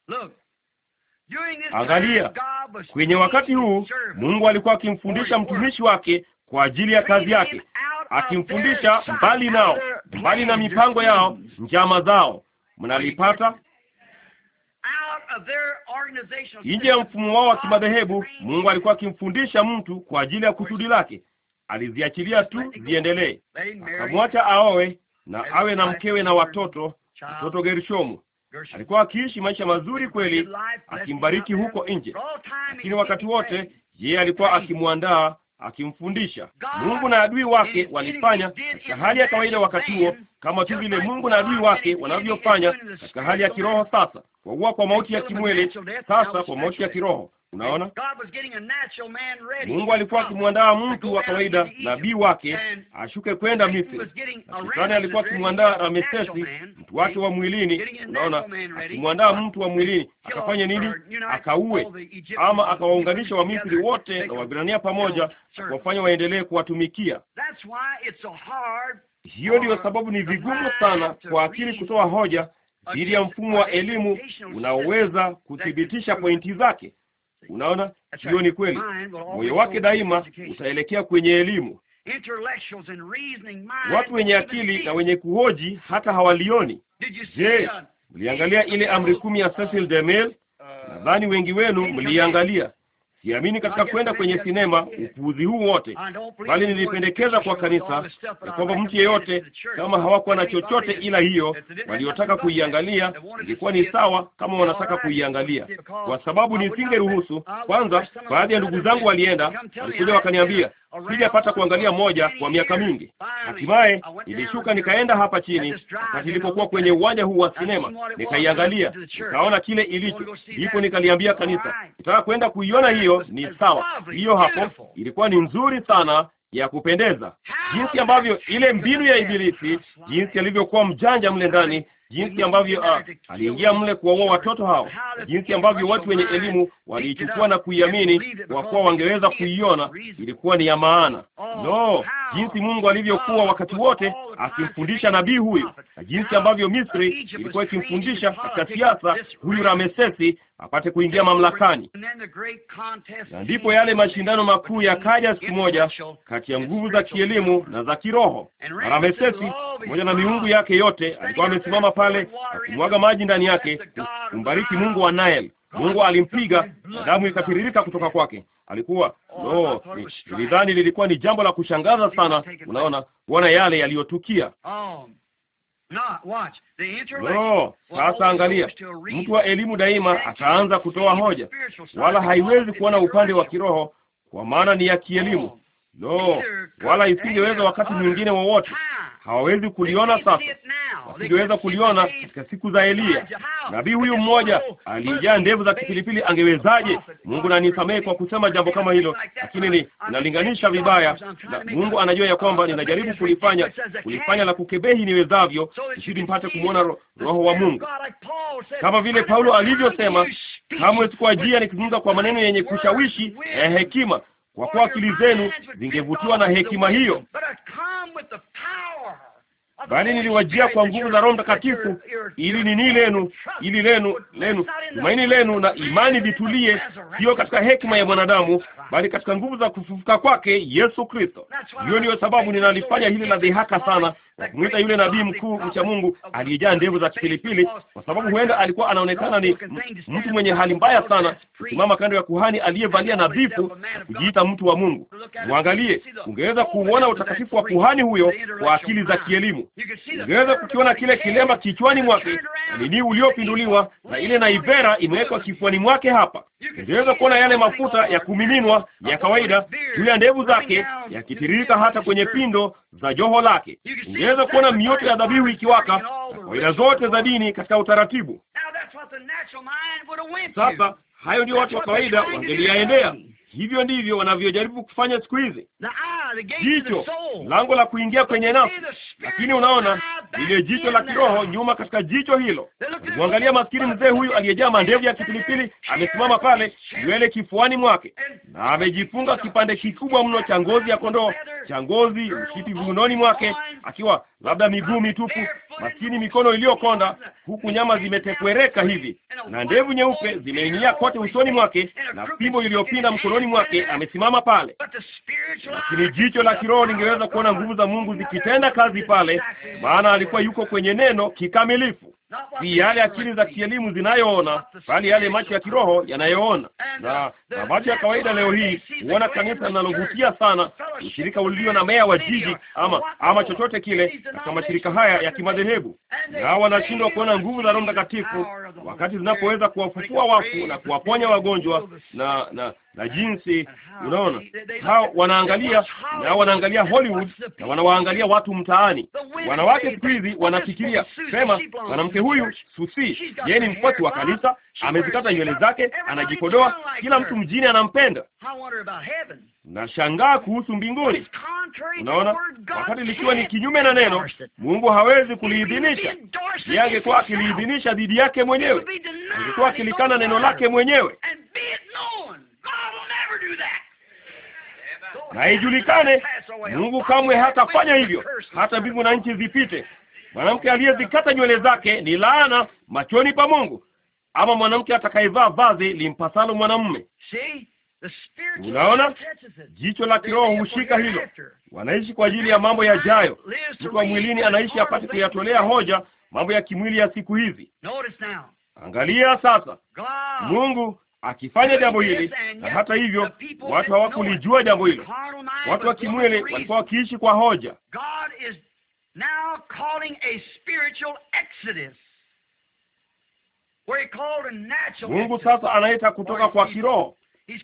Angalia, kwenye wakati huu Mungu alikuwa akimfundisha mtumishi wake kwa ajili ya kazi yake, akimfundisha mbali nao, mbali na mipango yao, njama zao. Mnalipata nje ya mfumo wao wa kimadhehebu. Mungu alikuwa akimfundisha mtu kwa ajili ya kusudi lake, aliziachilia tu ziendelee, akamwacha aoe na awe na mkewe na watoto, mtoto Gershomu. Alikuwa akiishi maisha mazuri kweli, akimbariki huko nje, lakini wakati wote yeye alikuwa akimwandaa, akimfundisha. Mungu na adui wake walifanya katika hali ya kawaida wakati huo, kama tu vile Mungu na adui wake wanavyofanya katika hali ya kiroho sasa, kwa kuwa kwa mauti ya kimwili, sasa kwa mauti ya kiroho Unaona, Mungu alikuwa akimwandaa mtu wa kawaida, nabii wake ashuke kwenda Misri, shetani alikuwa akimwandaa Ramesesi, mtu wake wa mwilini. Unaona, akimwandaa mtu wa mwilini akafanya nini? Akaue ama akawaunganisha Misri wote na Waebrania pamoja, wafanye waendelee kuwatumikia. Hiyo ndiyo sababu ni vigumu sana kwa akili kutoa hoja dhidi ya mfumo wa elimu unaoweza kuthibitisha pointi zake. Unaona, hiyo ni kweli. Moyo wake daima utaelekea kwenye elimu. Watu wenye akili na wenye kuhoji hata hawalioni. Je, uh, mliangalia ile amri kumi ya Cecil DeMille? Uh, Nadhani wengi wenu mliangalia siamini katika kwenda kwenye sinema, upuuzi huu wote, bali nilipendekeza kwa kanisa ya kwamba mtu yeyote kama hawakuwa na chochote ila hiyo waliotaka kuiangalia, ilikuwa ni sawa kama wanataka kuiangalia, kwa sababu nisingeruhusu. Kwanza, baadhi ya ndugu zangu walienda, walikuja wakaniambia sijapata kuangalia moja kwa miaka mingi. Hatimaye nilishuka nikaenda hapa chini, wakati nilipokuwa kwenye uwanja huu wa sinema, nikaiangalia, nikaona kile ilicho, ndipo nikaliambia kanisa, nitaka kwenda kuiona hiyo hiyo ni sawa. Hiyo hapo ilikuwa ni nzuri sana ya kupendeza, jinsi ambavyo ile mbinu ya Ibilisi, jinsi alivyokuwa mjanja mle ndani, jinsi ambavyo uh, aliingia mle kuwaua watoto hao, jinsi ambavyo watu wenye elimu waliichukua na kuiamini kwa kuwa wangeweza kuiona ilikuwa ni ya maana. Oh, no, jinsi Mungu alivyokuwa wakati wote akimfundisha nabii huyu na jinsi ambavyo Misri ilikuwa ikimfundisha katika siasa huyu Ramesesi apate kuingia mamlakani. Na ndipo yale mashindano makuu yakaja siku moja kati ya nguvu za kielimu na za kiroho, na Ramesesi pamoja na miungu yake yote alikuwa amesimama pale na kumwaga maji ndani yake kumbariki Mungu wa Nile. Mungu alimpiga na damu ikatiririka kutoka kwake. Alikuwa no, nilidhani lilikuwa ni jambo la kushangaza sana, unaona, kuona yale yaliyotukia. No, sasa angalia, mtu wa elimu daima ataanza kutoa hoja, wala haiwezi kuona upande wa kiroho, kwa maana ni ya kielimu. No, wala isingeweza wakati mwingine wowote wa hawawezi kuliona sasa, wasingeweza kuliona katika siku za Eliya. Nabii huyu mmoja aliyejaa ndevu za kipilipili angewezaje? Mungu na nisamehe kwa kusema jambo kama hilo, lakini nalinganisha vibaya, na Mungu anajua ya kwamba ninajaribu kulifanya kulifanya la kukebehi niwezavyo, ili mpate kumwona roho wa Mungu, kama vile Paulo alivyosema, kamwe sikuajia nikizungumza kwa maneno yenye kushawishi ya eh, hekima, kwa kuwa akili zenu zingevutiwa na hekima hiyo bali niliwajia kwa nguvu za Roho Mtakatifu ili nini lenu ili lenu lenu tumaini lenu na imani vitulie, sio katika hekima ya mwanadamu, bali katika nguvu za kufufuka kwake Yesu Kristo. Hiyo ndiyo sababu ninalifanya hili la dhihaka sana, wakimwita yule nabii mkuu mcha Mungu aliyejaa ndevu za kipilipili, kwa sababu huenda alikuwa anaonekana ni mtu mwenye hali mbaya sana, kusimama kando ya kuhani aliyevalia nadhifu na kujiita mtu wa Mungu. Mwangalie, ungeweza kuuona utakatifu wa kuhani huyo kwa akili za kielimu. Ungeweza kukiona kile kilema kichwani mwake, nini uliopinduliwa na ile naivera imewekwa kifuani mwake hapa Ningeweza kuona yale mafuta ya kumiminwa ya kawaida juu ya ndevu zake yakitiririka hata kwenye pindo za joho lake. Ningeweza kuona mioto ya dhabihu ikiwaka na kawaida zote za dini katika utaratibu. Sasa hayo ndio watu wa kawaida wangeliyaendea. Hivyo ndivyo wanavyojaribu kufanya siku hizi, jicho lango la kuingia kwenye nafsi. Lakini unaona ile jicho la kiroho nyuma, katika jicho hilo mwangalia maskini mzee huyu aliyejaa mandevu ya kipilipili, amesimama pale, nywele kifuani mwake, na amejifunga kipande kikubwa mno cha ngozi ya kondoo, cha ngozi mshipi viunoni mwake, akiwa labda miguu mitupu, maskini, mikono iliyokonda, huku nyama zimetekwereka hivi, na ndevu nyeupe zimeinia kote usoni mwake, na fimbo iliyopinda mkononi mikononi mwake amesimama pale, lakini jicho la kiroho lingeweza kuona nguvu za Mungu zikitenda kazi pale, maana alikuwa yuko kwenye neno kikamilifu, si yale akili za kielimu zinayoona, bali yale macho ya kiroho yanayoona. Uh, na na macho ya kawaida leo hii huona kanisa linalovutia sana ushirika ulio na meya wa jiji ama ama chochote kile katika mashirika haya ya kimadhehebu, na wanashindwa kuona nguvu za Roho Mtakatifu wakati zinapoweza kuwafufua wafu na kuwaponya wagonjwa na na na jinsi unaona, hao wanaangalia na wanaangalia Hollywood na wanawaangalia watu mtaani. Wanawake siku hizi wanafikiria sema, mwanamke huyu susi, yeye ni mfuasi wa kanisa, amezikata nywele zake, anajikodoa, kila mtu mjini anampenda. Nashangaa kuhusu mbinguni. Unaona, wakati likiwa ni kinyume na neno Mungu, hawezi kuliidhinisha. Yeye angekuwa akiliidhinisha dhidi yake mwenyewe, angekuwa akilikana neno lake mwenyewe. Na ijulikane, Mungu kamwe hatafanya hivyo, hata mbingu na nchi zipite. Mwanamke aliyezikata nywele zake ni laana machoni pa Mungu, ama mwanamke atakayevaa vazi limpasalo mwanamume. Unaona, jicho la kiroho hushika hilo. Wanaishi kwa ajili ya mambo yajayo. Mtu wa mwilini anaishi apate kuyatolea hoja mambo ya kimwili ya siku hizi. Angalia sasa, Mungu akifanya jambo hili, na hata hivyo watu hawakulijua jambo hilo. Watu wa kimwili walikuwa wakiishi kwa hoja. Mungu sasa anaita kutoka kwa kiroho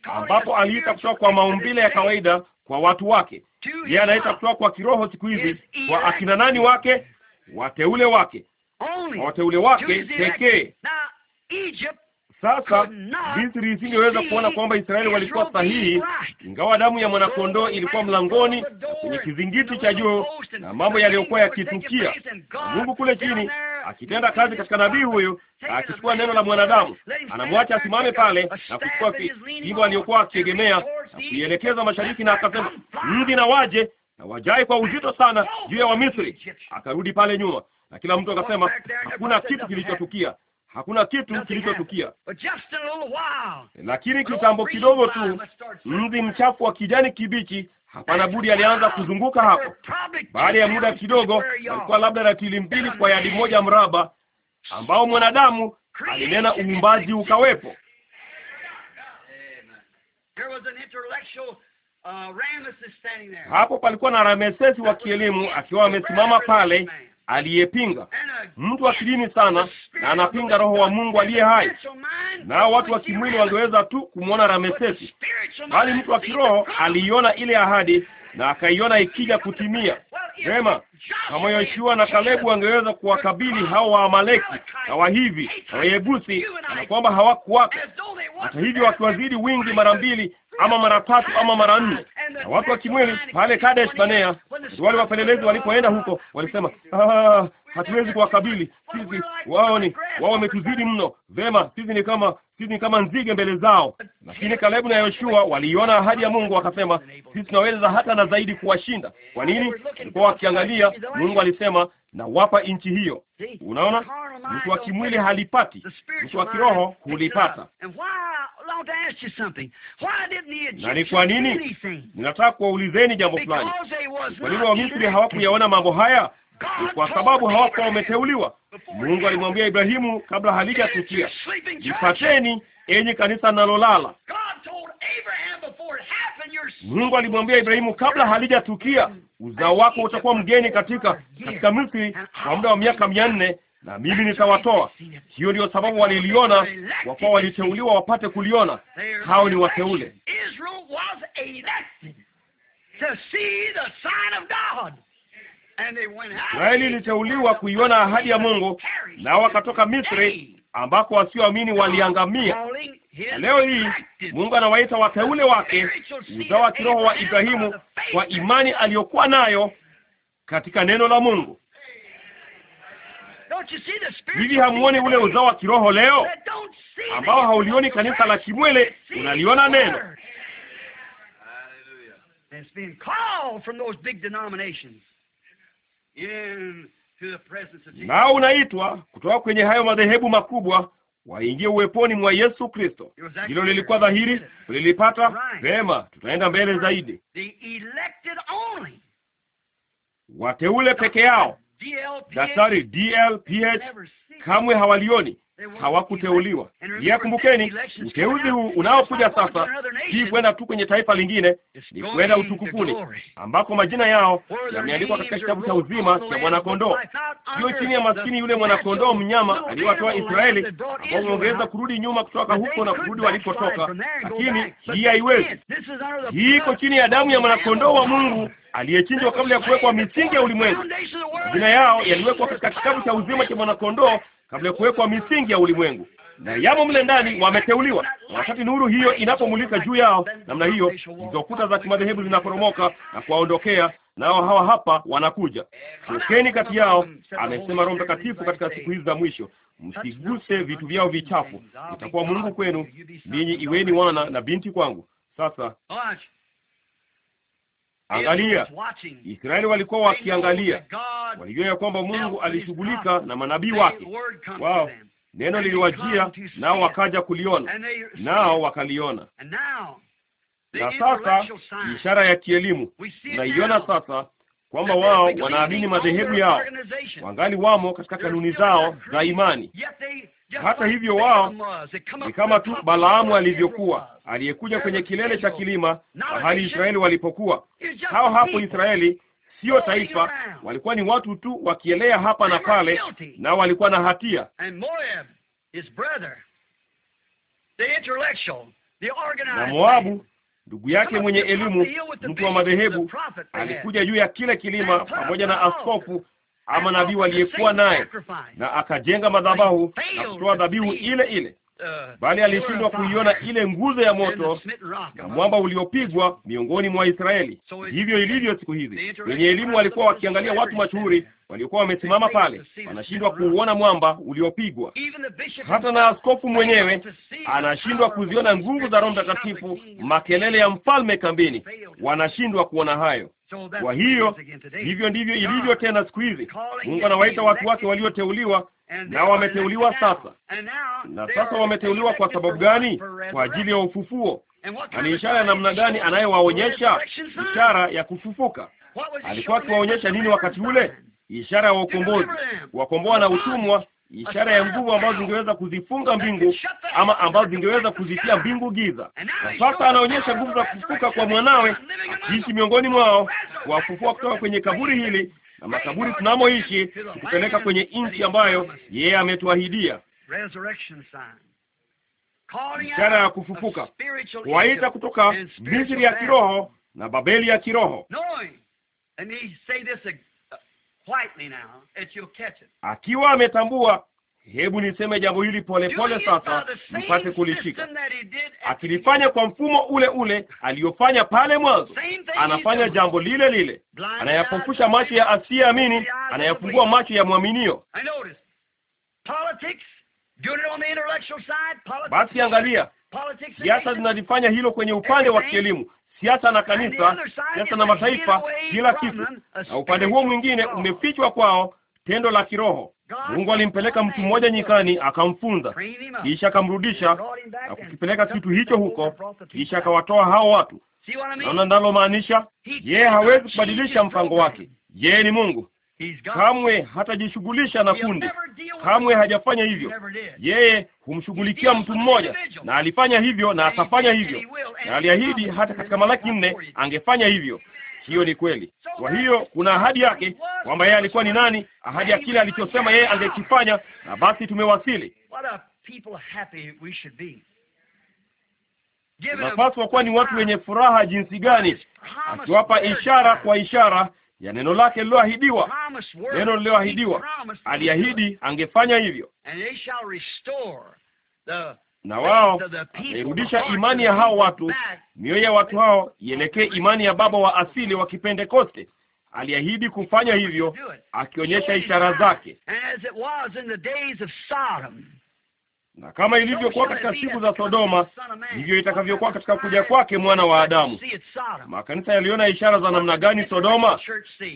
ambapo aliita kutoka kwa maumbile ya kawaida kwa watu wake. Yeye anaita kutoka kwa kiroho siku hizi kwa akina nani wake, wateule wake, wateule wake pekee. Sasa Misri isingeweza kuona kwamba Israeli walikuwa sahihi, ingawa damu ya mwanakondoo ilikuwa mlangoni kwenye kizingiti cha juu na mambo yaliyokuwa yakitukia, Mungu kule chini akitenda kazi katika nabii huyu, akichukua neno la mwanadamu, anamwacha asimame pale na kuchukua jimbo aliyokuwa akiegemea na kuielekeza mashariki, na akasema mji na waje na wajai kwa uzito sana juu ya Wamisri. Akarudi pale nyuma na kila mtu akasema hakuna kitu kilichotukia hakuna kitu kilichotukia, eh, lakini kitambo kidogo tu mzi mchafu wa kijani kibichi hapana budi alianza kuzunguka hapo. Baada ya muda kidogo, alikuwa labda ratili mbili kwa yadi moja mraba, ambao mwanadamu alinena uumbaji ukawepo. Uh, hapo palikuwa na Ramesesi wa kielimu akiwa amesimama pale aliyepinga, mtu wa kidini sana, na anapinga roho wa Mungu aliye hai. Nao watu wa kimwili wangeweza tu kumwona Ramesesi, bali mtu wa kiroho aliiona ile ahadi na akaiona ikija kutimia vema. Kama Yoshua na Kalebu wangeweza kuwakabili hao Amaleki na Wahivi na Wayebusi, na kwamba hawakuwako, hata hivyo wakiwazidi wingi mara mbili ama mara tatu ama mara nne, na watu wa kimwili pale Kadesh Banea, wale wapelelezi walipoenda huko walisema ah, hatuwezi kuwakabili sisi, wao ni wao wametuzidi mno. Vema, sisi ni kama sisi ni kama nzige mbele zao. Lakini Kalebu na Yoshua waliiona ahadi ya Mungu, wakasema sisi tunaweza hata na zaidi kuwashinda. Kwa nini? Walikuwa wakiangalia, Mungu alisema na wapa nchi hiyo. Unaona, mtu wa kimwili halipati, mtu wa kiroho hulipata. Na ni kwa nini? Ninataka kuwaulizeni jambo fulani. Kwa nini Wamisri hawakuyaona mambo haya? Ni kwa sababu hawakuwa wameteuliwa. Mungu alimwambia Ibrahimu kabla halijatukia, jipateni enyi kanisa nalolala Mungu alimwambia Ibrahimu kabla halijatukia, uzao wako utakuwa mgeni katika katika Misri kwa muda wa miaka mia nne na mimi nitawatoa. Hiyo ndio sababu waliliona, kwa kuwa waliteuliwa wapate kuliona. Hao ni wateule. Israeli iliteuliwa kuiona ahadi ya Mungu, nao wakatoka Misri ambako wasioamini waliangamia. Na leo hii Mungu anawaita wateule wake, uzao wa kiroho wa Ibrahimu, kwa imani aliyokuwa nayo katika neno la Mungu. Hivi hamuoni ule uzao wa kiroho leo ambao haulioni kanisa la kimwele, unaliona neno nao unaitwa kutoka kwenye hayo madhehebu makubwa waingie uweponi mwa Yesu Kristo. Hilo lilikuwa dhahiri, tulilipata vema. Tutaenda mbele zaidi. Wateule peke yao, Daktari DLPH kamwe hawalioni, hawakuteuliwa. Pia kumbukeni, uteuzi huu unaokuja sasa si kwenda tu kwenye taifa lingine, ni kwenda utukufuni, ambako majina yao yameandikwa katika kitabu cha uzima cha mwanakondoo, sio chini ya maskini yule mwanakondoo mnyama aliyowatoa Israeli, ambao umeongeza kurudi nyuma kutoka huko na kurudi walikotoka. Lakini hii haiwezi, hii iko chini ya damu ya mwanakondoo wa Mungu aliyechinjwa kabla ya kuwekwa misingi ya ulimwengu. Majina yao yaliwekwa katika kitabu cha uzima cha mwanakondoo kabla ya kuwekwa misingi ya ulimwengu, na yamo mle ndani wameteuliwa. Na wakati nuru hiyo inapomulika juu yao namna hiyo, hizo kuta za kimadhehebu zinaporomoka na kuwaondokea, nao hawa hapa wanakuja. Tokeni kati yao, amesema Roho Mtakatifu katika siku hizi za mwisho, msiguse vitu vyao vichafu, itakuwa Mungu kwenu, ninyi iweni wana na binti kwangu. Sasa Angalia, Israeli walikuwa wakiangalia, walijua ya kwamba Mungu alishughulika na manabii wake wao. Neno liliwajia nao wakaja kuliona, nao wakaliona. Na sasa ishara ya kielimu tunaiona sasa kwamba wao wanaamini madhehebu yao, wangali wamo katika kanuni zao za imani. Hata hivyo wao ni kama tu Balaamu alivyokuwa, aliyekuja kwenye kilele cha kilima mahali Israeli walipokuwa. Hao hapo Israeli sio taifa, walikuwa ni watu tu wakielea hapa na pale, na walikuwa na hatia. Na Moabu ndugu yake mwenye elimu, mtu wa madhehebu, alikuja juu ya kile kilima pamoja na askofu ama nabii waliyekuwa naye, na akajenga madhabahu na kutoa dhabihu ile ile. Uh, bali alishindwa kuiona ile nguzo ya moto na mwamba uliopigwa miongoni mwa Israeli. Hivyo ilivyo siku hizi, wenye elimu walikuwa wakiangalia watu mashuhuri waliokuwa wamesimama pale, wanashindwa kuuona mwamba uliopigwa. Hata na askofu mwenyewe anashindwa kuziona nguvu za Roho Mtakatifu, makelele ya mfalme kambini, wanashindwa kuona hayo. Kwa hiyo hivyo ndivyo ilivyo tena siku hizi. Mungu anawaita watu wake walioteuliwa, na wameteuliwa sasa. Na sasa wameteuliwa kwa sababu gani? Kwa ajili ya ufufuo. Na ni ishara ya namna gani anayewaonyesha? Ishara ya kufufuka. Alikuwa akiwaonyesha nini wakati ule? Ishara ya ukombozi, kuwakomboa na utumwa ishara ya nguvu ambazo zingeweza kuzifunga mbingu ama ambazo zingeweza kuzitia mbingu giza. Na sasa anaonyesha nguvu za kufufuka kwa mwanawe akiishi miongoni mwao, kuwafufua kutoka kwenye kaburi hili na makaburi tunamoishi, kutupeleka kwenye nchi ambayo yeye yeah, ametuahidia. Ishara ya kufufuka, kuwaita kutoka Misri ya kiroho na Babeli ya kiroho akiwa ametambua Hebu niseme jambo hili polepole sasa, mpate kulishika. Akilifanya kwa mfumo ule ule aliyofanya pale mwanzo, anafanya jambo lile lile, anayapofusha macho ya asiyeamini, anayafungua macho ya mwaminio. Basi angalia, siasa zinalifanya hilo kwenye upande wa kielimu, siasa na kanisa, siasa na mataifa, kila kitu, na upande huo mwingine umefichwa kwao tendo la kiroho. Mungu alimpeleka mtu mmoja nyikani, akamfunza, kisha akamrudisha na kukipeleka kitu hicho huko, kisha akawatoa hao watu. Naona ndalo maanisha, yeye hawezi kubadilisha mpango wake. Yeye ni Mungu. Kamwe hatajishughulisha na kundi, kamwe hajafanya hivyo. Yeye humshughulikia mtu mmoja, na alifanya hivyo na atafanya hivyo, na aliahidi hata katika Malaki nne angefanya hivyo. Hiyo ni kweli. Kwa hiyo kuna ahadi yake kwamba yeye alikuwa ni nani, ahadi ya kile alichosema yeye angekifanya, na basi tumewasili. Tunapaswa kuwa ni watu wenye furaha jinsi gani, akiwapa ishara kwa ishara ya neno lake lililoahidiwa, neno lililoahidiwa. Aliahidi angefanya hivyo, na wao wairudisha imani ya hao watu, mioyo ya watu hao ielekee imani ya baba wa asili wa Kipentekoste. Aliahidi kufanya hivyo, akionyesha ishara zake na kama ilivyokuwa katika siku za Sodoma, ndivyo itakavyokuwa katika kuja kwake mwana wa Adamu. Makanisa yaliona ishara za namna gani Sodoma?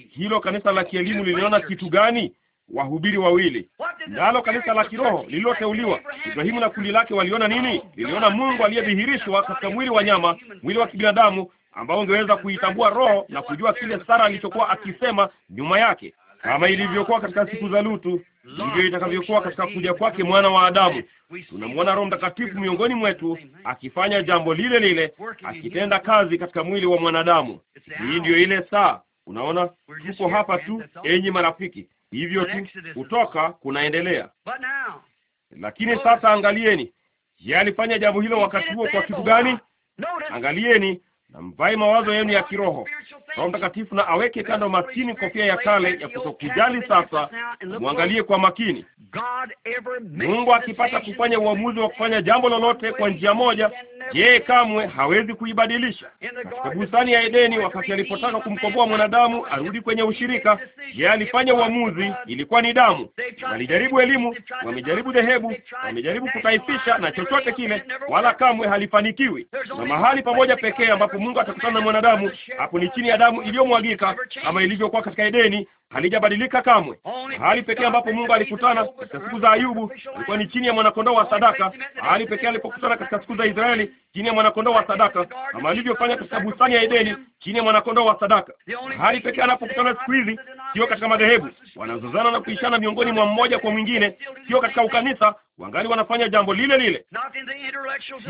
Hilo kanisa la kielimu liliona kitu gani? Wahubiri wawili. nalo kanisa la kiroho lililoteuliwa, Ibrahimu na kundi lake waliona nini? Liliona Mungu aliyedhihirishwa katika mwili wa nyama, mwili wa kibinadamu ambao ungeweza kuitambua roho na kujua kile Sara alichokuwa akisema nyuma yake, kama ilivyokuwa katika siku za Lutu ndivyo itakavyokuwa katika kuja kwake mwana wa Adamu. Tunamwona Roho Mtakatifu miongoni mwetu akifanya jambo lile lile, akitenda kazi katika mwili wa mwanadamu. Hii ndiyo ile saa, unaona, tuko hapa tu, enyi marafiki, hivyo tu, kutoka kunaendelea. Lakini sasa angalieni, je, alifanya jambo hilo wakati huo kwa kitu gani? Angalieni na mvae mawazo yenu ya kiroho, Roho Mtakatifu na aweke kando makini kofia ya kale ya kutokujali sasa, mwangalie kwa makini. Mungu akipata kufanya uamuzi wa kufanya jambo lolote kwa njia moja, je, kamwe hawezi kuibadilisha. Katika bustani ya Edeni, wakati alipotaka kumkomboa mwanadamu arudi kwenye ushirika, je, alifanya uamuzi, ilikuwa ni damu. Walijaribu elimu, wamejaribu dhehebu, wamejaribu kutaifisha na chochote kile, wala kamwe halifanikiwi. Na mahali pamoja pekee ambapo Mungu atakutana na mwanadamu hapo ni chini ya damu iliyomwagika kama ilivyokuwa katika Edeni halijabadilika kamwe. Hali pekee ambapo Mungu alikutana katika siku za Ayubu ilikuwa ni chini ya mwanakondoo wa sadaka. Hali pekee alipokutana katika siku za Israeli chini ya mwanakondoo wa sadaka, kama alivyofanya katika bustani ya Edeni chini ya mwanakondoo wa sadaka. Hali pekee anapokutana siku hizi sio katika madhehebu, wanazozana na kuishana miongoni mwa mmoja kwa mwingine, sio katika ukanisa, wangali wanafanya jambo lile lile,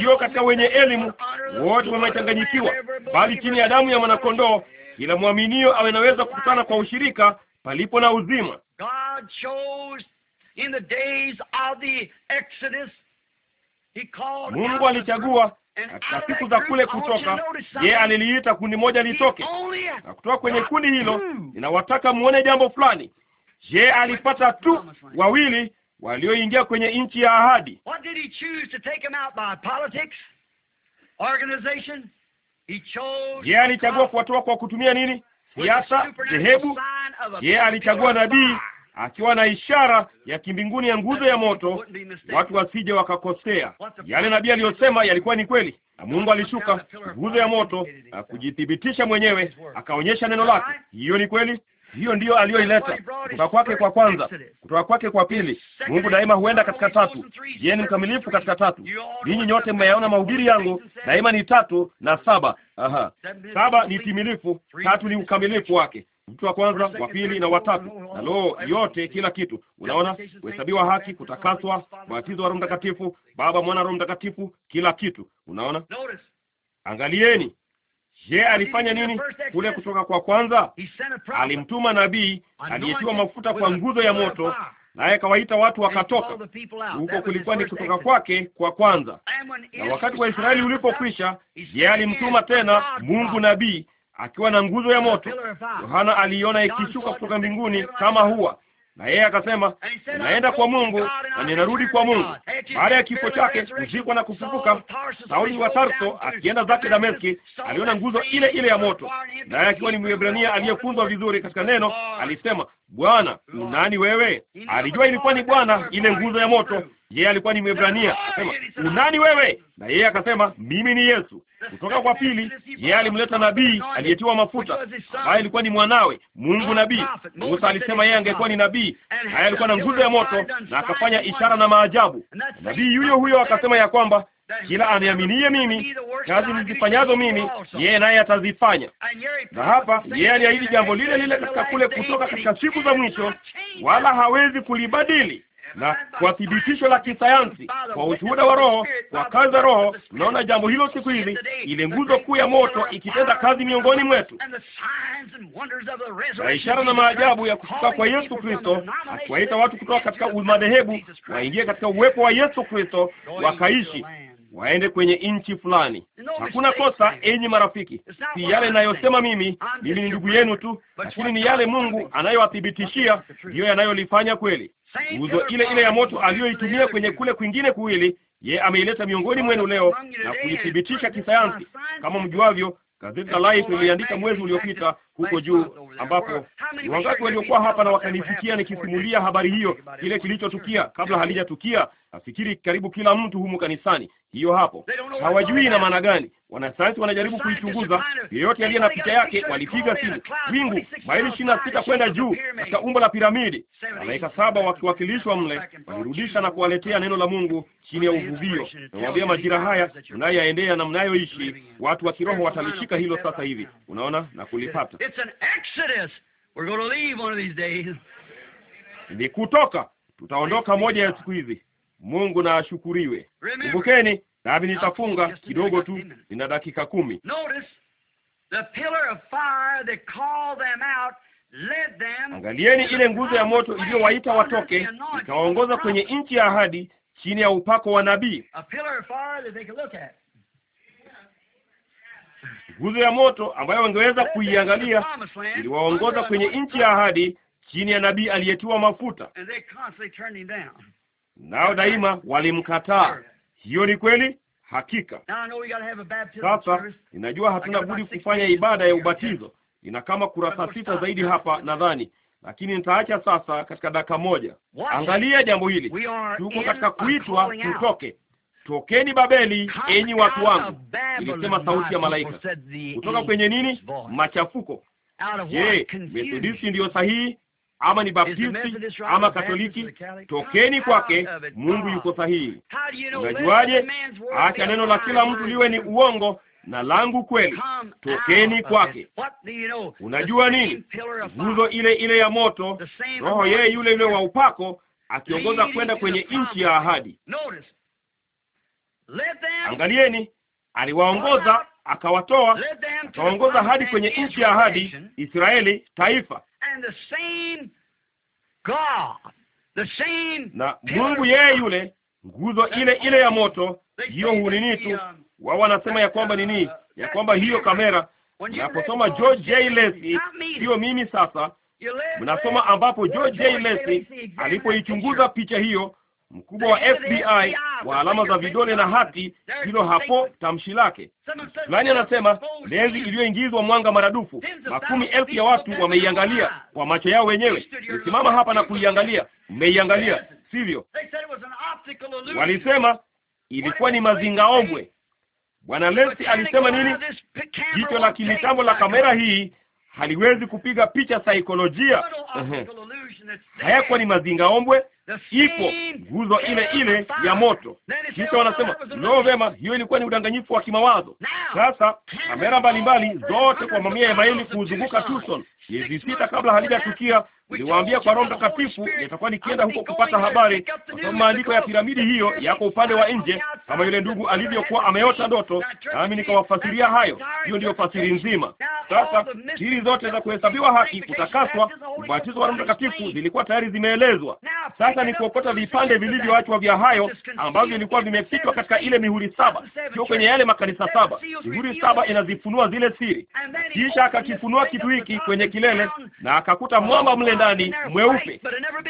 sio katika wenye elimu, wote wamechanganyikiwa, bali chini ya damu ya mwanakondoo kila mwaminio awenaweza kukutana kwa ushirika palipo na uzima. Mungu alichagua katika siku za kule kutoka, yeye aliliita kundi moja litoke, na kutoka kwenye kundi hilo ninawataka muone jambo fulani. Je, alipata tu wawili walioingia kwenye nchi ya ahadi? Yeye alichagua kuwatoa kwa kutumia nini? Siasa, dhehebu. Yeye alichagua nabii akiwa na ishara ya kimbinguni ya nguzo ya moto, watu wasije wakakosea. Yale nabii aliyosema yalikuwa ni kweli, na Mungu alishuka nguzo ya moto na kujithibitisha mwenyewe, akaonyesha neno lake. Hiyo ni kweli, hiyo ndiyo aliyoileta kutoka kwake kwa kwanza, kutoka kwake kwa pili. Mungu daima huenda katika tatu. Yeye ni mkamilifu katika tatu? Ninyi nyote mmeyaona mahubiri yangu, daima ni tatu na saba. Aha, saba ni timilifu, tatu ni ukamilifu wake mtu wa kwanza wa pili na watatu, na loo, yote kila kitu. Unaona, kuhesabiwa haki, kutakaswa, ubatizo wa Roho Mtakatifu, Baba, Mwana, Roho Mtakatifu, kila kitu. Unaona, angalieni Je, alifanya nini kule kutoka kwa kwanza? Alimtuma nabii aliyetiwa mafuta kwa nguzo ya moto, naye akawaita watu wakatoka huko. Kulikuwa ni kutoka kwake kwa kwanza. Na wakati wa Israeli ulipokwisha, je, alimtuma tena Mungu nabii akiwa na nguzo ya moto? Yohana aliiona ikishuka kutoka mbinguni kama hua na yeye akasema, ninaenda kwa Mungu na ninarudi kwa Mungu. Baada ya kifo chake kuzikwa na kufufuka, Sauli wa Tarso akienda zake Dameski, aliona nguzo ile ile ya moto, naye akiwa ni Mwebrania aliyefunzwa vizuri katika neno, alisema, Bwana unani wewe? Alijua ilikuwa ni Bwana ile nguzo ya moto. Yeye alikuwa ni Mwebrania, akasema, unani wewe? Na yeye akasema, mimi ni Yesu. Kutoka kwa pili, yeye alimleta nabii aliyetiwa mafuta ambaye alikuwa ni mwanawe Mungu nabii. Musa alisema yeye angekuwa ni nabii, naye alikuwa na nguzo ya moto na akafanya ishara na maajabu. Nabii yuyo huyo akasema ya kwamba kila aniaminie mimi, kazi nizifanyazo mimi, yeye naye atazifanya. Na hapa yeye aliahidi jambo lile lile katika kule kutoka katika siku za mwisho, wala hawezi kulibadili na kwa thibitisho la kisayansi, kwa ushuhuda wa Roho, kwa kazi za Roho. Naona jambo hilo siku hizi, ile nguzo kuu ya moto ikitenda kazi miongoni mwetu, na ishara na maajabu ya kushuka kwa Yesu Kristo, akiwaita watu kutoka katika madhehebu waingie katika uwepo wa Yesu Kristo, wakaishi waende kwenye nchi fulani. Hakuna kosa, enyi marafiki, si yale inayosema mimi. Mimi ni ndugu yenu tu, lakini ni yale Mungu anayowathibitishia ndiyo yanayolifanya kweli nguzo ile ile ya moto aliyoitumia kwenye kule kwingine kuwili, ye ameileta miongoni mwenu leo na kuithibitisha kisayansi. Kama mjuavyo, gazeti la Life mwezi uliopita huko juu, ambapo ni wangapi waliokuwa hapa na wakanifikia nikisimulia habari hiyo, kile kilichotukia kabla halijatukia. Nafikiri karibu kila mtu humu kanisani hiyo hapo. Hawajui ina maana gani. Wanasayansi wanajaribu kuichunguza. Yeyote aliye na picha yake walipiga simu. Wingu maili ishirini na sita kwenda juu katika umbo la piramidi, malaika saba wakiwakilishwa mle, walirudisha na kuwaletea neno la Mungu chini ya uvuvio. Nawaambia, majira haya mnayoyaendea na mnayoishi, watu wa kiroho watalishika hilo sasa hivi, unaona, na kulipata ni kutoka. Tutaondoka moja ya siku hizi. Mungu na ashukuriwe. Kumbukeni, nami nitafunga kidogo tu, nina dakika kumi. Angalieni ile nguzo ya moto iliyowaita watoke, ikawaongoza kwenye nchi ya ahadi chini ya upako wa nabii. Nguzo ya moto ambayo wangeweza kuiangalia iliwaongoza kwenye nchi ya ahadi chini ya nabii aliyetiwa mafuta nao daima walimkataa. Hiyo ni kweli hakika. Sasa ninajua hatuna budi kufanya ibada ya ubatizo, ina kama kurasa sita zaidi hapa nadhani, lakini nitaacha sasa katika dakika moja. Angalia jambo hili, tuko katika kuitwa tutoke Tokeni Babeli, enyi watu wangu, ilisema sauti ya malaika. Kutoka kwenye nini? Machafuko. Je, Methodisti ndiyo sahihi? ama ni Baptisti ama Katoliki, tokeni kwake. Mungu yuko sahihi. Unajuaje? Acha neno la kila mtu liwe ni uongo na langu kweli. Tokeni kwake. Unajua nini? Nguzo ile ile ya moto, Roho yeye yule yule wa upako, akiongoza kwenda kwenye nchi ya ahadi. Angalieni, aliwaongoza akawatoa, akawaongoza hadi kwenye nchi ya ahadi, Israeli taifa na Mungu yeye yule, nguzo ile ile ya moto hiyo hunini tu um, wao wanasema ya kwamba nini, uh, ya kwamba hiyo kamera. Mnaposoma George J. Lacey, sio mimi sasa, mnasoma ambapo George J. Lacey alipoichunguza picha hiyo mkubwa wa FBI wa alama za vidole na hati, hilo hapo tamshi lake. Fulani anasema lenzi iliyoingizwa mwanga maradufu, makumi elfu ya watu wameiangalia kwa macho yao wenyewe. Nisimama hapa na kuiangalia. Mmeiangalia, sivyo? Walisema ilikuwa ni mazinga ombwe Bwana Lesi alisema nini? Jicho la kimitambo la kamera hii haliwezi kupiga picha saikolojia. Hayakuwa ni mazingaombwe ipo nguzo ile ile ya moto. Kisha wanasema no, vema, hiyo ilikuwa ni udanganyifu wa kimawazo. Sasa kamera mbalimbali zote kwa mamia ya maili kuzunguka Tucson. Miezi sita kabla halijatukia, niliwaambia kwa Roho Mtakatifu nitakuwa nikienda huko kupata habari, kwa sababu maandiko ya piramidi hiyo yako upande wa nje, kama yule ndugu alivyokuwa ameota ndoto, nami nikawafasiria hayo. Hiyo ndiyo fasiri nzima. Sasa siri zote za kuhesabiwa haki, kutakaswa, ubatizo wa Roho Mtakatifu zilikuwa tayari zimeelezwa. Sasa ni kuokota vipande vilivyoachwa vya hayo ambavyo vilikuwa vimefichwa katika ile mihuri saba, sio kwenye yale makanisa saba. Mihuri saba inazifunua zile siri. Kisha akakifunua kitu hiki kwenye kilele, na akakuta mwamba mle ndani mweupe,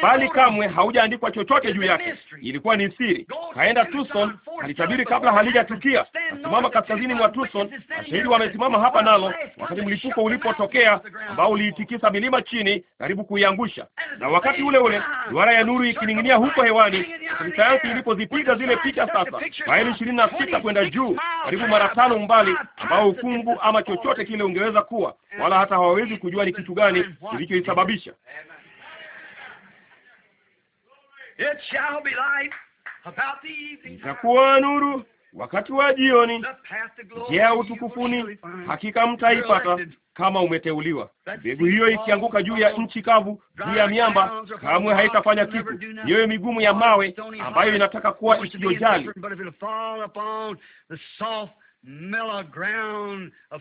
bali kamwe haujaandikwa chochote juu yake. Ilikuwa ni siri. Kaenda Tucson, alitabiri kabla halijatukia. Asimama kaskazini mwa Tucson, mashahidi wamesimama hapa nalo wakati mlipuko ulipotokea ambao uliitikisa milima chini karibu kuiangusha, na wakati ule ule duara ya nuru ikining'inia huko hewani, sayansi ilipozipiga zile picha sasa, maili ishirini na sita kwenda juu, karibu mara tano umbali ambao ukungu ama chochote kile ungeweza kuwa, wala hata hawawezi kujua ni kitu gani kilichoisababisha. Itakuwa nuru wakati wa jioni, njia ya utukufuni hakika mtaipata kama umeteuliwa. Mbegu hiyo ikianguka juu ya nchi kavu, juu ya miamba, kamwe haitafanya kitu. Nyoyo migumu ya mawe ambayo inataka kuwa isiyojali,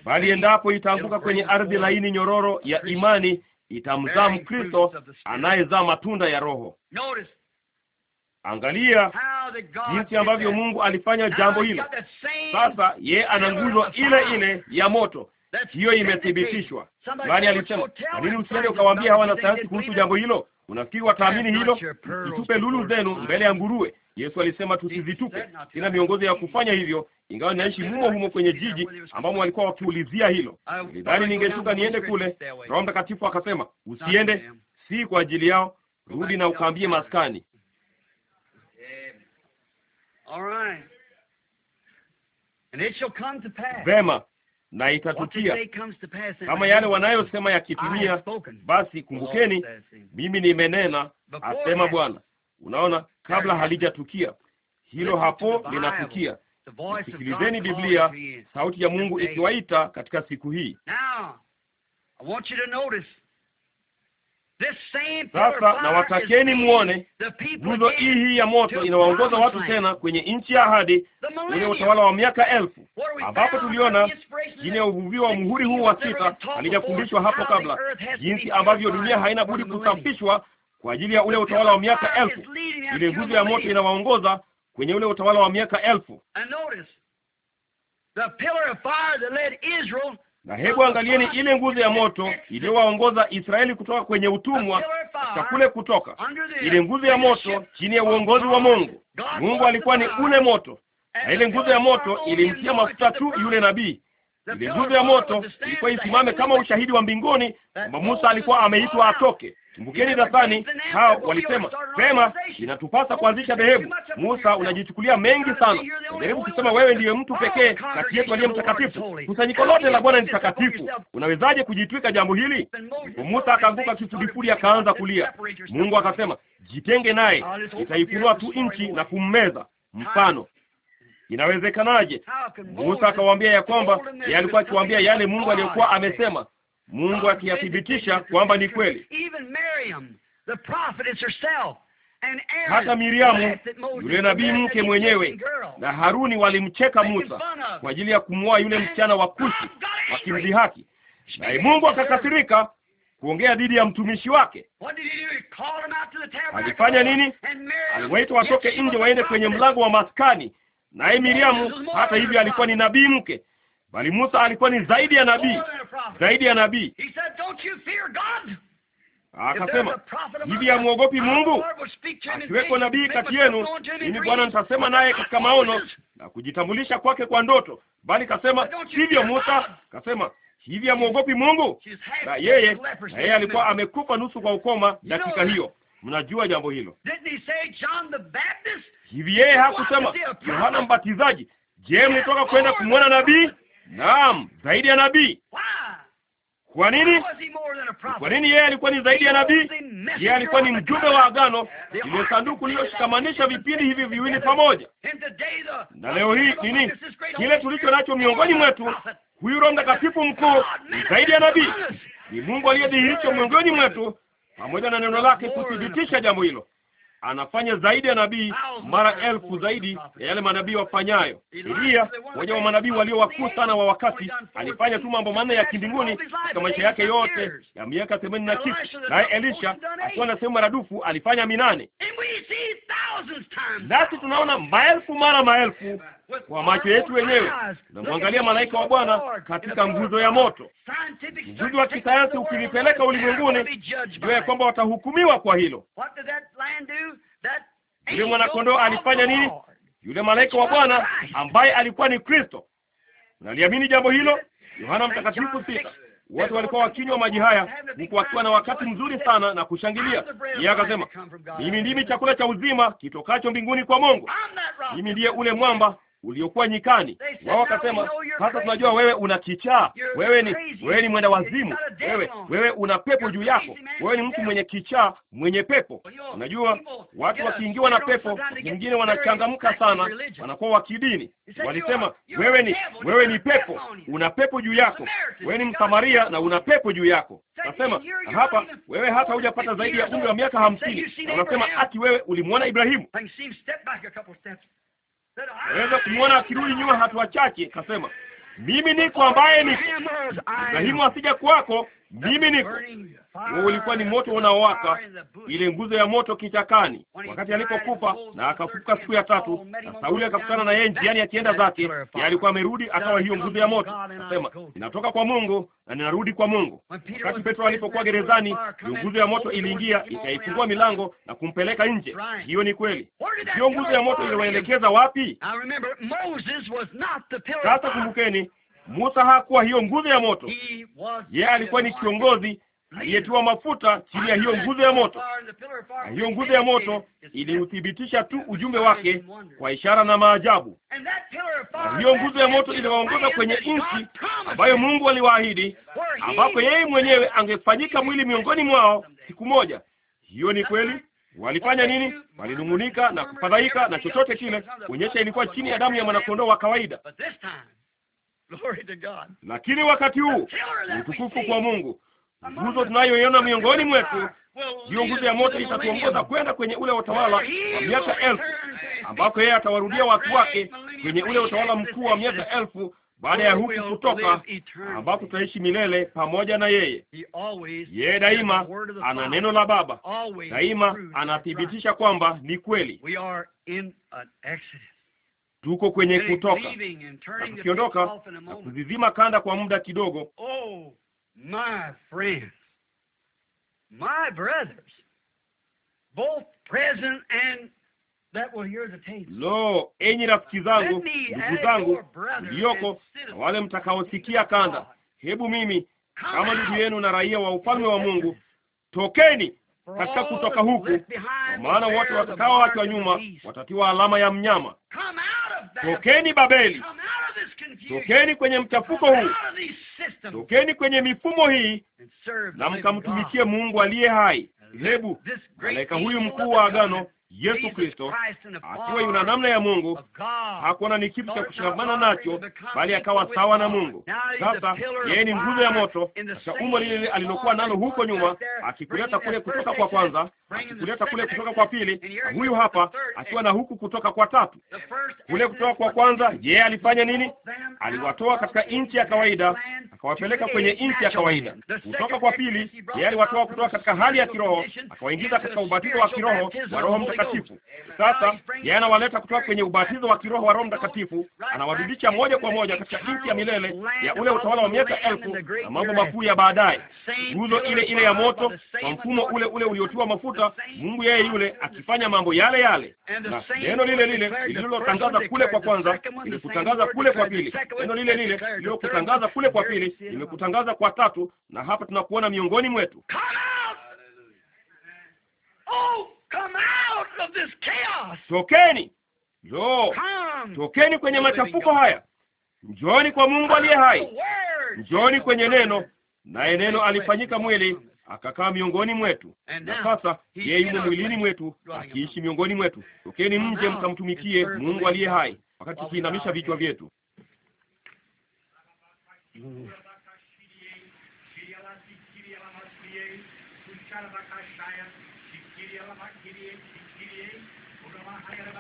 bali endapo itaanguka kwenye ardhi laini nyororo ya imani, itamzaa Mkristo anayezaa matunda ya Roho. Angalia jinsi ambavyo Mungu alifanya jambo hilo. Sasa ye ana nguzo ile ile ya moto, hiyo imethibitishwa. Bali alisema? Kwa nini usiende ukawaambia hawa wanasayansi kuhusu jambo hilo? Unafikiri wataamini hilo? Msitupe lulu zenu mbele ya nguruwe. Yesu alisema tusizitupe. Sina miongozo ya kufanya hivyo, ingawa ninaishi humo humo kwenye jiji ambamo walikuwa wakiulizia hilo. Nilidhani ningeshuka niende kule. Roho Mtakatifu akasema usiende, si kwa ajili yao, rudi na ukaambie maskani Vema, na itatukia kama yale wanayosema yakitimia. Basi kumbukeni, mimi nimenena, asema Bwana. Unaona, kabla halijatukia hilo, hapo linatukia. Sikilizeni Biblia, sauti ya Mungu ikiwaita katika siku hii. Sasa na watakeni muone nguzo hii hii ya moto inawaongoza watu tena kwenye nchi ya ahadi wenye utawala wa miaka elfu, ambapo tuliona jini ya uvuvio wa muhuri huu wa sita. Alijafundishwa hapo kabla jinsi ambavyo dunia haina budi kusafishwa kwa ajili ya ule utawala wa miaka elfu. Ile nguzo ya moto inawaongoza kwenye ule utawala wa miaka elfu. Na hebu angalieni ile nguzo ya moto iliyowaongoza Israeli kutoka kwenye utumwa katika kule kutoka, ile nguzo ya moto chini ya uongozi wa Mungu. Mungu alikuwa ni ule moto, na ile nguzo ya moto ilimtia mafuta tu yule nabii. Ile nguzo ya moto ilikuwa isimame kama ushahidi wa mbinguni kwamba Musa alikuwa ameitwa atoke. Kumbukeni darasani, hao walisema sema, inatupasa kuanzisha dhehebu. Musa, unajichukulia mengi sana, jaribu kusema wewe ndiye mtu pekee kati yetu aliye mtakatifu. Kusanyiko lote la Bwana ni takatifu, unawezaje kujitwika jambo hili? Musa akaanguka kifudifudi, akaanza kulia. Mungu akasema, jitenge naye, itaifunua tu nchi na kummeza. Mfano, inawezekanaje? Musa akawaambia ya kwamba yeye alikuwa akiwaambia yale Mungu aliyokuwa amesema Mungu akiyathibitisha kwamba ni kweli. Hata Miriamu yule nabii mke mwenyewe na Haruni walimcheka Musa kwa ajili ya kumwoa yule msichana wa Kushi, wakimdhihaki, naye Mungu akakasirika kuongea dhidi ya mtumishi wake. Alifanya nini? Aliwaita watoke nje waende kwenye mlango wa maskani, naye Miriamu hata hivyo alikuwa ni nabii mke, bali Musa alikuwa ni zaidi ya nabii, zaidi ya nabii. Akasema hivi, hamwogopi Mungu? Akiweko nabii kati yenu, mimi Bwana nitasema naye katika maono na kujitambulisha kwake kwa ndoto. Bali kasema hivyo Musa, kasema hivi, hamwogopi Mungu? Na yeye na yeye alikuwa amekufa nusu kwa ukoma dakika hiyo. Mnajua jambo hilo hivi? Yeye hakusema Yohana Mbatizaji? Je, mlitoka kwenda kumwona nabii? Naam, zaidi ya nabii. Kwa nini? Kwa nini yeye alikuwa ni zaidi ya nabii? Yeye alikuwa ni mjumbe wa agano, ile sanduku lililoshikamanisha vipindi hivi viwili pamoja. Na leo hii nini kile tulicho nacho miongoni mwetu? Huyu Roho Mtakatifu mkuu ni zaidi ya nabii, ni Mungu aliyedhihirisha miongoni mwetu pamoja na neno lake kuthibitisha jambo hilo anafanya zaidi ya nabii mara elfu zaidi ya yale manabii wafanyayo. Elia, mmoja wa manabii walio wakuu sana wa wakati, alifanya tu mambo manne ya kimbinguni katika maisha yake yote ya miaka themanini na kitu, naye Elisha akiwa na sehemu maradufu alifanya minane, nasi tunaona maelfu mara maelfu kwa macho yetu wenyewe, tunamwangalia malaika wa Bwana katika nguzo ya moto. Mjuzi wa kisayansi ukilipeleka ulimwenguni, jua ya kwamba watahukumiwa kwa hilo. Yule mwanakondoo alifanya nini? Yule malaika wa Bwana ambaye alikuwa ni Kristo. Unaliamini jambo hilo? Yohana Mtakatifu sita. Watu walikuwa wakinywa maji haya huku wakiwa na wakati mzuri sana na kushangilia. Yeye akasema, mimi ndimi chakula cha uzima kitokacho mbinguni kwa Mungu, mimi ndiye ule mwamba uliokuwa nyikani. Wao wakasema sasa tunajua wewe una kichaa, wewe ni wewe ni mwenda wazimu, wewe wewe una pepo juu yako, wewe ni mtu mwenye kichaa, mwenye pepo. Unajua watu wakiingiwa na pepo, wengine wanachangamka sana, wanakuwa wa kidini. Walisema wewe ni wewe ni pepo, una pepo juu yako, wewe ni Msamaria na una pepo juu yako. Nasema hapa wewe hata hujapata zaidi ya umri wa miaka hamsini, unasema ati wewe ulimwona Ibrahimu naweza kumwona akirudi nyuma hatua chache, kasema mimi niko ambaye niko, Ibrahimu asija kwako mimi niko. Huo ulikuwa ni moto unaowaka, ile nguzo ya moto kichakani, wakati alipokufa na akafufuka siku ya tatu, na Sauli akakutana na yeye njiani akienda zake. Yeye alikuwa amerudi, akawa hiyo nguzo ya moto. Nasema ninatoka kwa Mungu na ninarudi kwa Mungu. Wakati Petro alipokuwa gerezani, nguzo ya moto iliingia ikaifungua milango na kumpeleka nje. Hiyo ni kweli. Hiyo nguzo ya moto iliwaelekeza wapi? Sasa kumbukeni, Musa hakuwa hiyo nguzo ya moto, yeye alikuwa ni kiongozi aliyetiwa mafuta chini ya hiyo nguzo ya moto, na hiyo nguzo ya moto iliuthibitisha tu ujumbe wake kwa ishara na maajabu. Na hiyo nguzo ya moto iliwaongoza kwenye nchi ambayo Mungu aliwaahidi, ambapo yeye mwenyewe angefanyika mwili miongoni mwao siku moja. Hiyo ni kweli. Walifanya nini? Walinung'unika na kufadhaika na chochote kile, kuonyesha ilikuwa chini ya damu ya mwanakondoo wa kawaida, lakini wakati huu utukufu kwa Mungu, nguzo tunayoiona miongoni mwetu, hiyo nguzo ya moto itatuongoza kwenda kwenye ule utawala wa miaka elfu, ambako yeye atawarudia watu wake kwenye ule utawala mkuu wa miaka elfu baada ya huku kutoka, ambapo tutaishi milele pamoja na yeye. Yeye daima ana neno la Baba, daima anathibitisha kwamba ni kweli tuko kwenye kutoka na tukiondoka na kuzizima kanda kwa muda kidogo. Oh, my friends, my brothers, both present and that will hear the Lo, enyi rafiki zangu, ndugu zangu iliyoko na wale mtakaosikia kanda, hebu mimi kama ndugu yenu na raia wa ufalme wa Mungu, tokeni katika kutoka huku, kwa maana wote watakaoachwa nyuma watatiwa alama ya mnyama tokeni Babeli, tokeni kwenye mchafuko huu, tokeni kwenye mifumo hii, na mkamtumikie Mungu aliye hai. Hebu malaika huyu mkuu wa agano Yesu Kristo akiwa yuna namna ya Mungu hakuona ni kitu cha kushikamana nacho, bali akawa sawa na Mungu. Sasa yeye ni nguzo ya moto, cha umbo lile alilokuwa nalo huko nyuma, akikuleta kule kutoka kwa kwanza, akikuleta kule kutoka kwa pili, na huyu hapa akiwa na huku kutoka kwa tatu. Kule kutoka kwa kwanza, yeye alifanya nini? Aliwatoa katika nchi ya kawaida, akawapeleka kwenye nchi ya kawaida. Kutoka kwa pili, yeye aliwatoa kutoka katika hali ya kiroho, akawaingiza katika ubatizo wa kiroho wa Roho Mtakatifu. Sasa yeye anawaleta kutoka kwenye ubatizo wa kiroho wa Roho Mtakatifu, anawarudisha moja kwa moja katika nchi ya milele ya ule utawala wa miaka elfu na mambo makuu ya baadaye, nguzo ile ile ya moto kwa mfumo ule ule uliotiwa mafuta, Mungu yeye yule akifanya mambo yale yale, na neno lile lile lililotangaza kule kwa kwanza ilikutangaza kule kwa pili, neno lile lile lililokutangaza kule kwa pili limekutangaza kwa tatu, na hapa tunakuona miongoni mwetu. Oh! Tokeni, njoo, tokeni kwenye machafuko haya, njooni kwa Mungu aliye hai, njooni kwenye neno, naye neno alifanyika mwili akakaa miongoni mwetu, na sasa yeye yumo mwilini mwetu akiishi miongoni mwetu. Tokeni nje mkamtumikie Mungu aliye hai, wakati tukiinamisha vichwa vyetu. Mm.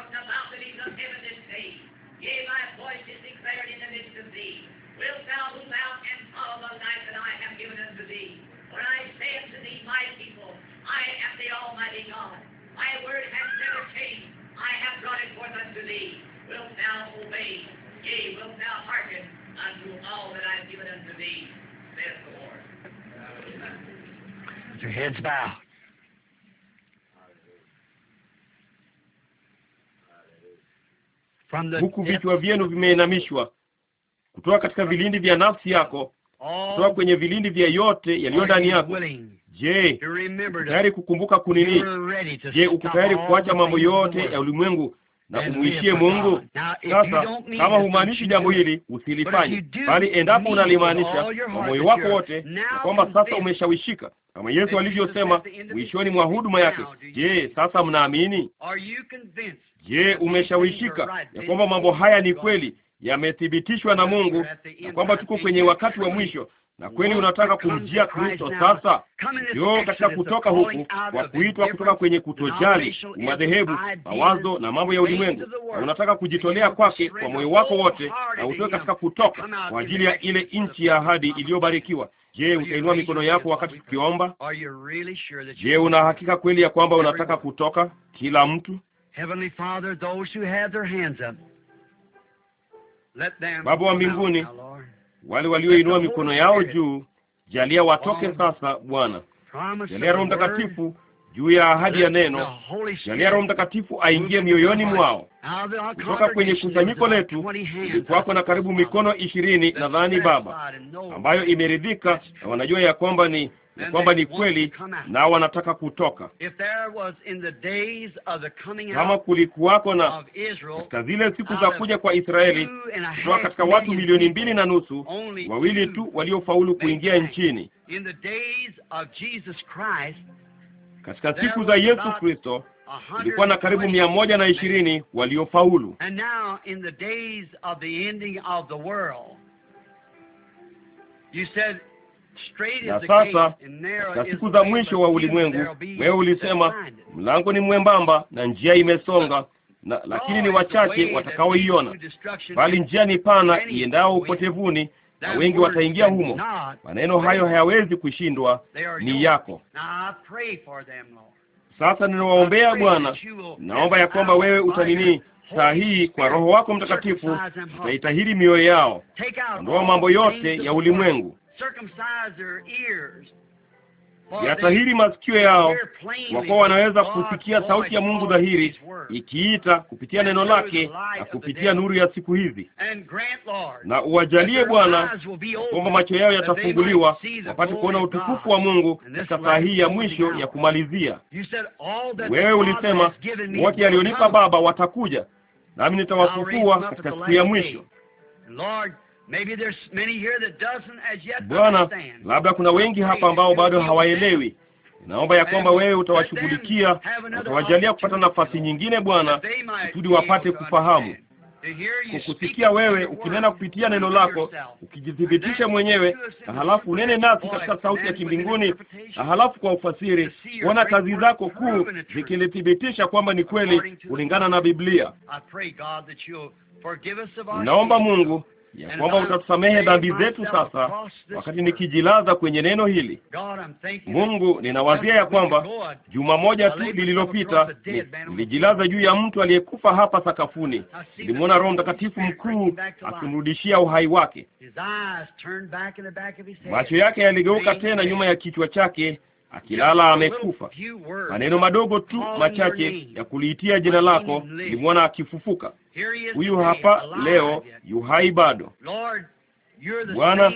from the mountains of heaven this day. Yea, my voice is declared in the midst of thee. Wilt thou move out and follow the life that I have given unto thee? For I say unto thee, my people, I am the Almighty God. My word has never changed. I have brought it forth unto thee. Wilt thou obey? Yea, wilt thou hearken unto all that I have given unto thee, saith the Lord. Your heads bowed. huku vichwa vyenu vimeinamishwa, kutoka katika vilindi vya nafsi yako, kutoka kwenye vilindi vya yote yaliyo ndani yako. Je, tayari kukumbuka kunini? Je, uko tayari kuacha mambo yote ya ulimwengu na kumwishie Mungu. Sasa kama humaanishi jambo hili usilifanye, bali endapo unalimaanisha kwa moyo wako wote, na kwamba sasa umeshawishika kama Yesu alivyosema mwishoni mwa huduma yake. Je, sasa mnaamini? Je, umeshawishika ya kwamba mambo haya ni kweli, yamethibitishwa na Mungu, na kwamba tuko kwenye wakati wa mwisho na kweli unataka kumjia Kristo sasa, yoo katika kutoka huku kwa kuitwa kutoka kwenye kutojali madhehebu, mawazo na mambo ya ulimwengu, na unataka kujitolea kwake kwa moyo wako wote, na utoke katika kutoka kwa ajili ya ile nchi ya ahadi iliyobarikiwa. Je, utainua mikono yako wakati tukiomba? Je, una hakika kweli ya kwamba unataka kutoka? Kila mtu Baba wa mbinguni wale walioinua mikono yao juu. Jalia watoke sasa, Bwana. Jalia Roho Mtakatifu juu ya ahadi ya neno. Jalia Roho Mtakatifu aingie mioyoni mwao. Kutoka kwenye kusanyiko letu kulikuwako na karibu mikono ishirini, nadhani Baba, ambayo imeridhika na wanajua ya kwamba ni ya kwamba ni kweli, nao wanataka kutoka. Kama kulikuwako na katika zile siku za kuja kwa Israeli, kutoka katika watu milioni mbili na nusu, wawili tu waliofaulu kuingia nchini. Katika siku za Yesu Kristo ilikuwa na karibu mia moja na ishirini waliofaulu na sasa na siku za mwisho wa ulimwengu, wewe ulisema mlango ni mwembamba na njia imesonga na, lakini ni wachache watakaoiona, bali njia ni pana iendao upotevuni na wengi wataingia humo. Maneno hayo hayawezi kushindwa, ni yako. Sasa ninawaombea Bwana, naomba ya kwamba wewe utanini saa hii kwa Roho wako Mtakatifu utaitahiri mioyo yao, ondoa mambo yote ya ulimwengu, yatahiri masikio yao, wakuwa wanaweza kusikia sauti ya Mungu dhahiri ikiita kupitia neno lake na kupitia nuru ya siku hizi. Na uwajalie Bwana kwamba macho yao yatafunguliwa, wapate kuona utukufu wa Mungu katika saa hii ya mwisho ya kumalizia. Wewe ulisema wote alionipa Baba watakuja nami nitawafufua katika siku ya mwisho. Bwana, labda kuna wengi hapa ambao bado hawaelewi. Naomba ya kwamba wewe utawashughulikia, utawajalia kupata nafasi nyingine Bwana, kusudi wapate kufahamu kukusikia wewe ukinena kupitia neno lako, ukijithibitisha mwenyewe, na halafu unene nasi katika sauti ya kimbinguni, na halafu kwa ufasiri, kuona kazi zako kuu zikilithibitisha kwamba ni kweli kulingana na Biblia. Naomba Mungu ya kwamba utatusamehe dhambi zetu. Sasa wakati nikijilaza kwenye neno hili, Mungu, ninawazia ya kwamba juma moja tu lililopita nilijilaza juu ya mtu aliyekufa hapa sakafuni. Nilimwona Roho Mtakatifu mkuu akimrudishia uhai wake. Macho yake yaligeuka tena nyuma ya kichwa chake akilala amekufa. Maneno madogo tu machache ya kuliitia jina lako, nilimwona akifufuka. Huyu hapa leo, yu hai bado. Bwana,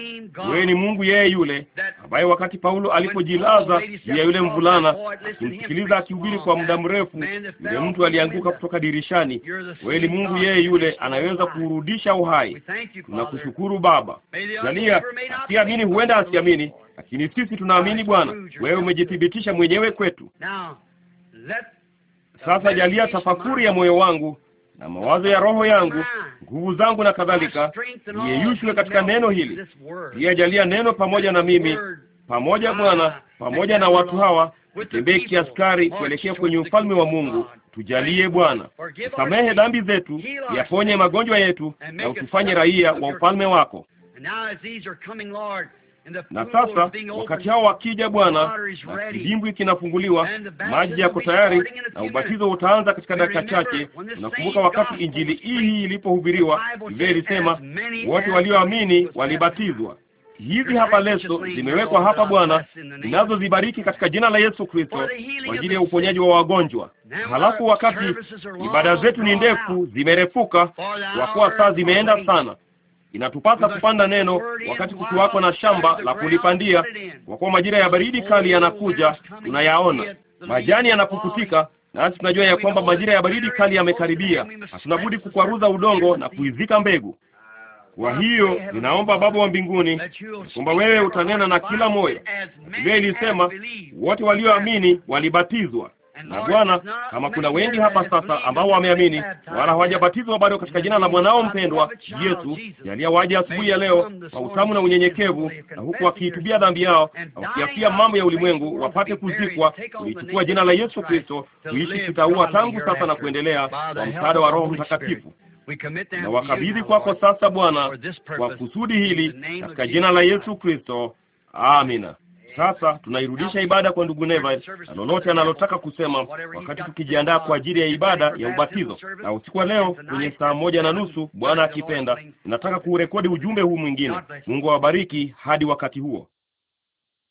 wewe ni Mungu yeye yule ambaye wakati Paulo alipojilaza juu ya yule mvulana akimsikiliza akihubiri kwa muda mrefu, yule mtu alianguka kutoka dirishani. Wewe ni Mungu yeye yule anaweza kuurudisha uhai. Tunakushukuru Baba. Jania asiamini, huenda asiamini, lakini sisi tunaamini Bwana, wewe umejithibitisha mwenyewe kwetu. Sasa jalia tafakuri ya moyo wangu na mawazo ya roho yangu, nguvu zangu na kadhalika, niyeyushwe katika neno hili. Pia jalia neno pamoja na mimi, pamoja Bwana, pamoja na watu hawa, tutembee kiaskari kuelekea kwenye ufalme wa Mungu. Tujalie Bwana, usamehe dhambi zetu, yaponye magonjwa yetu, na utufanye raia wa ufalme wako. Na sasa wakati hao wakija, Bwana, na kidimbwi kinafunguliwa, maji yako tayari, na ubatizo utaanza katika dakika chache. Unakumbuka wakati injili hii ilipohubiriwa, Biblia ilisema wote walioamini walibatizwa. Hizi hapa leso zimewekwa hapa Bwana, zinazozibariki katika jina la Yesu Kristo kwa ajili ya uponyaji wa wagonjwa. Halafu wakati ibada zetu ni ndefu, zimerefuka, kwa kuwa saa zimeenda sana Inatupasa kupanda neno wakati kukiwako na shamba la kulipandia, kwa kuwa majira ya baridi kali yanakuja, tunayaona majani yanapukutika, nasi tunajua ya kwamba majira ya baridi kali yamekaribia. Hatuna budi kukwaruza udongo na kuizika mbegu. Kwa hiyo ninaomba Baba wa mbinguni kwamba wewe utanena na kila moyo. Biblia ilisema wote walioamini walibatizwa. Na Bwana, kama kuna wengi hapa sasa ambao wameamini wala hawajabatizwa bado katika jina la mwanao mpendwa Yesu, jalia waje asubuhi ya leo kwa utamu na unyenyekevu, na huku wakiitubia dhambi yao na wakiafia mambo ya ulimwengu, wapate kuzikwa kulichukua jina la Yesu Kristo, kuishi kitaua tangu sasa na kuendelea kwa msaada wa Roho Mtakatifu na wakabidhi kwako sasa Bwana, kwa kusudi hili, katika jina la Yesu Kristo, amina. Sasa tunairudisha ibada kwa ndugu neva na lolote analotaka kusema, wakati tukijiandaa kwa ajili ya ibada ya ubatizo. Na usiku wa leo kwenye saa moja na nusu, Bwana akipenda, nataka kuurekodi ujumbe huu mwingine. Mungu awabariki hadi wakati huo.